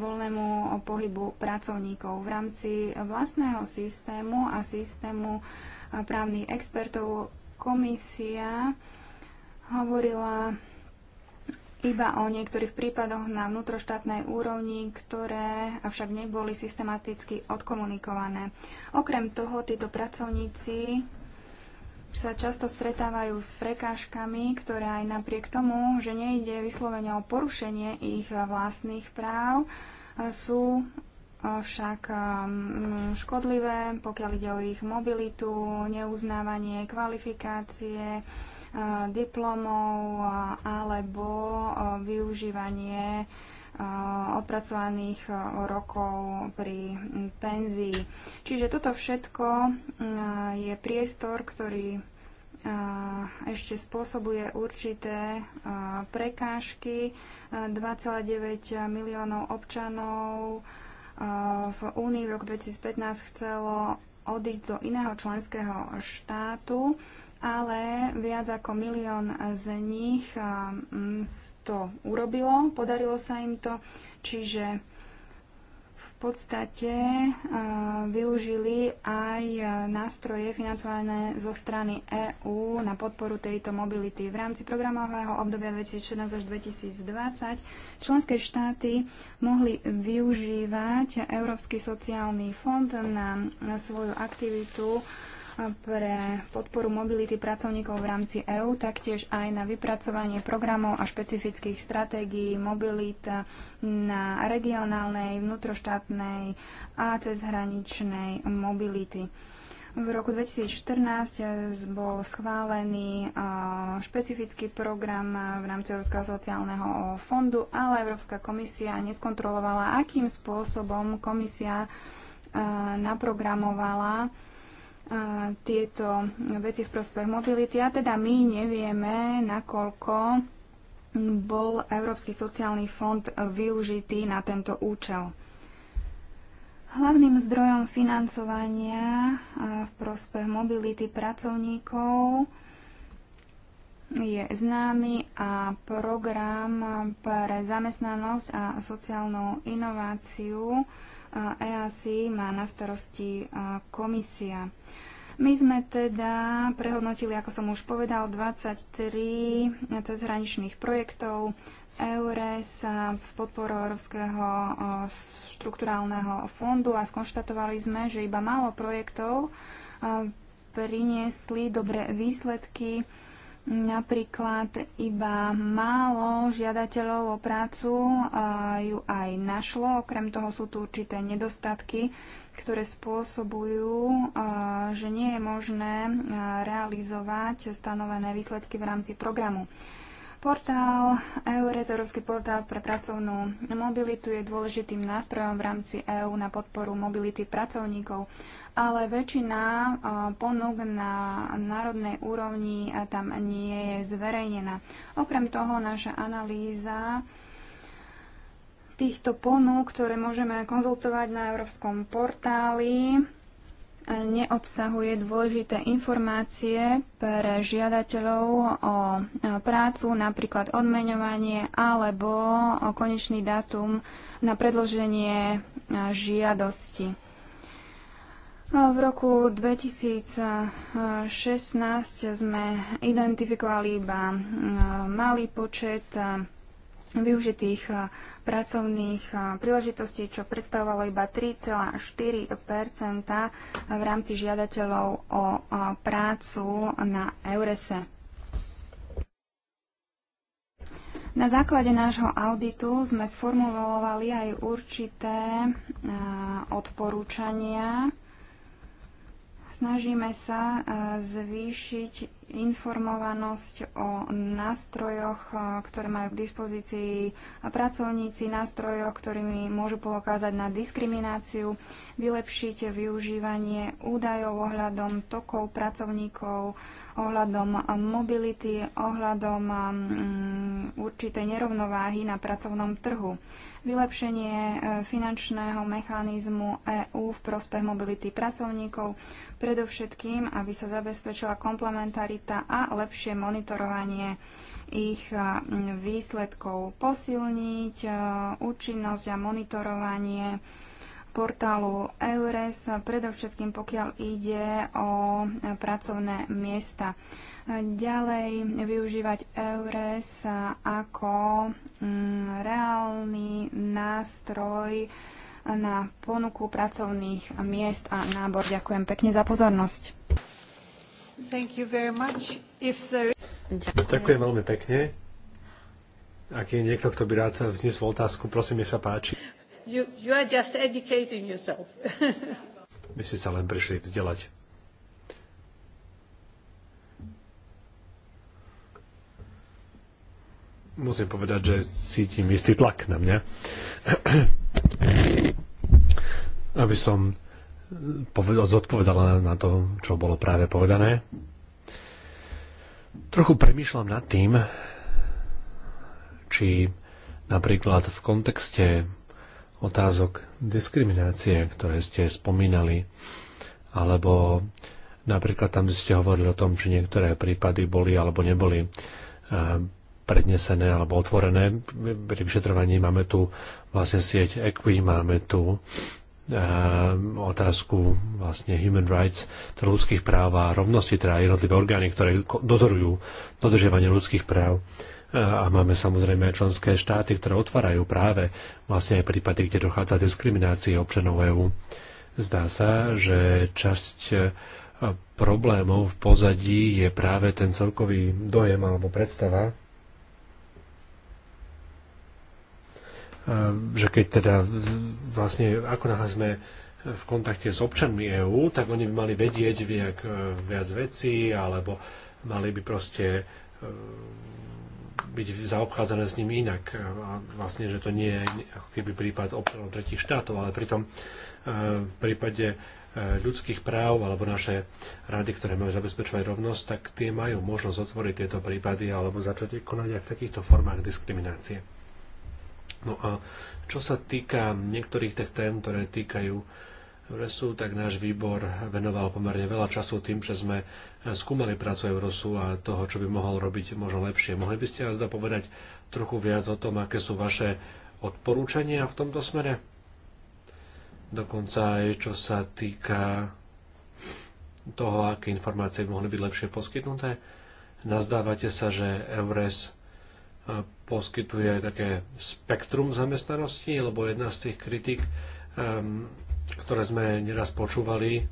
voľnému pohybu pracovníkov v rámci vlastného systému a systému e, právnych expertov komisia hovorila iba o niektorých prípadoch na vnútroštátnej úrovni, ktoré avšak neboli systematicky odkomunikované. Okrem toho, títo pracovníci sa často stretávajú s prekážkami, ktoré aj napriek tomu, že nejde vyslovene o porušenie ich vlastných práv, sú však mm, škodlivé, pokiaľ ide o ich mobilitu, neuznávanie kvalifikácie, diplomov alebo využívanie opracovaných rokov pri penzii. Čiže toto všetko je priestor, ktorý ešte spôsobuje určité prekážky. 2,9 miliónov občanov v Únii v roku 2015 chcelo odísť do iného členského štátu ale viac ako milión z nich um, to urobilo, podarilo sa im to, čiže v podstate uh, využili aj uh, nástroje financované zo strany EÚ na podporu tejto mobility. V rámci programového obdobia 2014 až 2020 členské štáty mohli využívať Európsky sociálny fond na svoju aktivitu pre podporu mobility pracovníkov v rámci EÚ, taktiež aj na vypracovanie programov a špecifických stratégií mobilita na regionálnej, vnútroštátnej a cezhraničnej mobility. V roku 2014 bol schválený špecifický program v rámci Európskeho sociálneho fondu, ale Európska komisia neskontrolovala, akým spôsobom komisia naprogramovala tieto veci v prospech mobility. A teda my nevieme, nakoľko bol Európsky sociálny fond využitý na tento účel. Hlavným zdrojom financovania v prospech mobility pracovníkov je známy a program pre zamestnanosť a sociálnu inováciu EASI má na starosti komisia. My sme teda prehodnotili, ako som už povedal, 23 cezhraničných projektov EURES s podporou Európskeho štrukturálneho fondu a skonštatovali sme, že iba málo projektov priniesli dobré výsledky Napríklad iba málo žiadateľov o prácu ju aj našlo. Okrem toho sú tu určité nedostatky, ktoré spôsobujú, že nie je možné realizovať stanovené výsledky v rámci programu. Portál EURES, Európsky portál pre pracovnú mobilitu, je dôležitým nástrojom v rámci EÚ na podporu mobility pracovníkov ale väčšina ponúk na národnej úrovni tam nie je zverejnená. Okrem toho naša analýza týchto ponúk, ktoré môžeme konzultovať na európskom portáli, neobsahuje dôležité informácie pre žiadateľov o prácu, napríklad odmeňovanie alebo o konečný dátum na predloženie žiadosti. No, v roku 2016 sme identifikovali iba malý počet využitých pracovných príležitostí, čo predstavovalo iba 3,4 v rámci žiadateľov o prácu na Eurese. Na základe nášho auditu sme sformulovali aj určité odporúčania Snažíme sa e, zvýšiť informovanosť o nástrojoch, e, ktoré majú k dispozícii pracovníci, nástrojoch, ktorými môžu poukázať na diskrimináciu, vylepšiť využívanie údajov ohľadom tokov pracovníkov, ohľadom mobility, ohľadom mm, určitej nerovnováhy na pracovnom trhu vylepšenie e, finančného mechanizmu EÚ v prospech mobility pracovníkov, predovšetkým, aby sa zabezpečila komplementarita a lepšie monitorovanie ich e, výsledkov, posilniť e, účinnosť a monitorovanie portálu EURES, predovšetkým pokiaľ ide o pracovné miesta. Ďalej využívať EURES ako mm, reálny nástroj na ponuku pracovných miest a nábor. Ďakujem pekne za pozornosť. Thank you very much. If there... Ďakujem. Ďakujem veľmi pekne. Ak je niekto, kto by rád vznesol otázku, prosím, nech sa páči. You, you are just educating yourself. Vy ste sa len prišli vzdelať. Musím povedať, že cítim istý tlak na mňa. Aby som povedal, zodpovedala na to, čo bolo práve povedané. Trochu premýšľam nad tým, či napríklad v kontexte otázok diskriminácie, ktoré ste spomínali, alebo napríklad tam ste hovorili o tom, či niektoré prípady boli alebo neboli eh, prednesené alebo otvorené. Pri vyšetrovaní máme tu vlastne sieť Equi, máme tu eh, otázku vlastne human rights, teda ľudských práv a rovnosti, teda jednotlivé orgány, ktoré dozorujú dodržiavanie ľudských práv a máme samozrejme aj členské štáty, ktoré otvárajú práve vlastne aj prípady, kde dochádza diskriminácii občanov EÚ. Zdá sa, že časť e, problémov v pozadí je práve ten celkový dojem alebo predstava, e, že keď teda vlastne ako náhle sme v kontakte s občanmi EÚ, tak oni by mali vedieť viac, e, viac vecí, alebo mali by proste byť zaobchádzané s nimi inak. A vlastne, že to nie je ako keby prípad občanov tretich štátov, ale pritom e, v prípade e, ľudských práv alebo naše rady, ktoré majú zabezpečovať rovnosť, tak tie majú možnosť otvoriť tieto prípady alebo začať konať aj v takýchto formách diskriminácie. No a čo sa týka niektorých tých tém, ktoré týkajú resu, tak náš výbor venoval pomerne veľa času tým, že sme skúmali prácu Eurosu a toho, čo by mohol robiť možno lepšie. Mohli by ste nás da povedať trochu viac o tom, aké sú vaše odporúčania v tomto smere? Dokonca aj čo sa týka toho, aké informácie by mohli byť lepšie poskytnuté. Nazdávate sa, že EURES eh, poskytuje také spektrum zamestnanosti, lebo jedna z tých kritik, ehm, ktoré sme neraz počúvali,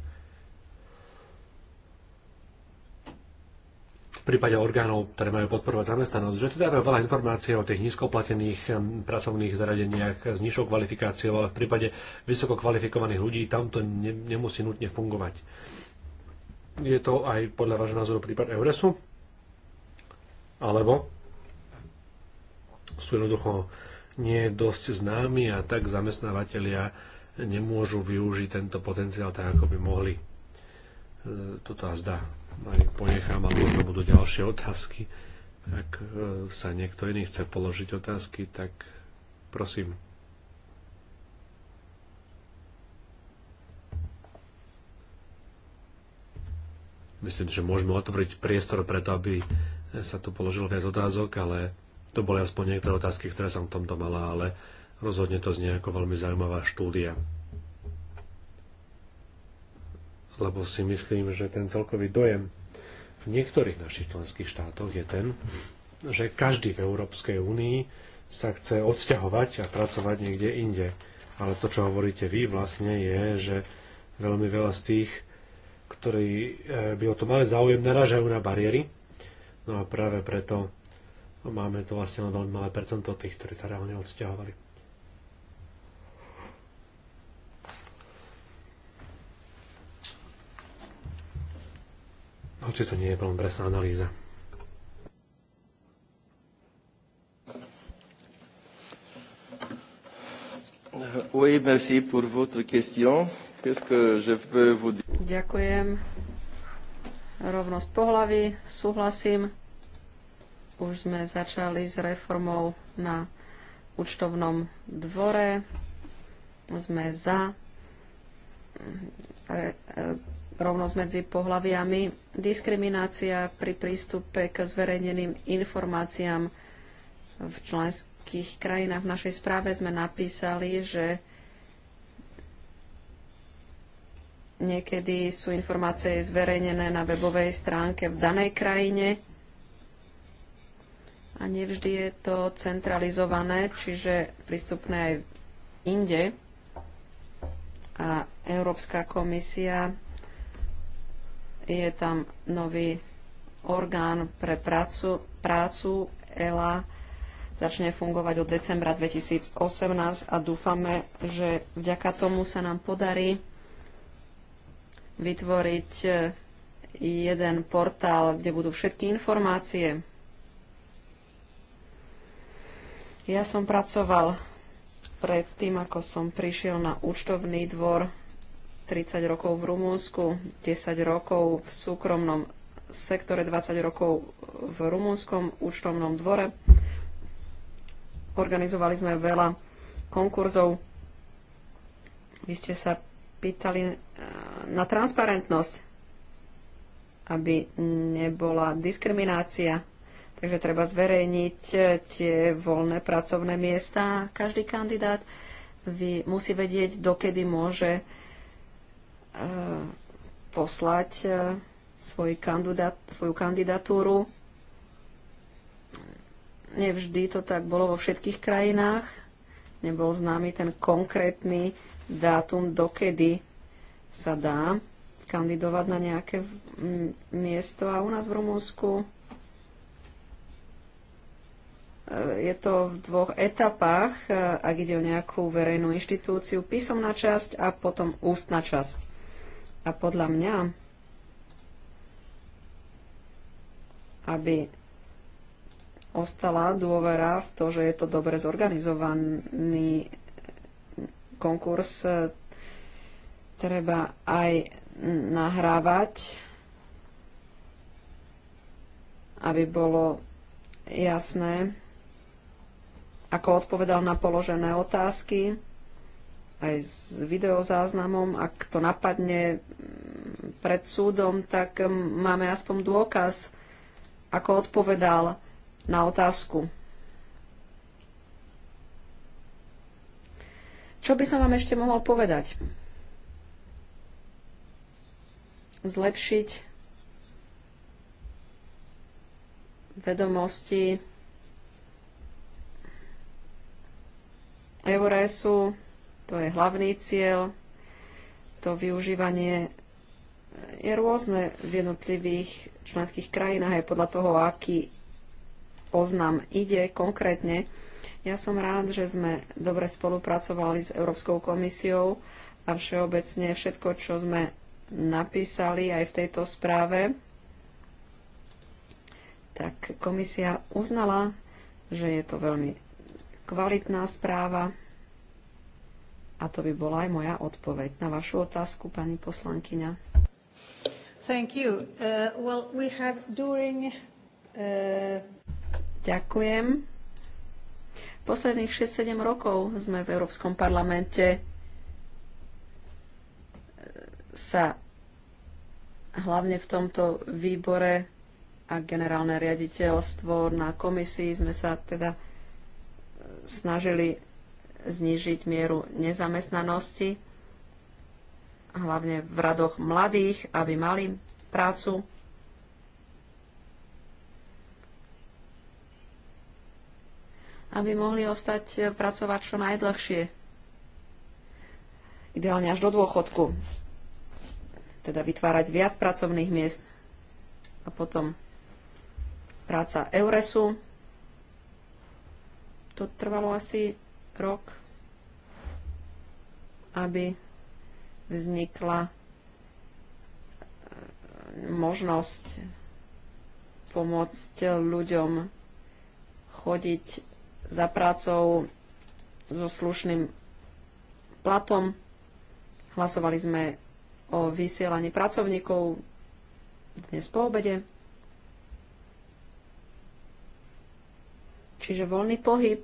v prípade orgánov, ktoré majú podporovať zamestnanosť, že teda veľa informácie o tých nízkoplatených hm, pracovných zaradeniach s nižšou kvalifikáciou, ale v prípade vysoko kvalifikovaných ľudí tam to ne, nemusí nutne fungovať. Je to aj podľa vášho názoru prípad Euresu? Alebo sú jednoducho nie dosť známi a tak zamestnávateľia nemôžu využiť tento potenciál tak, ako by mohli. E, toto a zdá aj ponechám a možno budú ďalšie otázky. Ak e, sa niekto iný chce položiť otázky, tak prosím. Myslím, že môžeme otvoriť priestor to, aby sa tu položilo viac otázok, ale to boli aspoň niektoré otázky, ktoré som v tomto mala, ale rozhodne to znie ako veľmi zaujímavá štúdia lebo si myslím, že ten celkový dojem v niektorých našich členských štátoch je ten, že každý v Európskej únii sa chce odsťahovať a pracovať niekde inde. Ale to, čo hovoríte vy, vlastne je, že veľmi veľa z tých, ktorí eh, by o to mali záujem, naražajú na bariéry. No a práve preto máme to vlastne len veľmi malé percento tých, ktorí sa reálne odsťahovali. Hoci to nie je veľmi presná analýza. Oui, merci pour votre question. Qu'est-ce que je peux vous dire? Ďakujem. Rovnosť pohlavy, súhlasím. Už sme začali s reformou na účtovnom dvore. Sme za rovnosť medzi pohlaviami, diskriminácia pri prístupe k zverejneným informáciám v členských krajinách. V našej správe sme napísali, že niekedy sú informácie zverejnené na webovej stránke v danej krajine a nevždy je to centralizované, čiže prístupné aj inde. A Európska komisia je tam nový orgán pre prácu, prácu ELA začne fungovať od decembra 2018 a dúfame, že vďaka tomu sa nám podarí vytvoriť e, jeden portál, kde budú všetky informácie. Ja som pracoval pred tým, ako som prišiel na účtovný dvor 30 rokov v Rumúnsku, 10 rokov v súkromnom sektore, 20 rokov v rumúnskom účtovnom dvore. Organizovali sme veľa konkurzov. Vy ste sa pýtali eh, na transparentnosť, aby nebola diskriminácia. Takže treba zverejniť eh, tie voľné pracovné miesta. Každý kandidát musí vedieť, dokedy môže Eh, poslať eh, svoj kandidát, svoju kandidatúru. Nevždy to tak bolo vo všetkých krajinách. Nebol známy ten konkrétny dátum, dokedy sa dá kandidovať na nejaké miesto. A u nás v Rumunsku eh, je to v dvoch etapách, ak ide o nejakú verejnú inštitúciu, písomná časť a potom ústna časť. A podľa mňa, aby ostala dôvera v to, že je to dobre zorganizovaný konkurs, treba aj nahrávať, aby bolo jasné, ako odpovedal na položené otázky aj s videozáznamom, ak to napadne pred súdom, tak máme aspoň dôkaz, ako odpovedal na otázku. Čo by som vám ešte mohol povedať? Zlepšiť vedomosti Euroresu to je hlavný cieľ. To využívanie je rôzne v jednotlivých členských krajinách aj podľa toho, aký oznam ide konkrétne. Ja som rád, že sme dobre spolupracovali s Európskou komisiou a všeobecne všetko, čo sme napísali aj v tejto správe, tak komisia uznala, že je to veľmi kvalitná správa a to by bola aj moja odpoveď na vašu otázku, pani poslankyňa. Thank you. Uh, well, we have during... Uh... Ďakujem. Posledných 6-7 rokov sme v Európskom parlamente uh, sa hlavne v tomto výbore a generálne riaditeľstvo na komisii sme sa teda uh, snažili znížiť mieru nezamestnanosti, hlavne v radoch mladých, aby mali prácu. aby mohli ostať e, pracovať čo najdlhšie. Ideálne až do dôchodku. Teda vytvárať viac pracovných miest a potom práca Euresu. To trvalo asi krok, aby vznikla eh, možnosť pomôcť ľuďom chodiť za prácou so slušným platom. Hlasovali sme o vysielaní pracovníkov dnes po obede. Čiže voľný pohyb,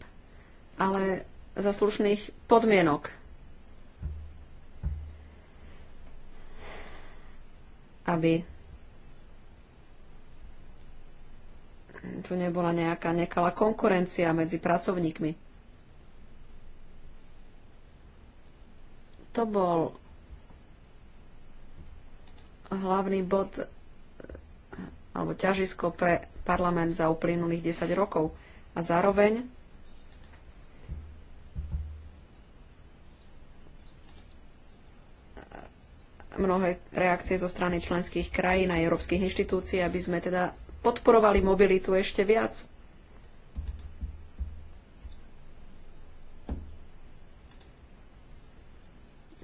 ale za slušných podmienok. Aby tu nebola nejaká nekalá konkurencia medzi pracovníkmi. To bol hlavný bod alebo ťažisko pre parlament za uplynulých 10 rokov. A zároveň mnohé reakcie zo strany členských krajín a európskych inštitúcií, aby sme teda podporovali mobilitu ešte viac.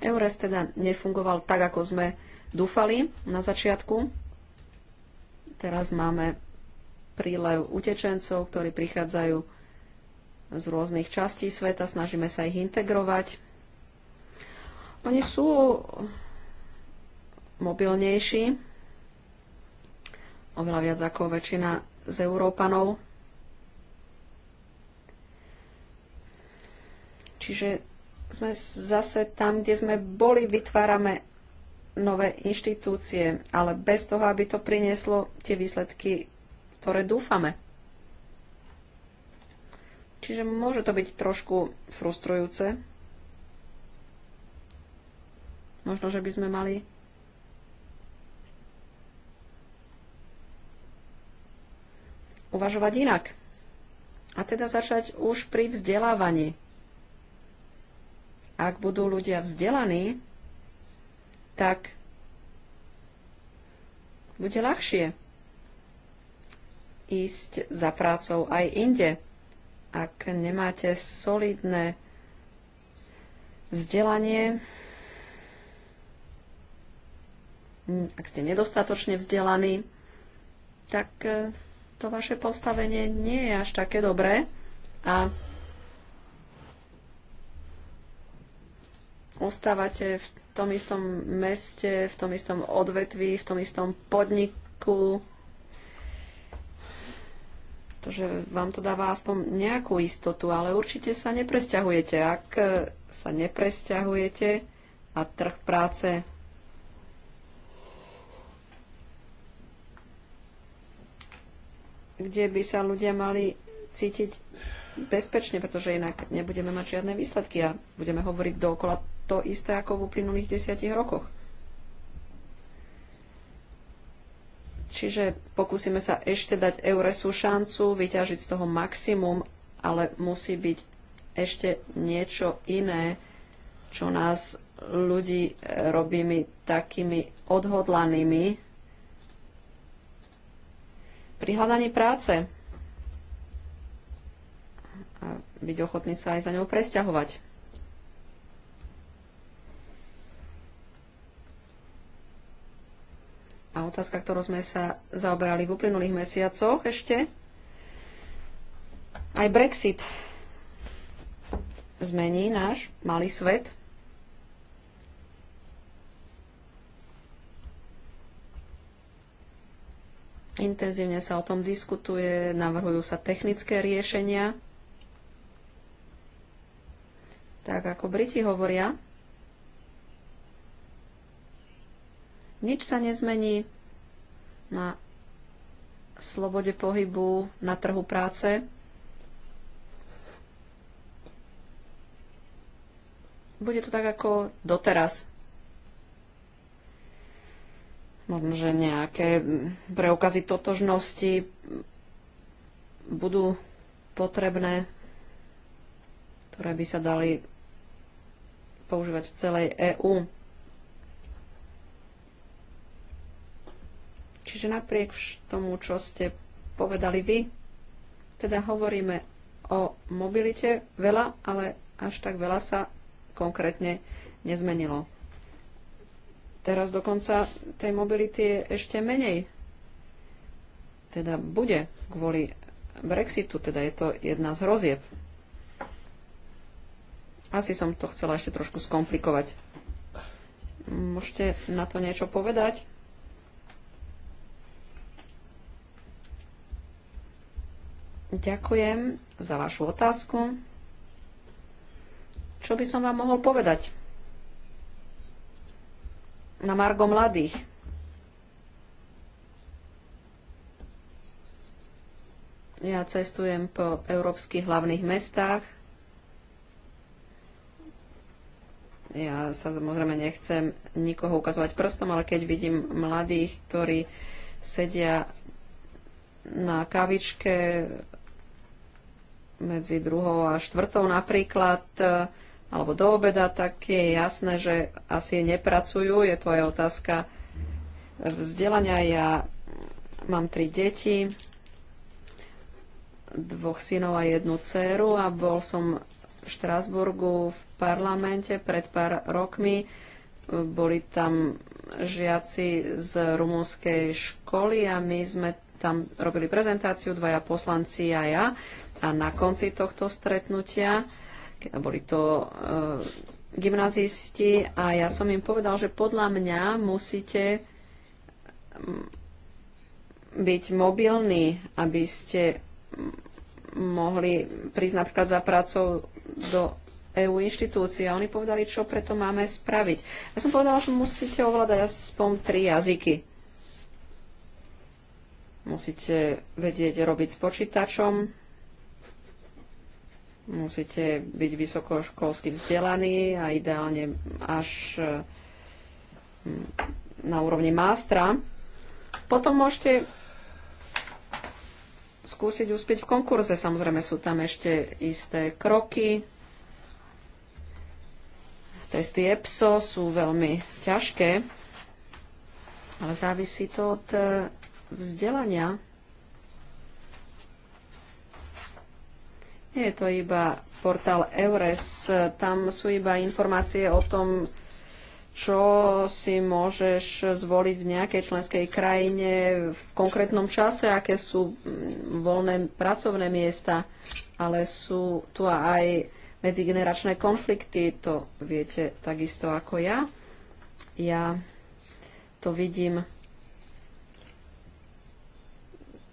EURES teda nefungoval tak, ako sme dúfali na začiatku. Teraz máme prílev utečencov, ktorí prichádzajú z rôznych častí sveta, snažíme sa ich integrovať. Oni sú mobilnejší, oveľa viac ako väčšina z Európanov. Čiže sme zase tam, kde sme boli, vytvárame nové inštitúcie, ale bez toho, aby to prinieslo tie výsledky, ktoré dúfame. Čiže môže to byť trošku frustrujúce. Možno, že by sme mali uvažovať inak. A teda začať už pri vzdelávaní. Ak budú ľudia vzdelaní, tak bude ľahšie ísť za prácou aj inde. Ak nemáte solidné vzdelanie, ak ste nedostatočne vzdelaní, tak eh, to vaše postavenie nie je až také dobré a ostávate v tom istom meste, v tom istom odvetví, v tom istom podniku. Pretože vám to dáva aspoň nejakú istotu, ale určite sa nepresťahujete. Ak sa nepresťahujete a trh práce kde by sa ľudia mali cítiť bezpečne, pretože inak nebudeme mať žiadne výsledky a budeme hovoriť dookola to isté ako v uplynulých desiatich rokoch. Čiže pokúsime sa ešte dať Euresu šancu vyťažiť z toho maximum, ale musí byť ešte niečo iné, čo nás ľudí robí takými odhodlanými, pri hľadaní práce a byť ochotný sa aj za ňou presťahovať. A otázka, ktorú sme sa zaoberali v uplynulých mesiacoch ešte, aj Brexit zmení náš malý svet. Intenzívne sa o tom diskutuje, navrhujú sa technické riešenia. Tak ako Briti hovoria, nič sa nezmení na slobode pohybu, na trhu práce. Bude to tak ako doteraz možno, že nejaké preukazy totožnosti budú potrebné, ktoré by sa dali používať v celej EÚ. Čiže napriek tomu, čo ste povedali vy, teda hovoríme o mobilite veľa, ale až tak veľa sa konkrétne nezmenilo. Teraz dokonca tej mobility je ešte menej. Teda bude kvôli Brexitu, teda je to jedna z hrozieb. Asi som to chcela ešte trošku skomplikovať. Môžete na to niečo povedať? Ďakujem za vašu otázku. Čo by som vám mohol povedať? na Margo mladých. Ja cestujem po európskych hlavných mestách. Ja sa samozrejme nechcem nikoho ukazovať prstom, ale keď vidím mladých, ktorí sedia na kavičke medzi druhou a štvrtou napríklad, alebo do obeda, tak je jasné, že asi nepracujú. Je to aj otázka vzdelania. Ja mám tri deti, dvoch synov a jednu dceru a bol som v Štrasburgu v parlamente pred pár rokmi. Boli tam žiaci z rumúnskej školy a my sme tam robili prezentáciu, dvaja poslanci a ja. A na konci tohto stretnutia boli to uh, eh, gymnazisti a ja som im povedal, že podľa mňa musíte mm, byť mobilní, aby ste mm, mohli prísť napríklad za prácou do EU inštitúcií a oni povedali, čo preto máme spraviť. Ja som povedala, že musíte ovládať aspoň tri jazyky. Musíte vedieť robiť s počítačom, Musíte byť vysokoškolsky vzdelaní a ideálne až hm, na úrovni mástra. Potom môžete skúsiť uspieť v konkurze. Samozrejme sú tam ešte isté kroky. Testy EPSO sú veľmi ťažké, ale závisí to od eh, vzdelania Nie je to iba portál Eures, tam sú iba informácie o tom, čo si môžeš zvoliť v nejakej členskej krajine v konkrétnom čase, aké sú mm, voľné pracovné miesta, ale sú tu aj medzigeneračné konflikty, to viete takisto ako ja. Ja to vidím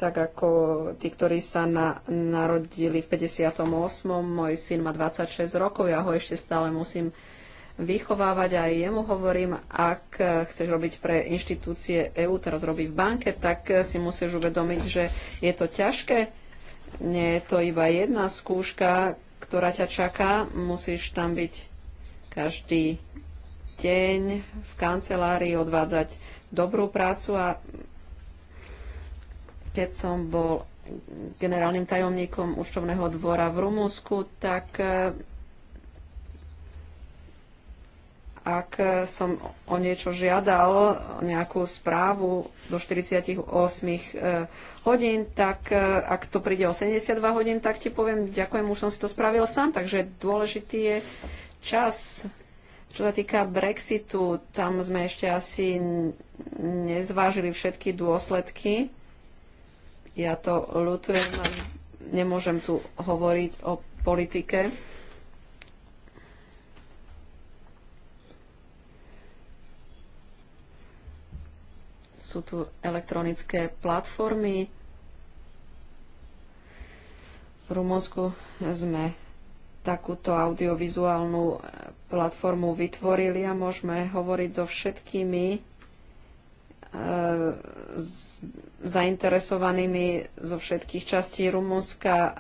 tak ako tí, ktorí sa na, narodili v 58. Môj syn má 26 rokov, ja ho ešte stále musím vychovávať a aj jemu hovorím, ak chceš robiť pre inštitúcie EÚ, teraz robí v banke, tak si musíš uvedomiť, že je to ťažké. Nie je to iba jedna skúška, ktorá ťa čaká. Musíš tam byť každý deň v kancelárii, odvádzať dobrú prácu a keď som bol generálnym tajomníkom účtovného dvora v Rumúnsku, tak eh, ak som o niečo žiadal, nejakú správu do 48 eh, hodín, tak eh, ak to príde o 72 hodín, tak ti poviem, ďakujem, už som si to spravil sám, takže dôležitý je čas. Čo sa týka Brexitu, tam sme ešte asi nezvážili všetky dôsledky ja to ľutujem, nemôžem tu hovoriť o politike. Sú tu elektronické platformy. V Rumunsku sme takúto audiovizuálnu platformu vytvorili a môžeme hovoriť so všetkými E, zainteresovanými zo všetkých častí Rumunska e,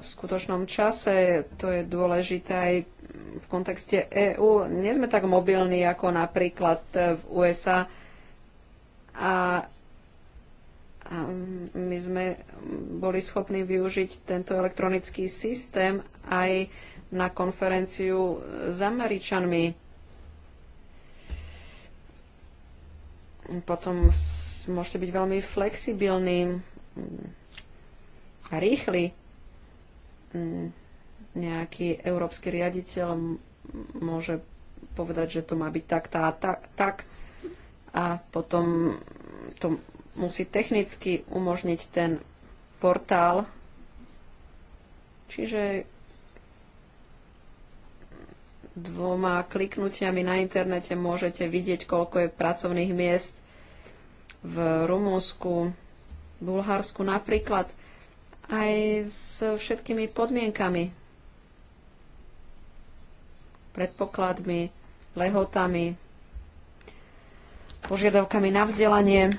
v skutočnom čase. To je dôležité aj v kontexte EÚ. Nie sme tak mobilní ako napríklad v USA. A my sme boli schopní využiť tento elektronický systém aj na konferenciu s Američanmi. potom môžete byť veľmi flexibilní mm, a rýchli. Mm, nejaký európsky riaditeľ môže povedať, že to má byť tak, tá, tak, tak a potom to musí technicky umožniť ten portál. Čiže dvoma kliknutiami na internete môžete vidieť, koľko je pracovných miest v Rumúnsku, Bulharsku napríklad, aj s všetkými podmienkami, predpokladmi, lehotami, požiadavkami na vzdelanie.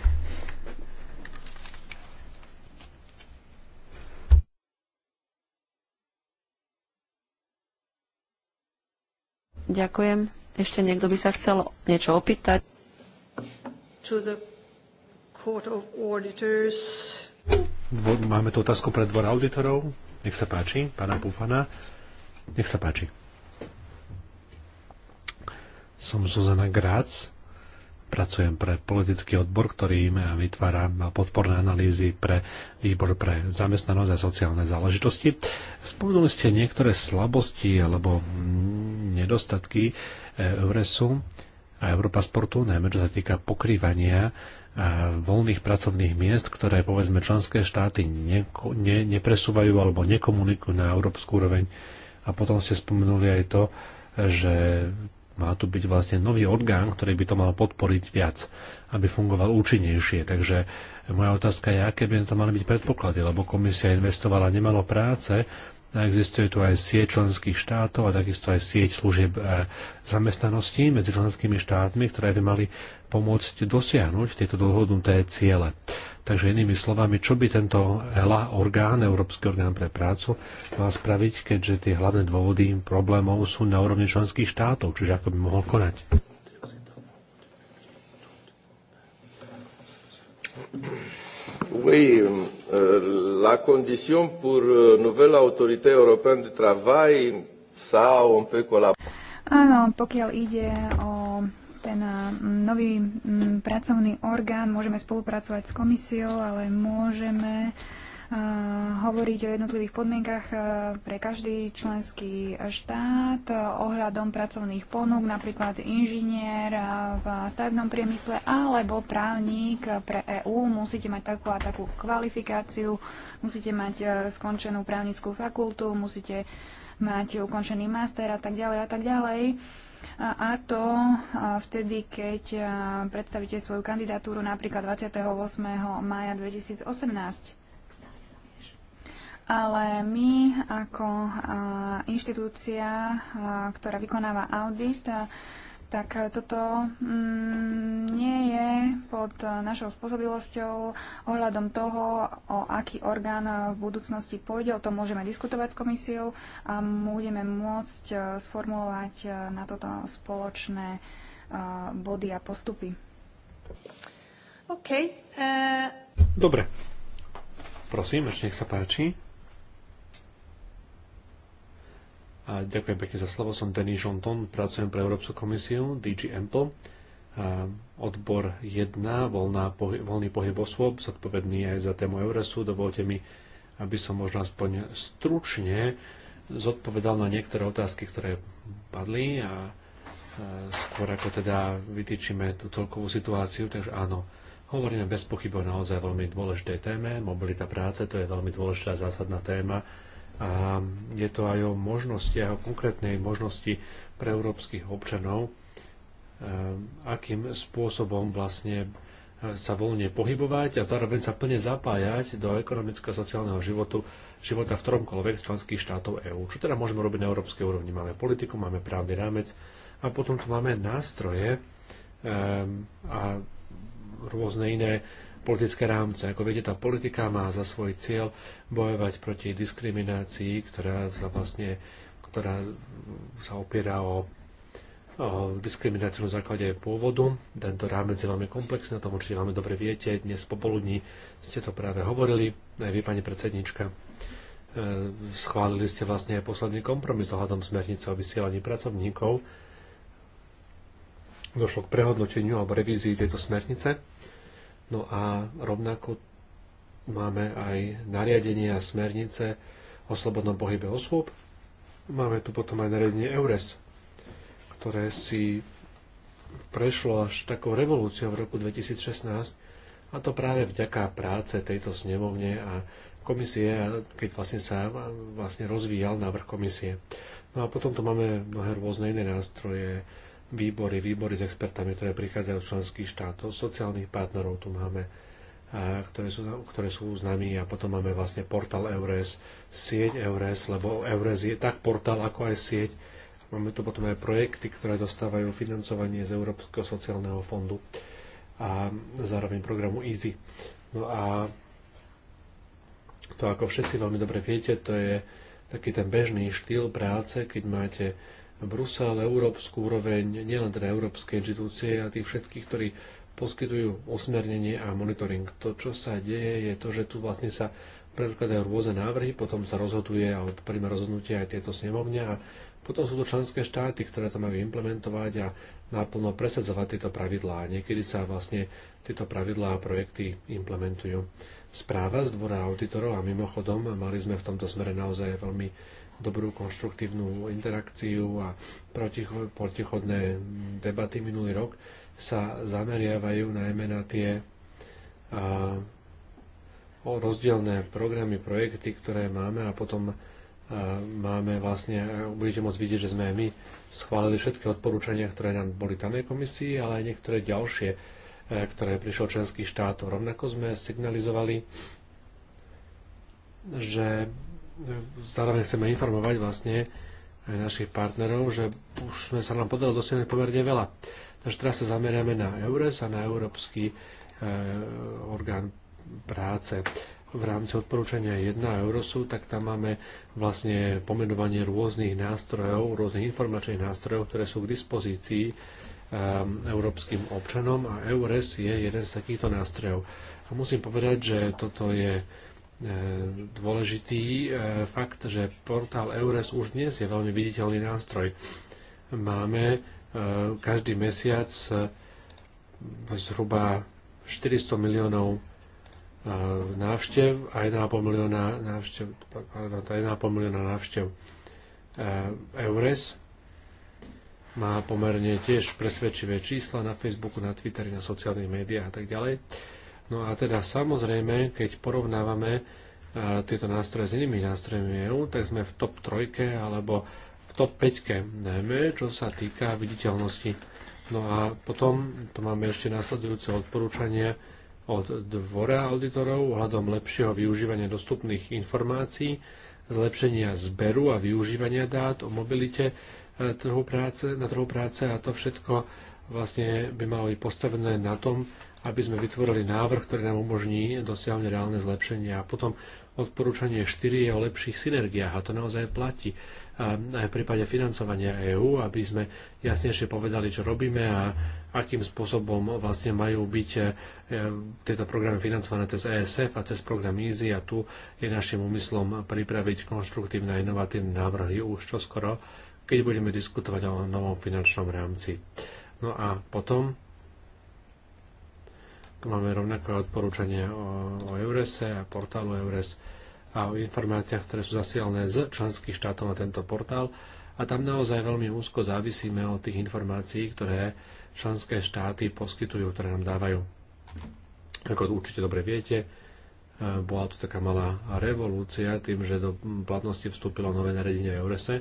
Ďakujem. Ešte niekto by sa chcel niečo opýtať? To the Court of Auditors. Máme tu otázku pre dvor auditorov. Nech sa páči, pána Bufana. Nech sa páči. Som Zuzana Grác. Pracujem pre politický odbor, ktorý vytvára podporné analýzy pre výbor pre zamestnanosť a sociálne záležitosti. Spomenuli ste niektoré slabosti alebo nedostatky Euresu eh, a Európa sportu, najmä čo sa týka pokrývania voľných pracovných miest, ktoré povedzme členské štáty neko, ne, nepresúvajú alebo nekomunikujú na európsku úroveň. A potom ste spomenuli aj to, že má tu byť vlastne nový orgán, ktorý by to mal podporiť viac, aby fungoval účinnejšie. Takže moja otázka je, aké by to mali byť predpoklady, lebo komisia investovala nemalo práce Existuje tu aj sieť členských štátov a takisto aj sieť služieb e, zamestnanosti medzi členskými štátmi, ktoré by mali pomôcť dosiahnuť tieto dohodnuté ciele. Takže inými slovami, čo by tento ELA orgán, Európsky orgán pre prácu, mal spraviť, keďže tie hlavné dôvody problémov sú na úrovni členských štátov, čiže ako by mohol konať? Thank you. Oui, euh, um, la condition pour euh, nouvelle autorité européenne du travail, ça on peut collaborer. Áno, pokiaľ ide o ten uh, nový mm, pracovný orgán, môžeme spolupracovať s komisiou, ale môžeme uh, hovoriť o jednotlivých podmienkach pre každý členský štát ohľadom pracovných ponúk, napríklad inžinier v stavebnom priemysle alebo právnik pre EÚ. Musíte mať takú a takú kvalifikáciu, musíte mať skončenú právnickú fakultu, musíte mať ukončený master a tak ďalej a tak ďalej. A to vtedy, keď predstavíte svoju kandidatúru napríklad 28. maja 2018 ale my ako inštitúcia, ktorá vykonáva audit, tak toto mm, nie je pod našou spôsobilosťou ohľadom toho, o aký orgán v budúcnosti pôjde. O tom môžeme diskutovať s komisiou a budeme môcť e, sformulovať e, na toto spoločné e, body a postupy. OK. Uh... Dobre. Prosím, ešte nech sa páči. A ďakujem pekne za slovo. Som Denis Jonton, pracujem pre Európsku komisiu DG Ample. Odbor 1, voľná, pohy, voľný pohyb osôb, zodpovedný aj za tému Euresu. Dovolte mi, aby som možno aspoň stručne zodpovedal na niektoré otázky, ktoré padli a skôr ako teda vytýčime tú celkovú situáciu, takže áno, hovoríme bez pochyby o naozaj veľmi dôležitej téme. Mobilita práce to je veľmi dôležitá zásadná téma a je to aj o možnostiach, o konkrétnej možnosti pre európskych občanov, e, akým spôsobom vlastne e, sa voľne pohybovať a zároveň sa plne zapájať do ekonomického a sociálneho životu, života v ktoromkoľvek z členských štátov EÚ. Čo teda môžeme robiť na európskej úrovni? Máme politiku, máme právny rámec a potom tu máme nástroje e, a rôzne iné politické rámce. Ako viete, tá politika má za svoj cieľ bojovať proti diskriminácii, ktorá sa vlastne ktorá sa opiera o, o diskrimináciu na základe pôvodu. Tento rámec je veľmi komplexný, na tom určite veľmi dobre viete. Dnes popoludní ste to práve hovorili, aj vy, pani predsednička. E, schválili ste vlastne aj posledný kompromis ohľadom smernice o vysielaní pracovníkov. Došlo k prehodnoteniu alebo revízii tejto smernice No a rovnako máme aj nariadenie a smernice o slobodnom pohybe osôb. Máme tu potom aj nariadenie EURES, ktoré si prešlo až takou revolúciou v roku 2016 a to práve vďaka práce tejto snemovne a komisie, keď vlastne sa vlastne rozvíjal návrh komisie. No a potom tu máme mnohé rôzne iné nástroje, výbory, výbory s expertami, ktoré prichádzajú z členských štátov, sociálnych partnerov tu máme, ktoré sú, ktoré sú s nami a potom máme vlastne portál EURES, sieť EURES, lebo EURES je tak portál ako aj sieť. Máme tu potom aj projekty, ktoré dostávajú financovanie z Európskeho sociálneho fondu a zároveň programu EASY. No a to, ako všetci veľmi dobre viete, to je taký ten bežný štýl práce, keď máte Brusel, európsku úroveň, nielen teda európske inštitúcie a tých všetkých, ktorí poskytujú usmernenie a monitoring. To, čo sa deje, je to, že tu vlastne sa predkladajú rôzne návrhy, potom sa rozhoduje a príjme rozhodnutie aj tieto snemovne a potom sú to členské štáty, ktoré to majú implementovať a náplno presadzovať tieto pravidlá. Niekedy sa vlastne tieto pravidlá a projekty implementujú. Správa z dvora auditorov a mimochodom mali sme v tomto smere naozaj veľmi dobrú konštruktívnu interakciu a protichodné debaty minulý rok sa zameriavajú najmä na tie a, o rozdielne programy, projekty, ktoré máme a potom a, máme vlastne, budete môcť vidieť, že sme aj my schválili všetky odporúčania, ktoré nám boli tam komisii, ale aj niektoré ďalšie, a, e, ktoré prišlo členských štátov. Rovnako sme signalizovali, že zároveň chceme informovať vlastne aj eh, našich partnerov, že už sme sa nám podarilo dosiahnuť pomerne veľa. Takže teraz sa zameriame na EURES a na Európsky e, orgán práce. V rámci odporúčania 1 Eurosu, tak tam máme vlastne pomenovanie rôznych nástrojov, rôznych informačných nástrojov, ktoré sú k dispozícii e, európskym občanom a EURES je jeden z takýchto nástrojov. A musím povedať, že toto je E, dôležitý e, fakt, že portál EURES už dnes je veľmi viditeľný nástroj. Máme e, každý mesiac zhruba 400 miliónov návštev a 1,5 milióna návštev, pardon, 1,5 milióna návštev EURES má pomerne tiež presvedčivé čísla na Facebooku, na Twitteri, na sociálnych médiách a tak ďalej. No a teda samozrejme, keď porovnávame e, tieto nástroje s inými nástrojmi EU, tak sme v top trojke alebo v top 5, najmä čo sa týka viditeľnosti. No a potom tu máme ešte nasledujúce odporúčanie od dvora auditorov ohľadom lepšieho využívania dostupných informácií, zlepšenia zberu a využívania dát o mobilite e, trhu práce, na trhu práce a to všetko vlastne by malo byť postavené na tom, aby sme vytvorili návrh, ktorý nám umožní dosiahnuť reálne zlepšenie. A potom odporúčanie 4 je o lepších synergiách a to naozaj platí a aj v prípade financovania EÚ, aby sme jasnejšie povedali, čo robíme a akým spôsobom vlastne majú byť e, tieto programy financované cez ESF a cez program EASY a tu je našim úmyslom pripraviť konštruktívne a inovatívne návrhy už čoskoro, keď budeme diskutovať o novom finančnom rámci. No a potom Máme rovnaké odporúčanie o, o Eurese a portálu Eures a o informáciách, ktoré sú zasielané z členských štátov na tento portál. A tam naozaj veľmi úzko závisíme od tých informácií, ktoré členské štáty poskytujú, ktoré nám dávajú. Ako určite dobre viete, e, bola tu taká malá revolúcia tým, že do platnosti vstúpilo nové nariadenie Eurese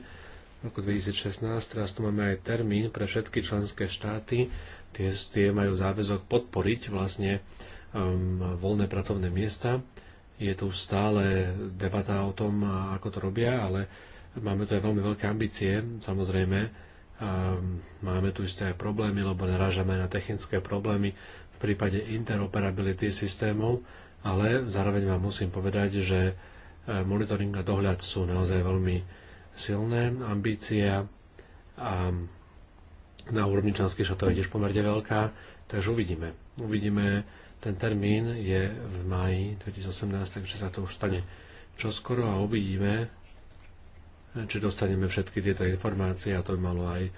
v roku 2016. Teraz tu máme aj termín pre všetky členské štáty Tie, tie majú záväzok podporiť vlastne um, voľné pracovné miesta. Je tu stále debata o tom, ako to robia, ale máme tu aj veľmi veľké ambície, samozrejme. Um, máme tu isté aj problémy, lebo narážame na technické problémy v prípade interoperability systémov, ale zároveň vám musím povedať, že e, monitoring a dohľad sú naozaj veľmi silné ambícia a na úrovni členských štátov je tiež pomerne veľká, takže uvidíme. Uvidíme, ten termín je v maji 2018, takže sa to už stane čoskoro a uvidíme, či dostaneme všetky tieto informácie a to by malo aj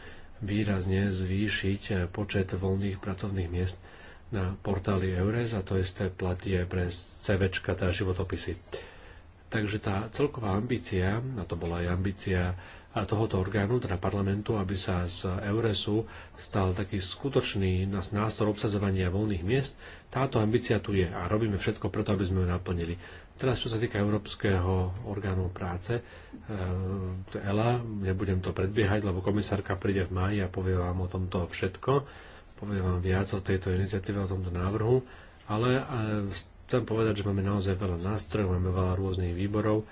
výrazne zvýšiť počet voľných pracovných miest na portáli EURES a to isté platí aj pre CVčka, teda životopisy. Takže tá celková ambícia, a to bola aj ambícia tohoto orgánu, teda parlamentu, aby sa z Euresu stal taký skutočný nástor obsadzovania voľných miest. Táto ambícia tu je a robíme všetko preto, aby sme ju naplnili. Teraz, čo sa týka Európskeho orgánu práce, e, to ELA, nebudem to predbiehať, lebo komisárka príde v máji a povie vám o tomto všetko, povie vám viac o tejto iniciatíve, o tomto návrhu, ale e, chcem povedať, že máme naozaj veľa nástrojov, máme veľa rôznych výborov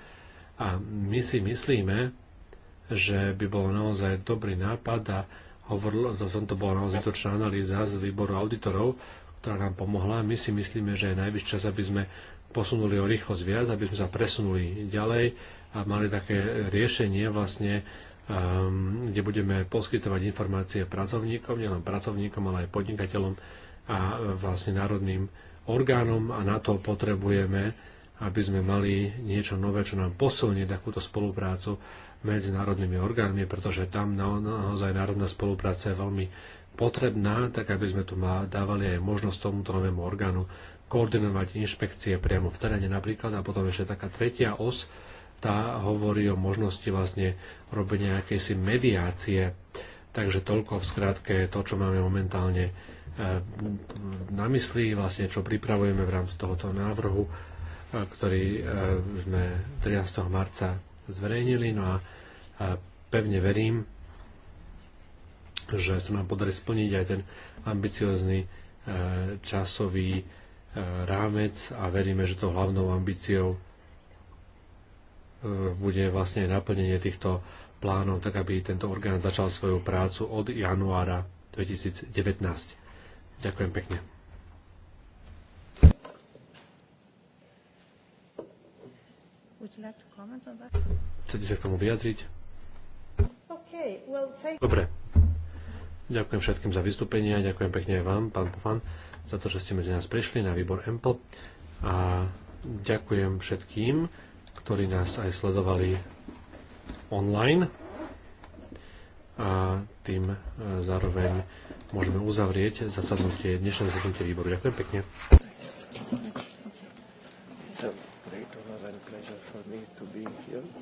a my si myslíme, že by bol naozaj dobrý nápad a hovoril, to, to bola naozaj točná analýza z výboru auditorov, ktorá nám pomohla. My si myslíme, že je najvyšší čas, aby sme posunuli o rýchlosť viac, aby sme sa presunuli ďalej a mali také riešenie vlastne, um, kde budeme poskytovať informácie pracovníkom, nielen pracovníkom, ale aj podnikateľom a vlastne národným orgánom a na to potrebujeme, aby sme mali niečo nové, čo nám posilní takúto spoluprácu medzinárodnými orgánmi, pretože tam naozaj národná spolupráca je veľmi potrebná, tak aby sme tu dávali aj možnosť tomuto novému orgánu koordinovať inšpekcie priamo v teréne napríklad. A potom ešte taká tretia os, tá hovorí o možnosti vlastne robenia nejakejsi mediácie. Takže toľko v skratke to, čo máme momentálne e, na mysli, vlastne čo pripravujeme v rámci tohoto návrhu, e, ktorý e, sme 13. marca zverejnili. No a, pevne verím, že sa nám podarí splniť aj ten ambiciózny e, časový e, rámec a veríme, že to hlavnou ambíciou e, bude vlastne naplnenie týchto plánov, tak aby tento orgán začal svoju prácu od januára 2019. Ďakujem pekne. Chcete sa k tomu vyjadriť? Dobre. Ďakujem všetkým za vystúpenie a ďakujem pekne aj vám, pán Pofan, za to, že ste medzi nás prišli na výbor EMPL. A ďakujem všetkým, ktorí nás aj sledovali online. A tým e, zároveň môžeme uzavrieť zasadnutie, dnešné zasadnutie výboru. Ďakujem pekne. being here.